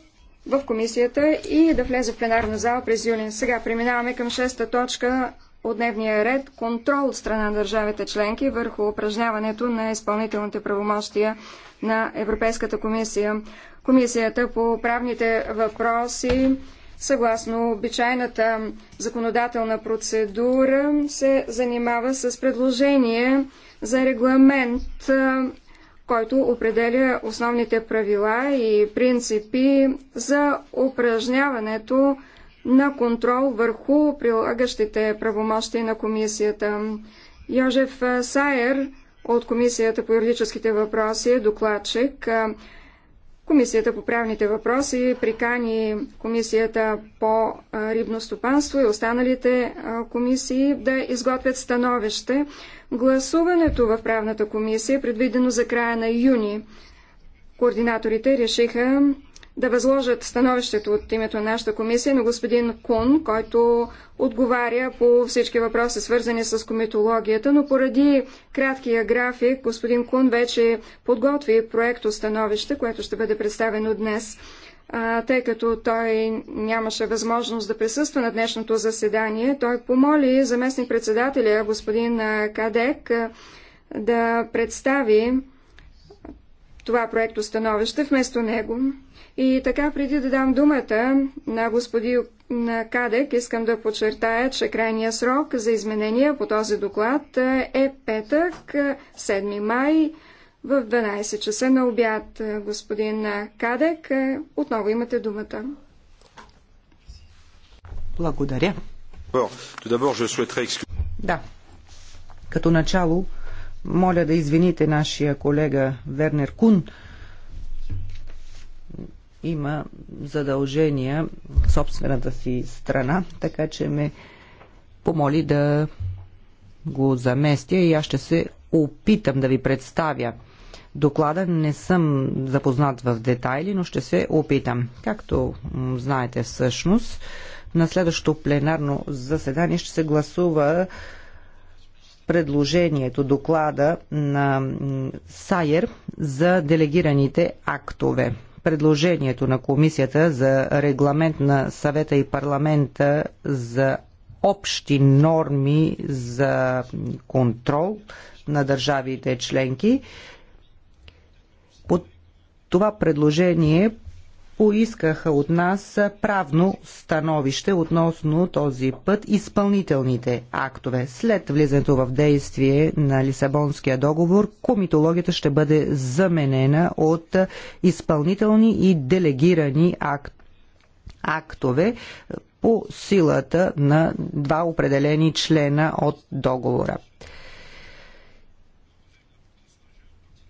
в комисията и да влезе в пленарна зала през юни. Сега преминаваме към 6 точка от дневния ред контрол от страна на държавите членки върху упражняването на изпълнителните правомощия на Европейската комисия. Комисията по правните въпроси съгласно обичайната законодателна процедура се занимава с предложение за регламент, който определя основните правила и принципи за упражняването на контрол върху прилагащите правомощи на комисията. Йожеф Сайер от Комисията по юридическите въпроси е докладчик. Комисията по правните въпроси прикани Комисията по рибно стопанство и останалите комисии да изготвят становище. Гласуването в правната комисия е предвидено за края на юни. Координаторите решиха да възложат становището от името на нашата комисия на господин Кун, който отговаря по всички въпроси, свързани с комитологията, но поради краткия график, господин Кун вече подготви проекто становище, което ще бъде представено днес. А, тъй като той нямаше възможност да присъства на днешното заседание, той помоли заместник-председателя господин Кадек да представи това проекто становище вместо него. И така, преди да дам думата на господин Кадек, искам да подчертая, че крайният срок за изменения по този доклад е петък, 7 май, в 12 часа на обяд. Господин Кадек, отново имате думата. Благодаря. Да. Като начало, моля да извините нашия колега Вернер Кун, има задължения в собствената си страна, така че ме помоли да го заместя и аз ще се опитам да ви представя доклада. Не съм запознат в детайли, но ще се опитам. Както знаете всъщност, на следващото пленарно заседание ще се гласува предложението, доклада на Сайер за делегираните актове предложението на комисията за регламент на съвета и парламента за общи норми за контрол на държавите членки. По това предложение поискаха от нас правно становище относно този път изпълнителните актове. След влизането в действие на Лисабонския договор, комитологията ще бъде заменена от изпълнителни и делегирани акт, актове по силата на два определени члена от договора.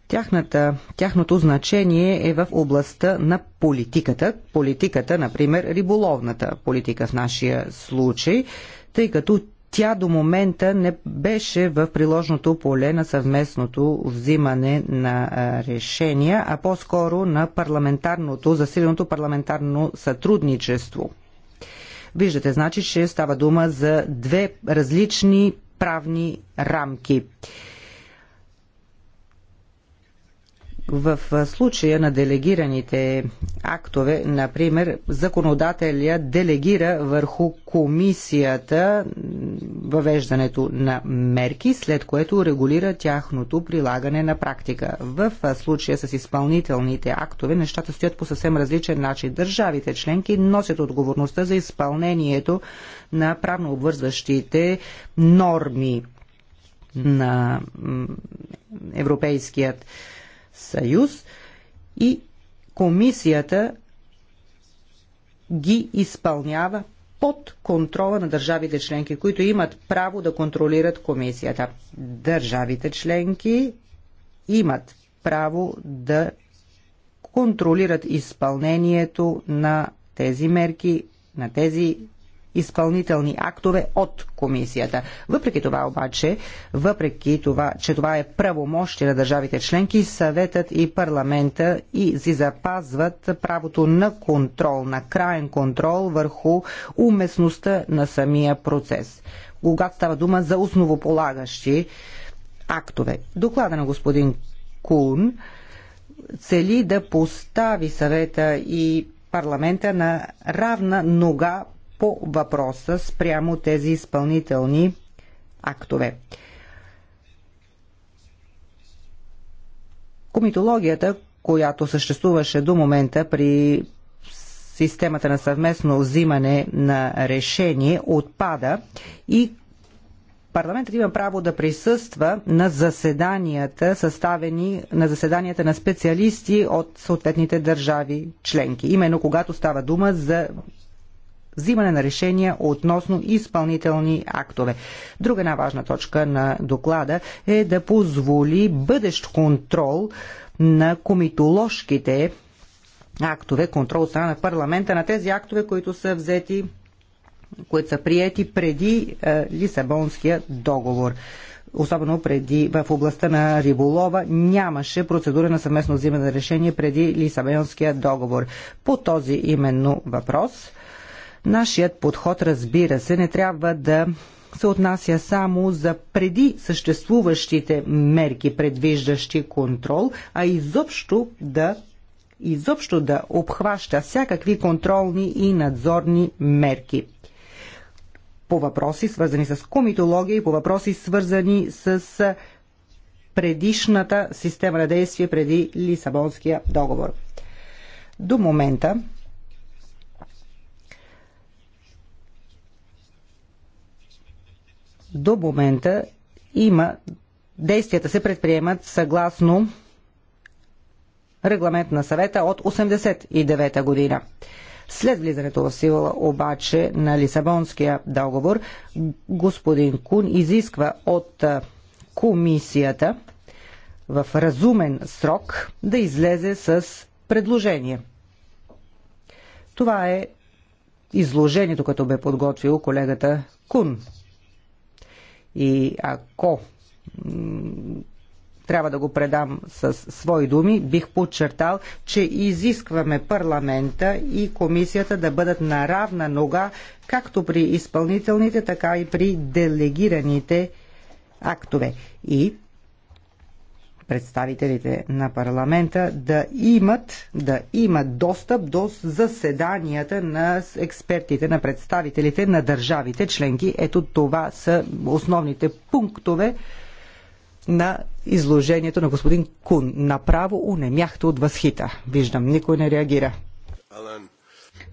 Тяхната, тяхното значение е в областта на политиката. Политиката, например, риболовната политика в нашия случай, тъй като тя до момента не беше в приложното поле на съвместното взимане на решения, а по-скоро на парламентарното, засиленото парламентарно сътрудничество. Виждате, значи, че става дума за две различни правни рамки. В случая на делегираните актове, например, законодателя делегира върху комисията въвеждането на мерки, след което регулира тяхното прилагане на практика. В случая с изпълнителните актове нещата стоят по съвсем различен начин. Държавите членки носят отговорността за изпълнението на правно обвързващите норми на Европейският съюз и комисията ги изпълнява под контрола на държавите членки, които имат право да контролират комисията. Държавите членки имат право да контролират изпълнението на тези мерки, на тези изпълнителни актове от комисията. Въпреки това обаче, въпреки това, че това е правомощие на държавите членки, съветът и парламента и си запазват правото на контрол, на краен контрол върху уместността на самия процес. Когато става дума за основополагащи актове. Доклада на господин Кун цели да постави съвета и парламента на равна нога по въпроса спрямо тези изпълнителни актове. Комитологията, която съществуваше до момента при системата на съвместно взимане на решение, отпада и Парламентът има право да присъства на заседанията, съставени на заседанията на специалисти от съответните държави членки. Именно когато става дума за взимане на решения относно изпълнителни актове. Друга една важна точка на доклада е да позволи бъдещ контрол на комитоложките актове, контрол от страна на парламента на тези актове, които са взети, които са приети преди е, Лисабонския договор особено преди в областта на риболова, нямаше процедура на съвместно взимане на решение преди Лисабонския договор. По този именно въпрос Нашият подход, разбира се, не трябва да се отнася само за преди съществуващите мерки, предвиждащи контрол, а изобщо да изобщо да обхваща всякакви контролни и надзорни мерки. По въпроси свързани с комитология и по въпроси свързани с предишната система на действие преди Лисабонския договор. До момента до момента има, действията се предприемат съгласно регламент на съвета от 89-та година. След влизането в сила обаче на Лисабонския договор, господин Кун изисква от комисията в разумен срок да излезе с предложение. Това е изложението, като бе подготвил колегата Кун. И ако трябва да го предам с свои думи, бих подчертал, че изискваме парламента и комисията да бъдат на равна нога, както при изпълнителните, така и при делегираните актове. И представителите на парламента да имат, да имат достъп до заседанията на експертите, на представителите на държавите членки. Ето това са основните пунктове на изложението на господин Кун. Направо унемяхте от възхита. Виждам, никой не реагира. Алан.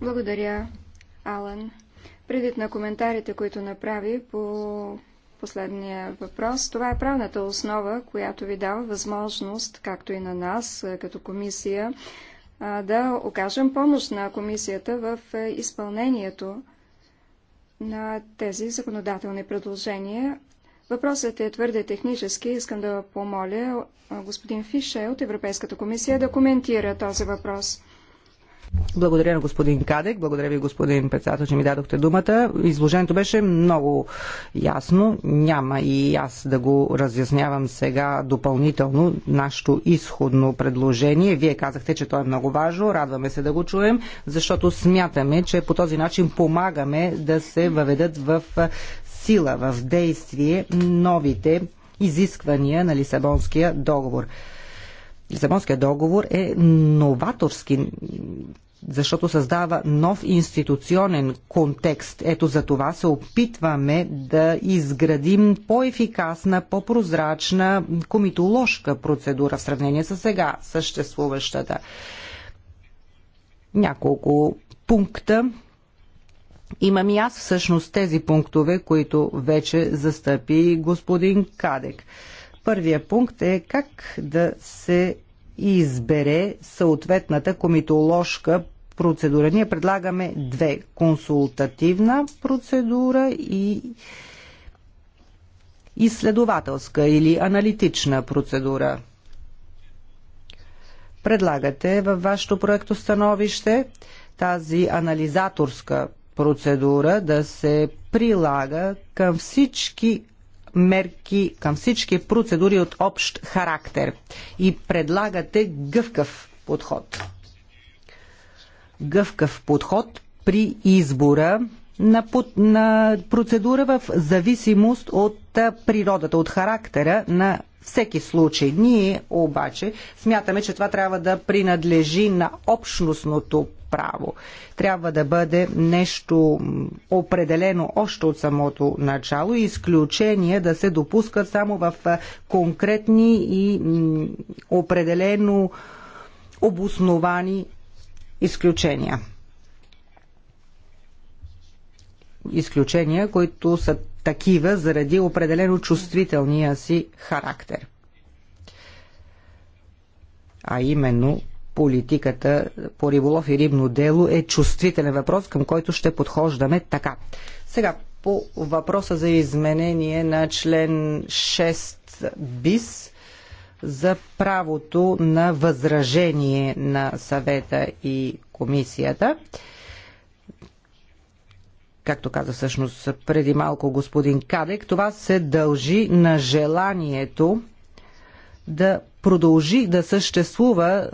Благодаря, Алан. Предвид на коментарите, които направи по последния въпрос. Това е правната основа, която ви дава възможност, както и на нас като комисия, да окажем помощ на комисията в изпълнението на тези законодателни предложения. Въпросът е твърде технически. Искам да помоля господин Фише от Европейската комисия да коментира този въпрос. Благодаря на господин Кадек, благодаря ви господин председател, че ми дадохте думата. Изложението беше много ясно, няма и аз да го разяснявам сега допълнително, нашето изходно предложение. Вие казахте, че то е много важно, радваме се да го чуем, защото смятаме, че по този начин помагаме да се въведат в сила, в действие новите изисквания на Лисабонския договор. Лисабонския договор е новаторски защото създава нов институционен контекст. Ето за това се опитваме да изградим по-ефикасна, по-прозрачна комитоложка процедура в сравнение с сега съществуващата. Няколко пункта. Имам и аз всъщност тези пунктове, които вече застъпи господин Кадек. Първия пункт е как да се избере съответната комитоложка процедура. Ние предлагаме две. Консултативна процедура и изследователска или аналитична процедура. Предлагате във вашето проекто становище тази анализаторска процедура да се прилага към всички мерки, към всички процедури от общ характер и предлагате гъвкав подход. Гъвкав подход при избора на, под, на процедура в зависимост от природата, от характера на всеки случай. Ние обаче смятаме, че това трябва да принадлежи на общностното право. Трябва да бъде нещо определено още от самото начало и изключения да се допускат само в конкретни и определено обосновани изключения. Изключения, които са такива заради определено чувствителния си характер. А именно политиката по риболов и рибно дело е чувствителен въпрос, към който ще подхождаме така. Сега, по въпроса за изменение на член 6 бис за правото на възражение на съвета и комисията както каза всъщност преди малко господин Кадек, това се дължи на желанието да продължи да съществува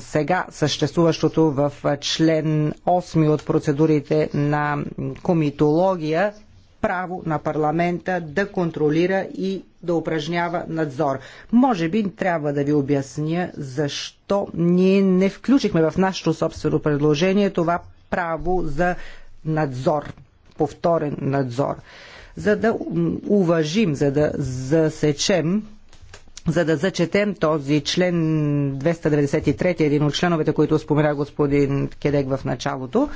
сега съществуващото в член 8 от процедурите на комитология право на парламента да контролира и да упражнява надзор. Може би трябва да ви обясня защо ние не включихме в нашето собствено предложение това право за надзор, повторен надзор, за да уважим, за да засечем за да зачетем този член 293, един от членовете, които спомена господин Кедек в началото.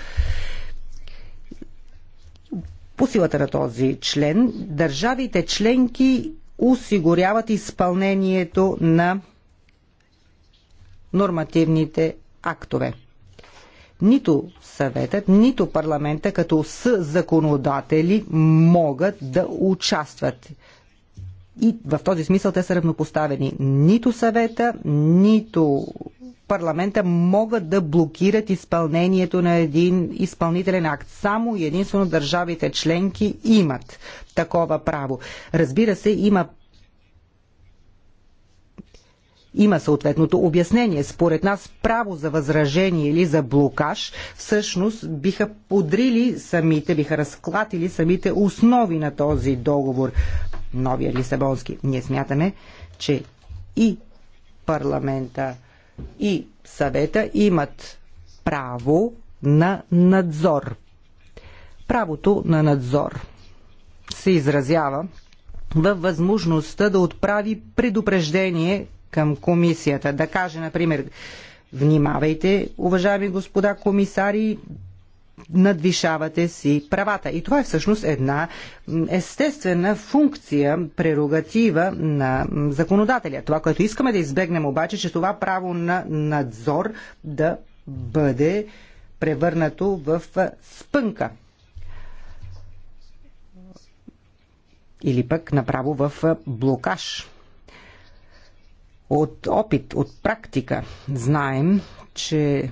По силата на този член, държавите членки осигуряват изпълнението на нормативните актове. Нито съветът, нито парламента като законодатели могат да участват. И в този смисъл те са равнопоставени. Нито съвета, нито парламента могат да блокират изпълнението на един изпълнителен акт. Само единствено държавите членки имат такова право. Разбира се, има има съответното обяснение. Според нас право за възражение или за блокаж всъщност биха подрили самите, биха разклатили самите основи на този договор, новия Лисабонски. Ние смятаме, че и парламента, и съвета имат право на надзор. Правото на надзор се изразява във възможността да отправи предупреждение към комисията. Да каже, например, внимавайте, уважаеми господа комисари, надвишавате си правата. И това е всъщност една естествена функция, прерогатива на законодателя. Това, което искаме да избегнем обаче, че това право на надзор да бъде превърнато в спънка. Или пък направо в блокаж от опит, от практика знаем, че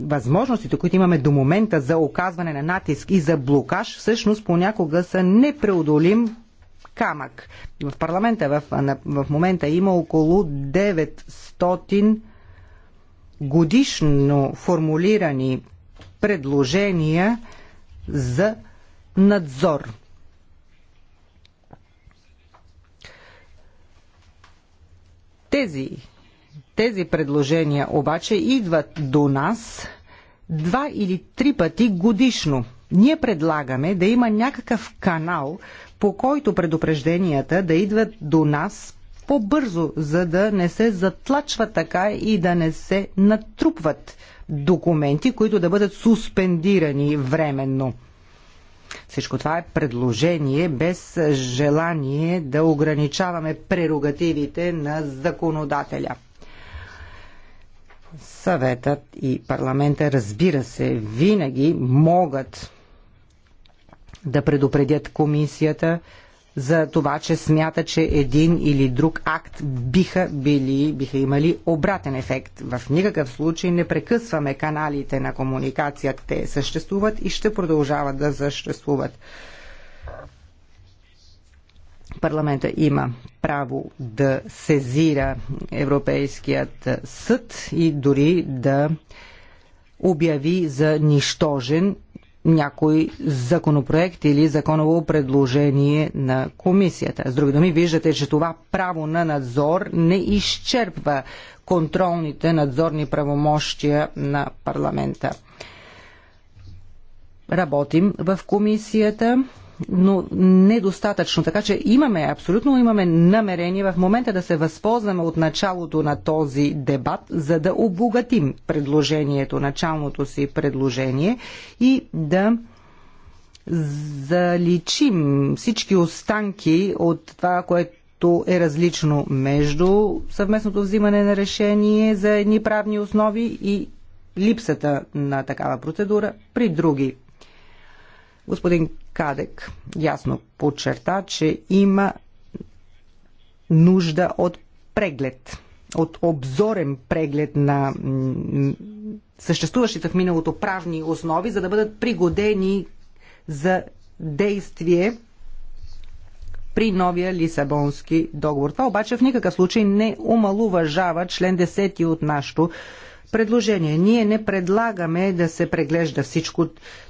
възможностите, които имаме до момента за оказване на натиск и за блокаж, всъщност понякога са непреодолим камък. В парламента в, в момента има около 900 годишно формулирани предложения за надзор. Тези, тези предложения обаче идват до нас два или три пъти годишно. Ние предлагаме да има някакъв канал, по който предупрежденията да идват до нас по-бързо, за да не се затлачва така и да не се натрупват документи, които да бъдат суспендирани временно. Всичко това е предложение без желание да ограничаваме прерогативите на законодателя. Съветът и парламента, разбира се, винаги могат да предупредят комисията за това, че смята, че един или друг акт биха, били, биха имали обратен ефект. В никакъв случай не прекъсваме каналите на комуникация. Те съществуват и ще продължават да съществуват. Парламента има право да сезира Европейският съд и дори да обяви за нищожен някой законопроект или законово предложение на комисията. С други думи, виждате, че това право на надзор не изчерпва контролните надзорни правомощия на парламента. Работим в комисията но недостатъчно. Така че имаме, абсолютно имаме намерение в момента да се възползваме от началото на този дебат, за да обогатим предложението, началното си предложение и да заличим всички останки от това, което е различно между съвместното взимане на решение за едни правни основи и липсата на такава процедура при други Господин Кадек ясно подчерта, че има нужда от преглед, от обзорен преглед на съществуващите в миналото правни основи, за да бъдат пригодени за действие при новия Лисабонски договор. Това обаче в никакъв случай не омалуважава член 10 от нашото предложение. Ние не предлагаме да се преглежда всичко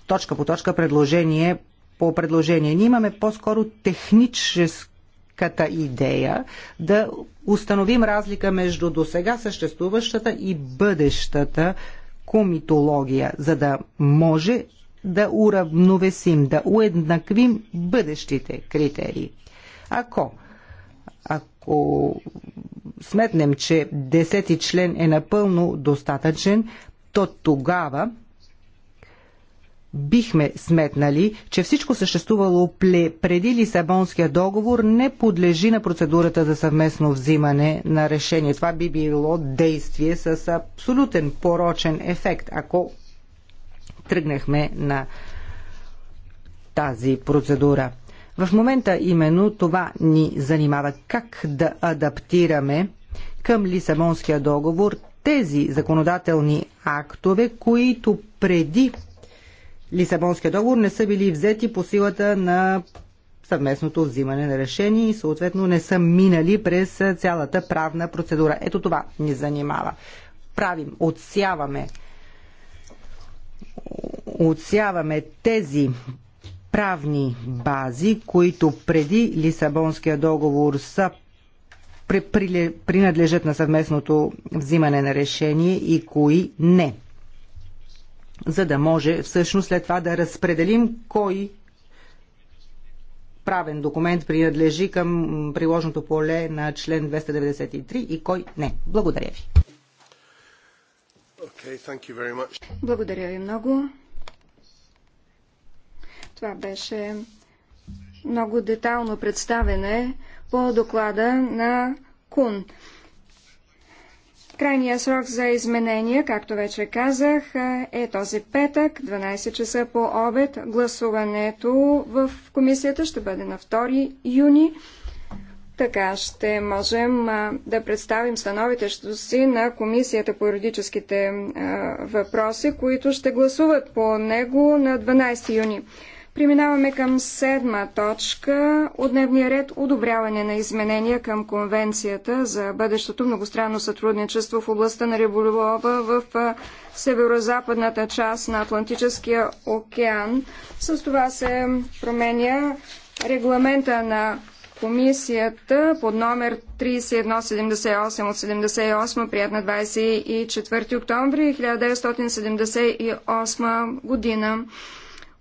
точка по точка предложение по предложение. Ние имаме по-скоро техническата идея да установим разлика между досега съществуващата и бъдещата комитология, за да може да уравновесим, да уеднаквим бъдещите критерии. Ако ако сметнем, че 10 член е напълно достатъчен, то тогава бихме сметнали, че всичко съществувало преди Лисабонския договор не подлежи на процедурата за съвместно взимане на решение. Това би било действие с абсолютен порочен ефект, ако тръгнахме на тази процедура. В момента именно това ни занимава как да адаптираме към Лисабонския договор тези законодателни актове, които преди Лисабонския договор не са били взети по силата на съвместното взимане на решение и съответно не са минали през цялата правна процедура. Ето това ни занимава. Правим, отсяваме отсяваме тези правни бази, които преди Лисабонския договор са принадлежат на съвместното взимане на решение и кои не. За да може всъщност след това да разпределим кой правен документ принадлежи към приложното поле на член 293 и кой не. Благодаря ви. Okay, Благодаря ви много. Това беше много детално представене по доклада на Кун. Крайният срок за изменения, както вече казах, е този петък, 12 часа по обед. Гласуването в комисията ще бъде на 2 юни. Така ще можем да представим становището си на Комисията по юридическите въпроси, които ще гласуват по него на 12 юни. Преминаваме към седма точка от дневния ред одобряване на изменения към Конвенцията за бъдещото многостранно сътрудничество в областта на риболова в северо-западната част на Атлантическия океан. С това се променя регламента на комисията под номер 3178 от 78, прият на 24 октомври 1978 година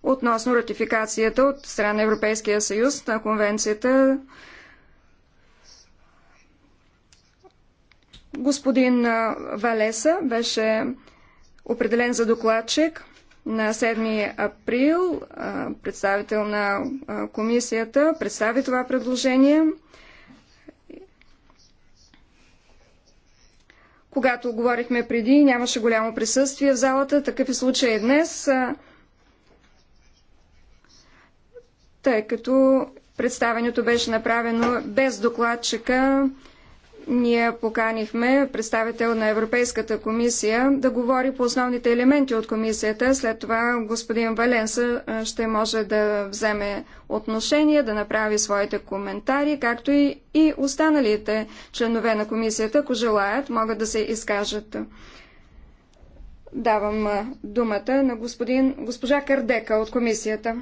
относно ратификацията от страна на Европейския съюз на конвенцията. Господин Валеса беше определен за докладчик на 7 април. Представител на комисията представи това предложение. Когато говорихме преди, нямаше голямо присъствие в залата. Такъв е случай днес. тъй като представенето беше направено без докладчика. Ние поканихме представител на Европейската комисия да говори по основните елементи от комисията. След това господин Валенса ще може да вземе отношение, да направи своите коментари, както и, и останалите членове на комисията, ако желаят, могат да се изкажат. Давам думата на господин, госпожа Кардека от комисията.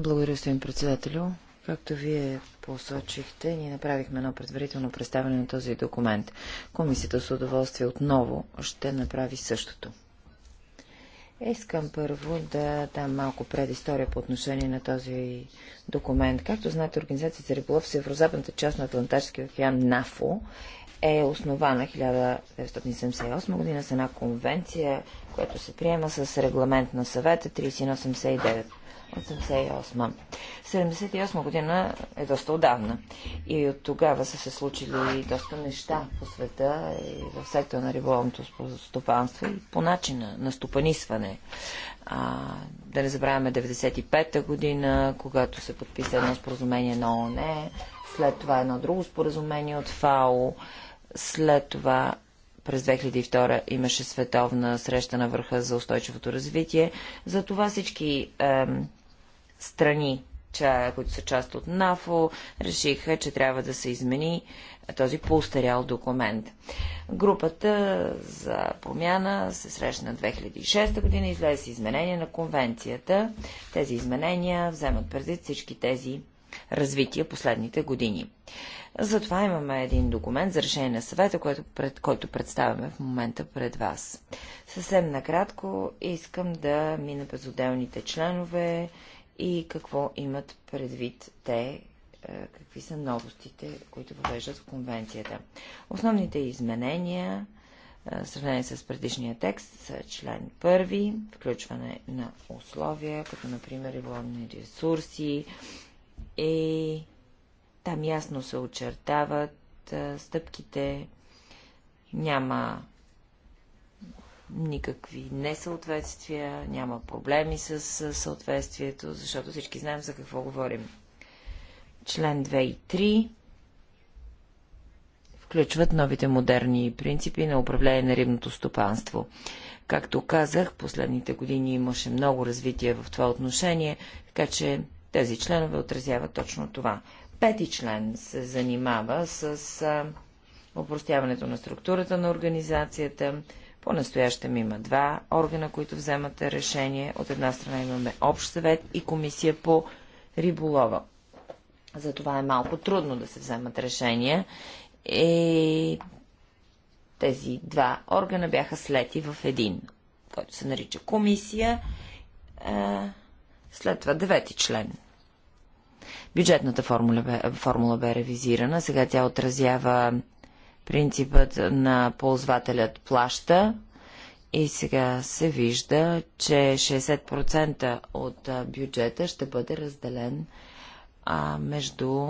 Благодаря, господин председателю. Както вие посочихте, ние направихме едно предварително представяне на този документ. Комисията с удоволствие отново ще направи същото. Искам първо да дам малко предистория по отношение на този документ. Както знаете, Организацията за риболов в северо-западната част на Атлантическия океан НАФО е основана 1978 година с една конвенция, която се приема с регламент на съвета 3189. 88. 78 година е доста отдавна. И от тогава са се случили доста неща по света и в сектора на риболовното стопанство и по начина на стопанисване. А, да не забравяме 95-та година, когато се подписа едно споразумение на ООН, след това едно друго споразумение от ФАО, след това през 2002 имаше световна среща на върха за устойчивото развитие. За това всички ем, страни, които са част от НАФО, решиха, че трябва да се измени този поустарял документ. Групата за промяна се срещна 2006 година, и излезе с изменения на конвенцията. Тези изменения вземат предвид всички тези развития последните години. Затова имаме един документ за решение на съвета, който, пред, който представяме в момента пред вас. Съвсем накратко искам да мина през отделните членове, и какво имат предвид те, е, какви са новостите, които въвеждат в конвенцията. Основните изменения, е, сравнени с предишния текст, са член първи, включване на условия, като например риболовни ресурси и там ясно се очертават е, стъпките, няма никакви несъответствия, няма проблеми с съответствието, защото всички знаем за какво говорим. Член 2 и 3 включват новите модерни принципи на управление на рибното стопанство. Както казах, последните години имаше много развитие в това отношение, така че тези членове отразяват точно това. Пети член се занимава с а, упростяването на структурата на организацията, по-настоящем има два органа, които вземат решение. От една страна имаме Общ съвет и Комисия по риболова. Затова е малко трудно да се вземат решения. И е, тези два органа бяха слети в един, който се нарича комисия. След това девети член. Бюджетната формула бе, формула бе ревизирана. Сега тя отразява принципът на ползвателят плаща и сега се вижда, че 60% от бюджета ще бъде разделен а, между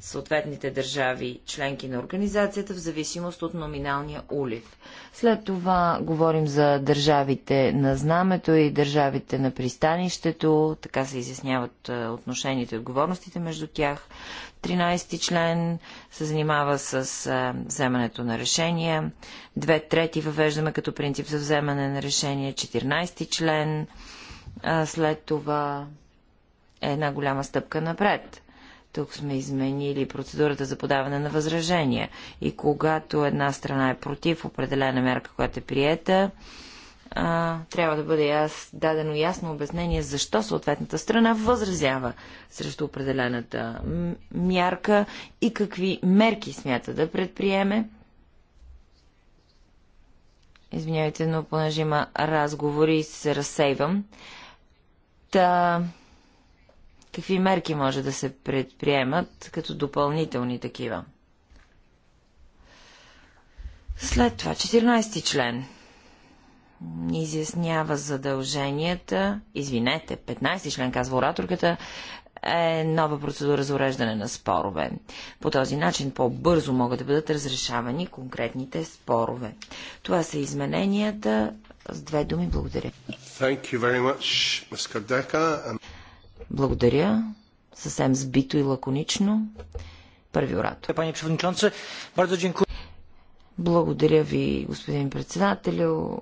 съответните държави членки на организацията в зависимост от номиналния улив. След това говорим за държавите на знамето и държавите на пристанището, така се изясняват е, отношенията и отговорностите между тях. 13-ти член се занимава с а, е, вземането на решения. Две трети въвеждаме като принцип за вземане на решение. 14-ти член. А, е, след това е една голяма стъпка напред. Тук сме изменили процедурата за подаване на възражения. И когато една страна е против определена мерка, която е приета, а, трябва да бъде яс, дадено ясно обяснение защо съответната страна възразява срещу определената мярка и какви мерки смята да предприеме. Извинявайте, но понеже има разговори, се разсейвам. Та, какви мерки може да се предприемат като допълнителни такива. След това 14 член изяснява задълженията, извинете, 15 член, казва ораторката, е нова процедура за уреждане на спорове. По този начин по-бързо могат да бъдат разрешавани конкретните спорове. Това са измененията. С две думи благодаря. Thank you very much, благодаря. Съвсем сбито и лаконично. Първи оратор. Е, Благодаря ви, господин председателю.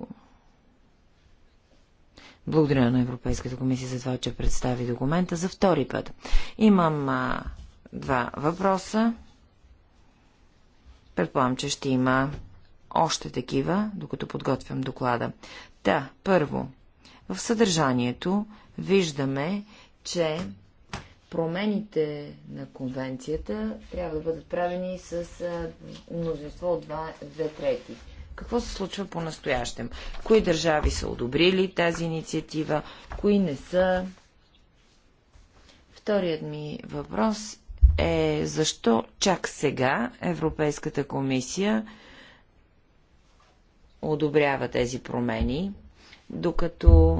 Благодаря на Европейската комисия за това, че представи документа за втори път. Имам а, два въпроса. Предполагам, че ще има още такива, докато подготвям доклада. Да, първо, в съдържанието виждаме, че промените на конвенцията трябва да бъдат правени с мнозинство от 2 трети. Какво се случва по-настоящем? Кои държави са одобрили тази инициатива? Кои не са? Вторият ми въпрос е защо чак сега Европейската комисия одобрява тези промени, докато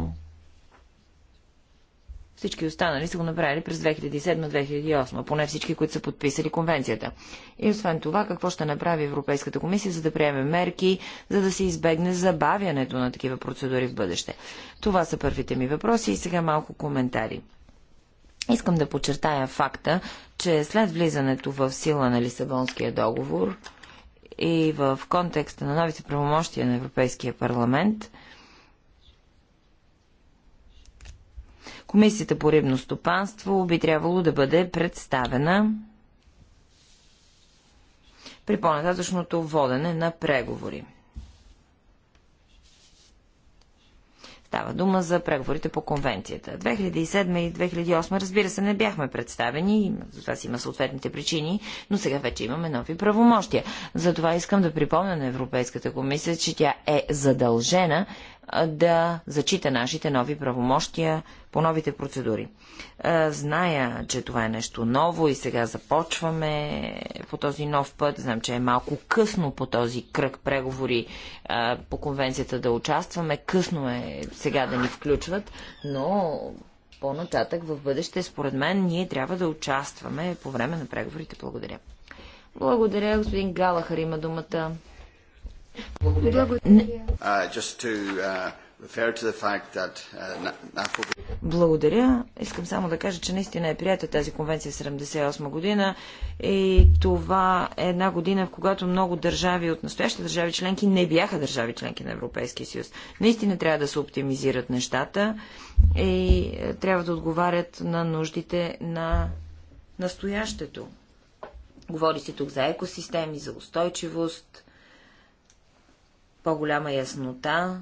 всички останали са го направили през 2007-2008, поне всички, които са подписали конвенцията. И освен това, какво ще направи Европейската комисия, за да приеме мерки, за да се избегне забавянето на такива процедури в бъдеще? Това са първите ми въпроси и сега малко коментари. Искам да подчертая факта, че след влизането в сила на Лисабонския договор и в контекста на новите правомощия на Европейския парламент – Комисията по рибно стопанство би трябвало да бъде представена при по-нататъчното водене на преговори. Става дума за преговорите по конвенцията. 2007 и 2008, разбира се, не бяхме представени, за това си има съответните причини, но сега вече имаме нови правомощия. Затова искам да припомня на Европейската комисия, че тя е задължена да зачита нашите нови правомощия по новите процедури. Зная, че това е нещо ново и сега започваме по този нов път. Знам, че е малко късно по този кръг преговори по конвенцията да участваме. Късно е сега да ни включват, но по-нататък в бъдеще, според мен, ние трябва да участваме по време на преговорите. Благодаря. Благодаря, господин Галахар има думата. Благодаря. Благодаря. Uh, uh, Uh, Благодаря. Искам само да кажа, че наистина е прията тази конвенция 78 година и това е една година, в когато много държави от настоящите държави членки не бяха държави членки на Европейския съюз. Наистина трябва да се оптимизират нещата и е, трябва да отговарят на нуждите на настоящето. Говори се тук за екосистеми, за устойчивост, по-голяма яснота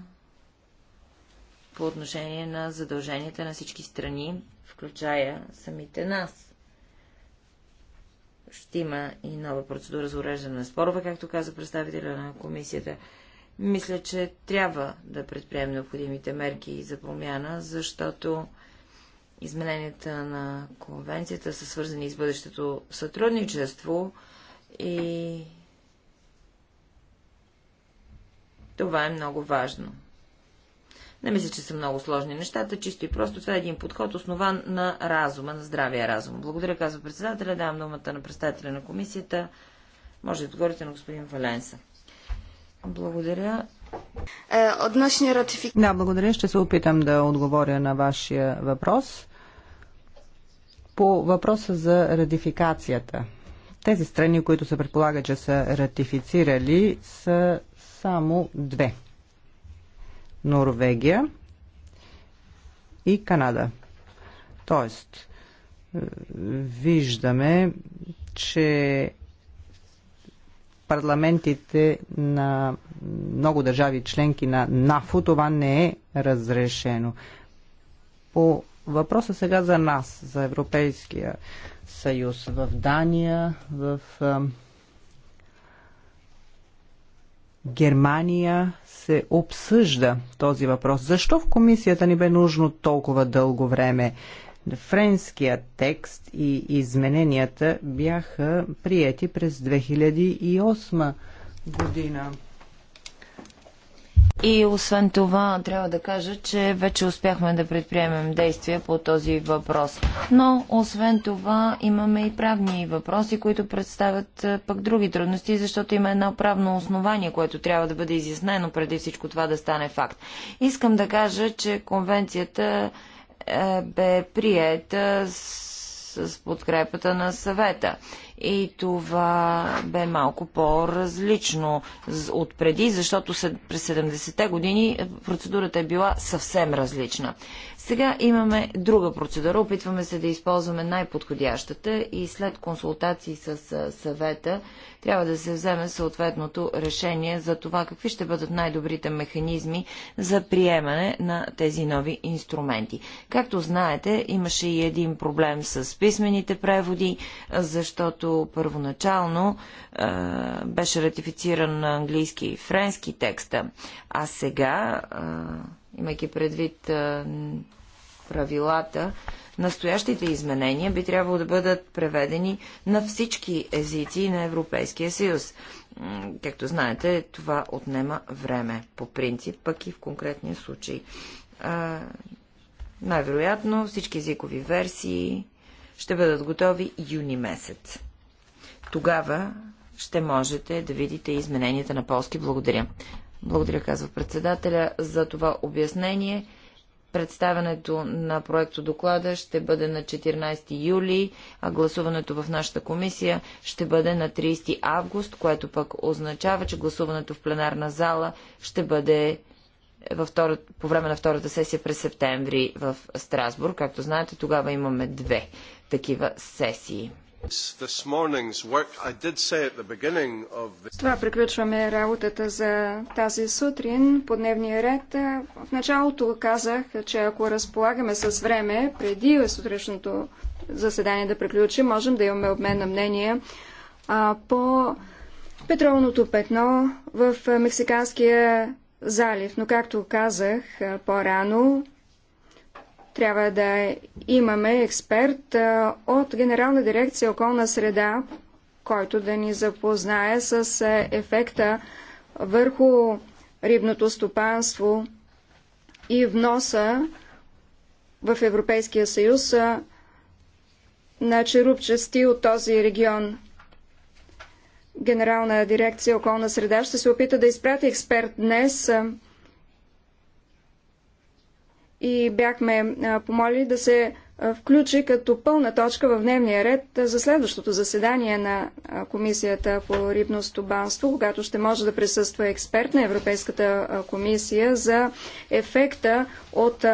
по отношение на задълженията на всички страни, включая самите нас. Ще има и нова процедура за уреждане на спорове, както каза представителя на комисията. Мисля, че трябва да предприемем необходимите мерки за промяна, защото измененията на конвенцията са свързани с бъдещето сътрудничество и това е много важно. Не мисля, че са много сложни нещата, чисто и просто това е един подход, основан на разума, на здравия разум. Благодаря, казва председателя. Давам думата на представителя на комисията. Може да отговорите на господин Валенса. Благодаря. Е, Относно ратифик... Да, благодаря. Ще се опитам да отговоря на вашия въпрос. По въпроса за ратификацията. Тези страни, които се предполага, че са ратифицирали, са само две – Норвегия и Канада. Тоест, е, виждаме, че парламентите на много държави членки на НАФО това не е разрешено. По въпроса сега за нас, за Европейския съюз в Дания, в е, Германия се обсъжда този въпрос. Защо в комисията ни бе нужно толкова дълго време? Френският текст и измененията бяха приети през 2008 година. И освен това, трябва да кажа, че вече успяхме да предприемем действия по този въпрос. Но, освен това, имаме и правни въпроси, които представят е, пък други трудности, защото има едно правно основание, което трябва да бъде изяснено преди всичко това да стане факт. Искам да кажа, че конвенцията е, бе приета с, с подкрепата на съвета и това бе малко по-различно от преди, защото през 70-те години процедурата е била съвсем различна. Сега имаме друга процедура. Опитваме се да използваме най-подходящата и след консултации с съвета трябва да се вземе съответното решение за това какви ще бъдат най-добрите механизми за приемане на тези нови инструменти. Както знаете, имаше и един проблем с писмените преводи, защото първоначално е, беше ратифициран на английски и френски текста, а сега. Е, имайки предвид правилата, настоящите изменения би трябвало да бъдат преведени на всички езици на Европейския съюз. Както знаете, това отнема време, по принцип, пък и в конкретния случай. най-вероятно всички езикови версии ще бъдат готови юни месец. Тогава ще можете да видите измененията на полски. Благодаря. Благодаря, казва председателя, за това обяснение. Представянето на проекто доклада ще бъде на 14 юли, а гласуването в нашата комисия ще бъде на 30 август, което пък означава, че гласуването в пленарна зала ще бъде във по време на втората сесия през септември в Страсбург. Както знаете, тогава имаме две такива сесии. С това приключваме работата за тази сутрин по дневния ред. В началото казах, че ако разполагаме с време, преди сутрешното заседание да приключи, можем да имаме обмен на мнение по петролното петно в Мексиканския залив. Но както казах по-рано, трябва да имаме експерт от Генерална дирекция околна среда, който да ни запознае с ефекта върху рибното стопанство и вноса в Европейския съюз на черупчести от този регион. Генерална дирекция околна среда ще се опита да изпрати експерт днес и бяхме помолили да се включи като пълна точка в дневния ред за следващото заседание на Комисията по рибно стопанство, когато ще може да присъства експерт на Европейската комисия за ефекта от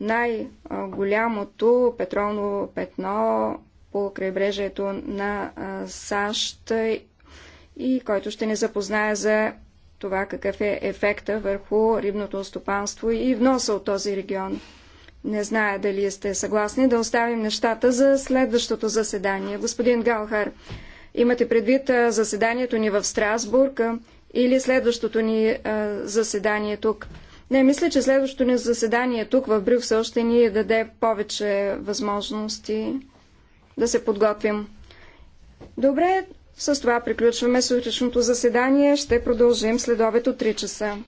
най-голямото петролно петно по крайбрежието на САЩ и който ще ни запознае за това какъв е ефекта върху рибното стопанство и вноса от този регион. Не зная дали сте съгласни да оставим нещата за следващото заседание. Господин Галхар, имате предвид заседанието ни в Страсбург или следващото ни заседание тук? Не, мисля, че следващото ни заседание тук в Брюксел ще ни даде повече възможности да се подготвим. Добре, с това приключваме сутрешното заседание. Ще продължим след обед от 3 часа.